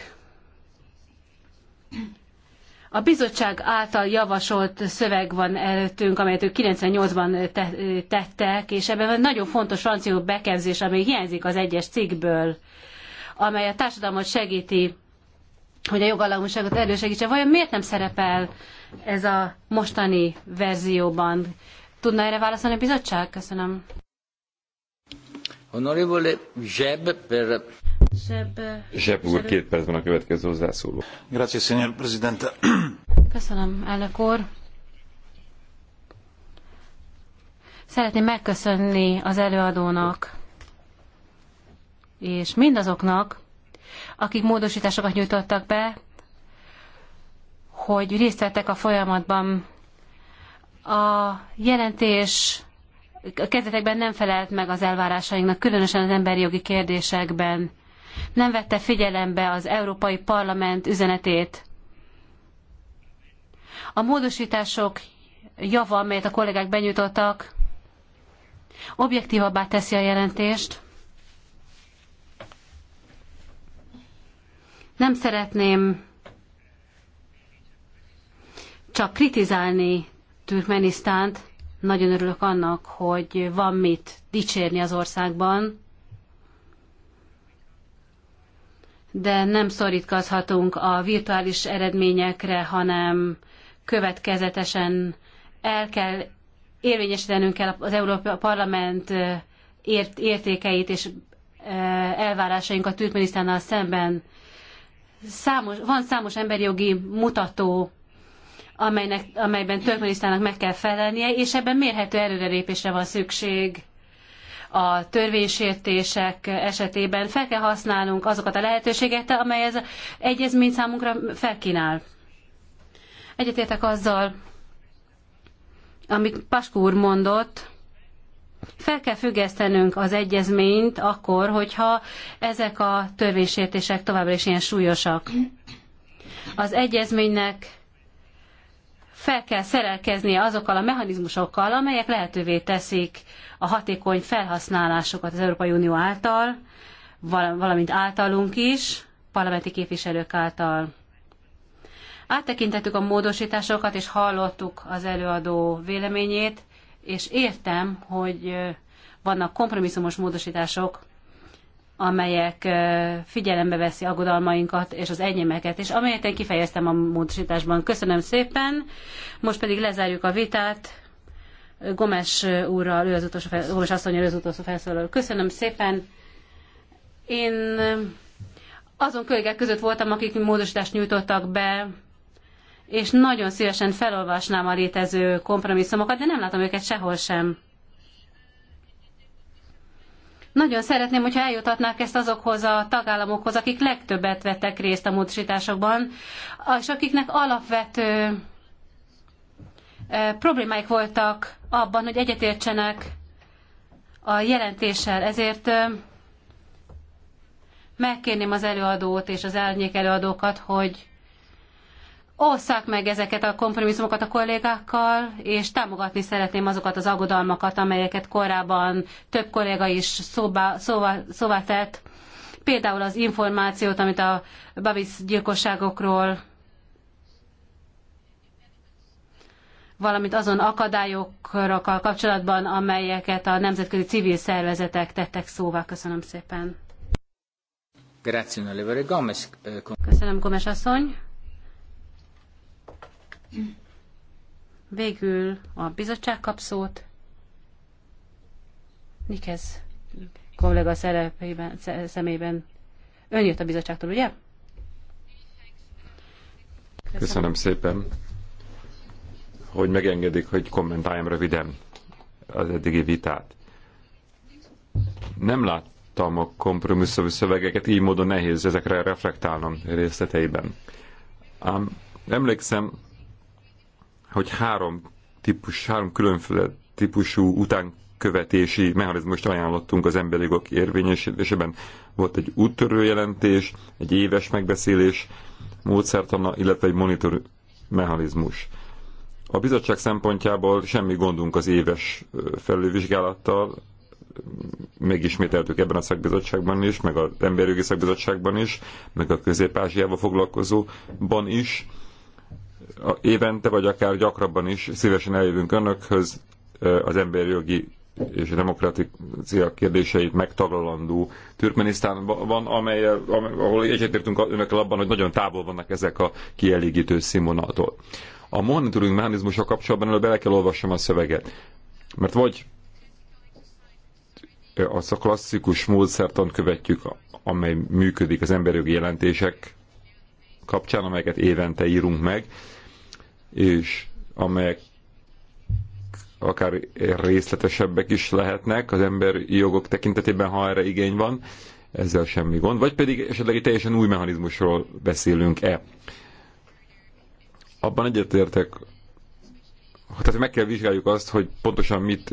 A bizottság által javasolt szöveg van előttünk, amelyet ők 98-ban te tettek, és ebben van nagyon fontos francia bekezdés, ami hiányzik az egyes cikkből, amely a társadalmat segíti hogy a jogállamiságot elősegítse. Vajon miért nem szerepel ez a mostani verzióban? Tudna erre válaszolni a bizottság? Köszönöm. Honorable Zseb per... Zseb... Eh, Zseb úr, két percben a következő hozzászóló. Grazie, signor Presidente. Köszönöm, elnök úr. Szeretném megköszönni az előadónak és mindazoknak, akik módosításokat nyújtottak be, hogy részt vettek a folyamatban. A jelentés a kezdetekben nem felelt meg az elvárásainknak, különösen az emberi jogi kérdésekben. Nem vette figyelembe az Európai Parlament üzenetét. A módosítások java, amelyet a kollégák benyújtottak, objektívabbá teszi a jelentést, Nem szeretném csak kritizálni Türkmenisztánt, nagyon örülök annak, hogy van mit dicsérni az országban, de nem szorítkozhatunk a virtuális eredményekre, hanem következetesen el kell érvényesítenünk kell az Európai Parlament ért, értékeit és eh, elvárásainkat Türkmenisztánnal szemben számos, van számos emberi jogi mutató, amelynek, amelyben Törkmenisztának meg kell felelnie, és ebben mérhető előrelépésre van szükség a törvénysértések esetében. Fel kell használnunk azokat a lehetőségeket, amely ez egyezmény számunkra felkínál. Egyetértek azzal, amit Paskó úr mondott, fel kell függesztenünk az egyezményt akkor, hogyha ezek a törvénysértések továbbra is ilyen súlyosak. Az egyezménynek fel kell szerelkeznie azokkal a mechanizmusokkal, amelyek lehetővé teszik a hatékony felhasználásokat az Európai Unió által, valamint általunk is, parlamenti képviselők által. Áttekintettük a módosításokat, és hallottuk az előadó véleményét és értem, hogy vannak kompromisszumos módosítások, amelyek figyelembe veszi aggodalmainkat és az enyémeket, és amelyet én kifejeztem a módosításban. Köszönöm szépen, most pedig lezárjuk a vitát. Gomes úrral, ő az utolsó, fel, Gomes asszony, ő az utolsó felszólaló. Köszönöm szépen. Én azon kölygek között voltam, akik módosítást nyújtottak be és nagyon szívesen felolvasnám a létező kompromisszumokat, de nem látom őket sehol sem. Nagyon szeretném, hogyha eljutatnák ezt azokhoz a tagállamokhoz, akik legtöbbet vettek részt a módosításokban, és akiknek alapvető eh, problémáik voltak abban, hogy egyetértsenek a jelentéssel. Ezért eh, megkérném az előadót és az árnyék előadókat, hogy osszák meg ezeket a kompromisszumokat a kollégákkal, és támogatni szeretném azokat az aggodalmakat, amelyeket korábban több kolléga is szóba, szóva szóvá tett. Például az információt, amit a Babis gyilkosságokról, valamint azon akadályokkal kapcsolatban, amelyeket a nemzetközi civil szervezetek tettek szóvá. Köszönöm szépen. Eh, Köszönöm, Gomes asszony. Végül a bizottság kap szót. Nikez kollega szerepében, szemében. Ön jött a bizottságtól, ugye? Köszönöm. szépen, hogy megengedik, hogy kommentáljam röviden az eddigi vitát. Nem láttam a kompromisszumű szövegeket, így módon nehéz ezekre reflektálnom részleteiben. Ám emlékszem, hogy három típus, három különféle típusú utánkövetési mechanizmust ajánlottunk az emberi jogok érvényesítésében. Volt egy úttörő jelentés, egy éves megbeszélés, módszertana, illetve egy monitor mechanizmus. A bizottság szempontjából semmi gondunk az éves felülvizsgálattal, megismételtük ebben a szakbizottságban is, meg az emberjogi szakbizottságban is, meg a közép-ázsiával foglalkozóban is évente, vagy akár gyakrabban is szívesen eljövünk önökhöz az emberi jogi és a demokrácia kérdéseit megtaglalandó Türkmenisztánban, amely ahol egyetértünk önökkel abban, hogy nagyon távol vannak ezek a kielégítő színvonaltól. A monitoring mechanizmusa kapcsolatban előbb bele kell olvassam a szöveget. Mert vagy az a klasszikus módszertant követjük, amely működik az emberi jogi jelentések kapcsán, amelyeket évente írunk meg, és amelyek akár részletesebbek is lehetnek az emberi jogok tekintetében, ha erre igény van, ezzel semmi gond. Vagy pedig esetleg egy teljesen új mechanizmusról beszélünk-e. Abban egyetértek, tehát meg kell vizsgáljuk azt, hogy pontosan mit,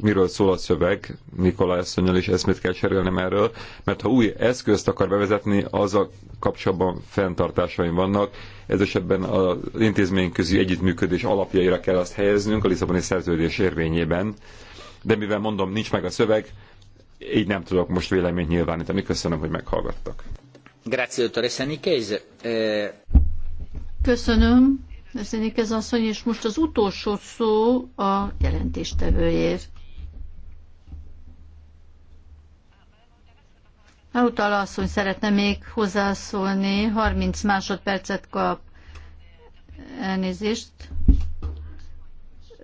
miről szól a szöveg, Nikola Eszonyal is eszmét kell cserélnem erről, mert ha új eszközt akar bevezetni, az a kapcsolatban fenntartásaim vannak, ez esetben az intézményközi együttműködés alapjaira kell azt helyeznünk a Lisszaboni szerződés érvényében. De mivel mondom, nincs meg a szöveg, így nem tudok most véleményt nyilvánítani. Köszönöm, hogy meghallgattak. Eh, Köszönöm, Nikéz asszony, és most az utolsó szó a jelentéstevőért. Nautala asszony szeretne még hozzászólni, 30 másodpercet kap elnézést.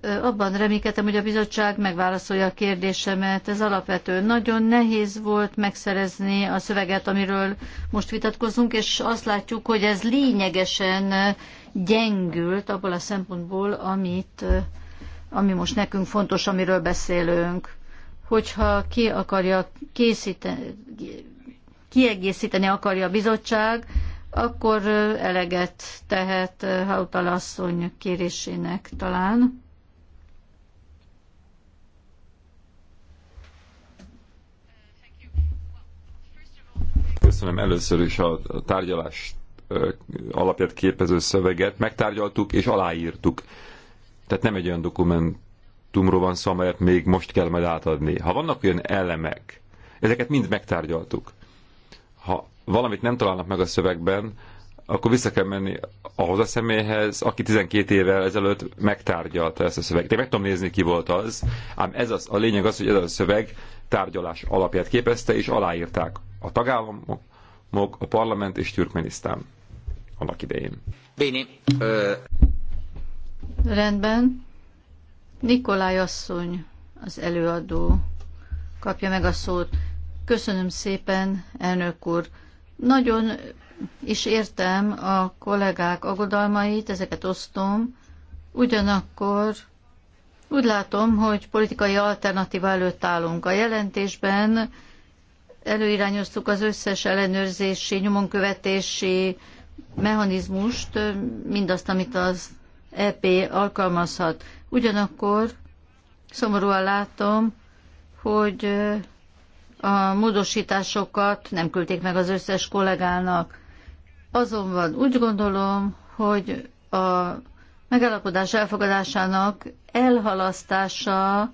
Abban reménykedtem, hogy a bizottság megválaszolja a kérdésemet. Ez alapvető. Nagyon nehéz volt megszerezni a szöveget, amiről most vitatkozunk, és azt látjuk, hogy ez lényegesen gyengült abból a szempontból, amit, ami most nekünk fontos, amiről beszélünk hogyha ki akarja készíteni, kiegészíteni akarja a bizottság, akkor eleget tehet Hautal asszony kérésének talán. Köszönöm először is a tárgyalás alapját képező szöveget. Megtárgyaltuk és aláírtuk. Tehát nem egy olyan dokumentumról van szó, amelyet még most kell majd átadni. Ha vannak olyan elemek, ezeket mind megtárgyaltuk ha valamit nem találnak meg a szövegben, akkor vissza kell menni ahhoz a személyhez, aki 12 évvel ezelőtt megtárgyalta ezt a szöveget. Én meg tudom nézni, ki volt az, ám ez az, a lényeg az, hogy ez a szöveg tárgyalás alapját képezte, és aláírták a tagállamok, a parlament és Türkmenisztán annak idején. Béni. Ö... Rendben. Nikolaj asszony, az előadó kapja meg a szót. Köszönöm szépen, elnök úr. Nagyon is értem a kollégák aggodalmait, ezeket osztom. Ugyanakkor úgy látom, hogy politikai alternatíva előtt állunk. A jelentésben előirányoztuk az összes ellenőrzési, nyomonkövetési mechanizmust, mindazt, amit az EP alkalmazhat. Ugyanakkor szomorúan látom, hogy a módosításokat nem küldték meg az összes kollégának. Azonban úgy gondolom, hogy a megállapodás elfogadásának elhalasztása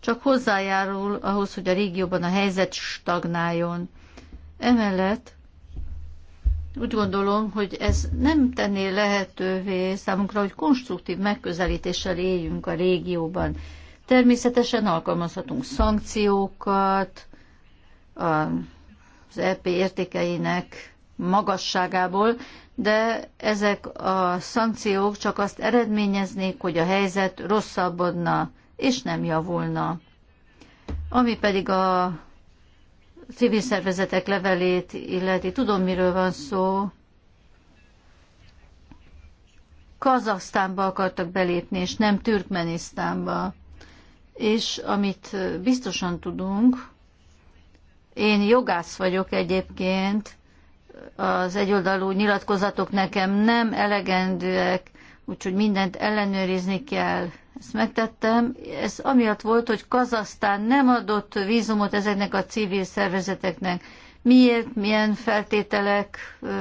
csak hozzájárul ahhoz, hogy a régióban a helyzet stagnáljon. Emellett úgy gondolom, hogy ez nem tenné lehetővé számunkra, hogy konstruktív megközelítéssel éljünk a régióban. Természetesen alkalmazhatunk szankciókat, az EP értékeinek magasságából, de ezek a szankciók csak azt eredményeznék, hogy a helyzet rosszabbodna és nem javulna. Ami pedig a civil szervezetek levelét illeti, tudom miről van szó, Kazasztánba akartak belépni, és nem Türkmenisztánba. És amit biztosan tudunk, én jogász vagyok egyébként, az egyoldalú nyilatkozatok nekem nem elegendőek, úgyhogy mindent ellenőrizni kell. Ezt megtettem. Ez amiatt volt, hogy Kazasztán nem adott vízumot ezeknek a civil szervezeteknek. Miért, milyen feltételek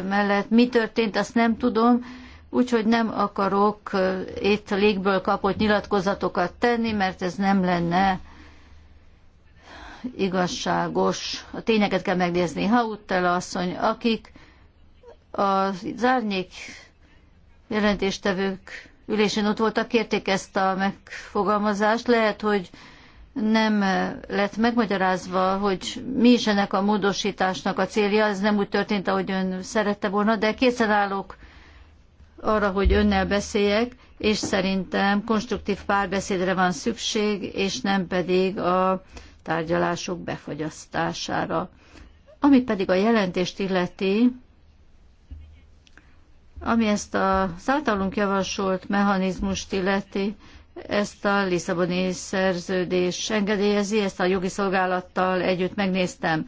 mellett, mi történt, azt nem tudom, úgyhogy nem akarok itt légből kapott nyilatkozatokat tenni, mert ez nem lenne igazságos, a tényeket kell megnézni. Hautela asszony, akik az árnyék jelentéstevők ülésén ott voltak, kérték ezt a megfogalmazást. Lehet, hogy nem lett megmagyarázva, hogy mi is ennek a módosításnak a célja, ez nem úgy történt, ahogy ön szerette volna, de készen állok arra, hogy önnel beszéljek, és szerintem konstruktív párbeszédre van szükség, és nem pedig a tárgyalások befagyasztására. Ami pedig a jelentést illeti, ami ezt az általunk javasolt mechanizmust illeti, ezt a Lisszaboni szerződés engedélyezi, ezt a jogi szolgálattal együtt megnéztem.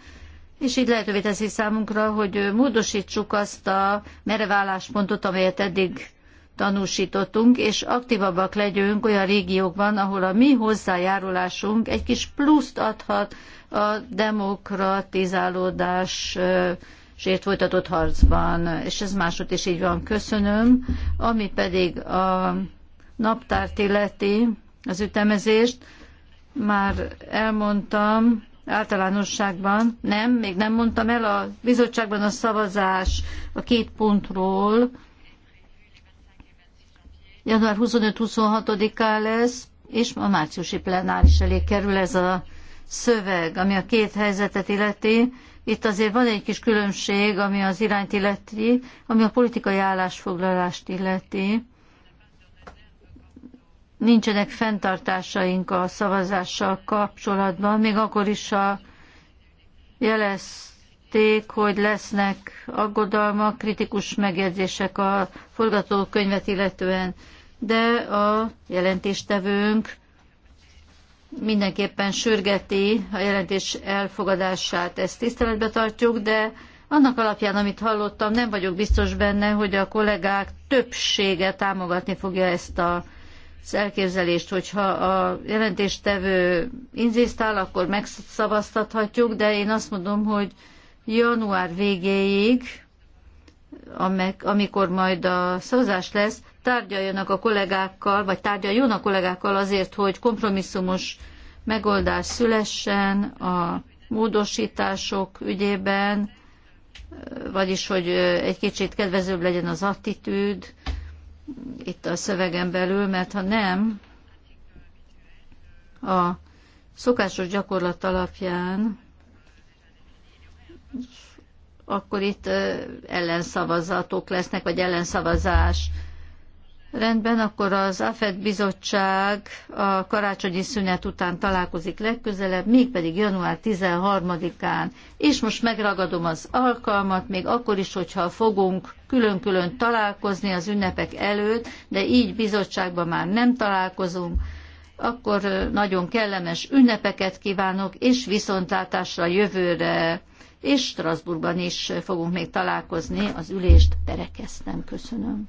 És így lehetővé teszi számunkra, hogy módosítsuk azt a merev álláspontot, amelyet eddig tanúsítottunk, és aktívabbak legyünk olyan régiókban, ahol a mi hozzájárulásunk egy kis pluszt adhat a demokratizálódás sért folytatott harcban, és ez másod is így van. Köszönöm. Ami pedig a naptárt illeti, az ütemezést, már elmondtam általánosságban, nem, még nem mondtam el, a bizottságban a szavazás a két pontról, január 25-26-án lesz, és a márciusi plenáris elé kerül ez a szöveg, ami a két helyzetet illeti. Itt azért van egy kis különbség, ami az irányt illeti, ami a politikai állásfoglalást illeti. Nincsenek fenntartásaink a szavazással kapcsolatban, még akkor is a jelezték, hogy lesznek aggodalmak, kritikus megjegyzések a forgatókönyvet illetően de a jelentéstevőnk mindenképpen sürgeti a jelentés elfogadását. Ezt tiszteletbe tartjuk, de annak alapján, amit hallottam, nem vagyok biztos benne, hogy a kollégák többsége támogatni fogja ezt a az elképzelést, hogyha a jelentéstevő inzisztál, akkor megszavaztathatjuk, de én azt mondom, hogy január végéig, amikor majd a szavazás lesz, tárgyaljanak a kollégákkal, vagy tárgyaljon a kollégákkal azért, hogy kompromisszumos megoldás szülessen a módosítások ügyében, vagyis hogy egy kicsit kedvezőbb legyen az attitűd itt a szövegen belül, mert ha nem, a szokásos gyakorlat alapján akkor itt ellenszavazatok lesznek, vagy ellenszavazás Rendben, akkor az AFED bizottság a karácsonyi szünet után találkozik legközelebb, mégpedig január 13-án. És most megragadom az alkalmat, még akkor is, hogyha fogunk külön-külön találkozni az ünnepek előtt, de így bizottságban már nem találkozunk, akkor nagyon kellemes ünnepeket kívánok, és viszontlátásra jövőre, és Strasbourgban is fogunk még találkozni. Az ülést terekeztem. Köszönöm.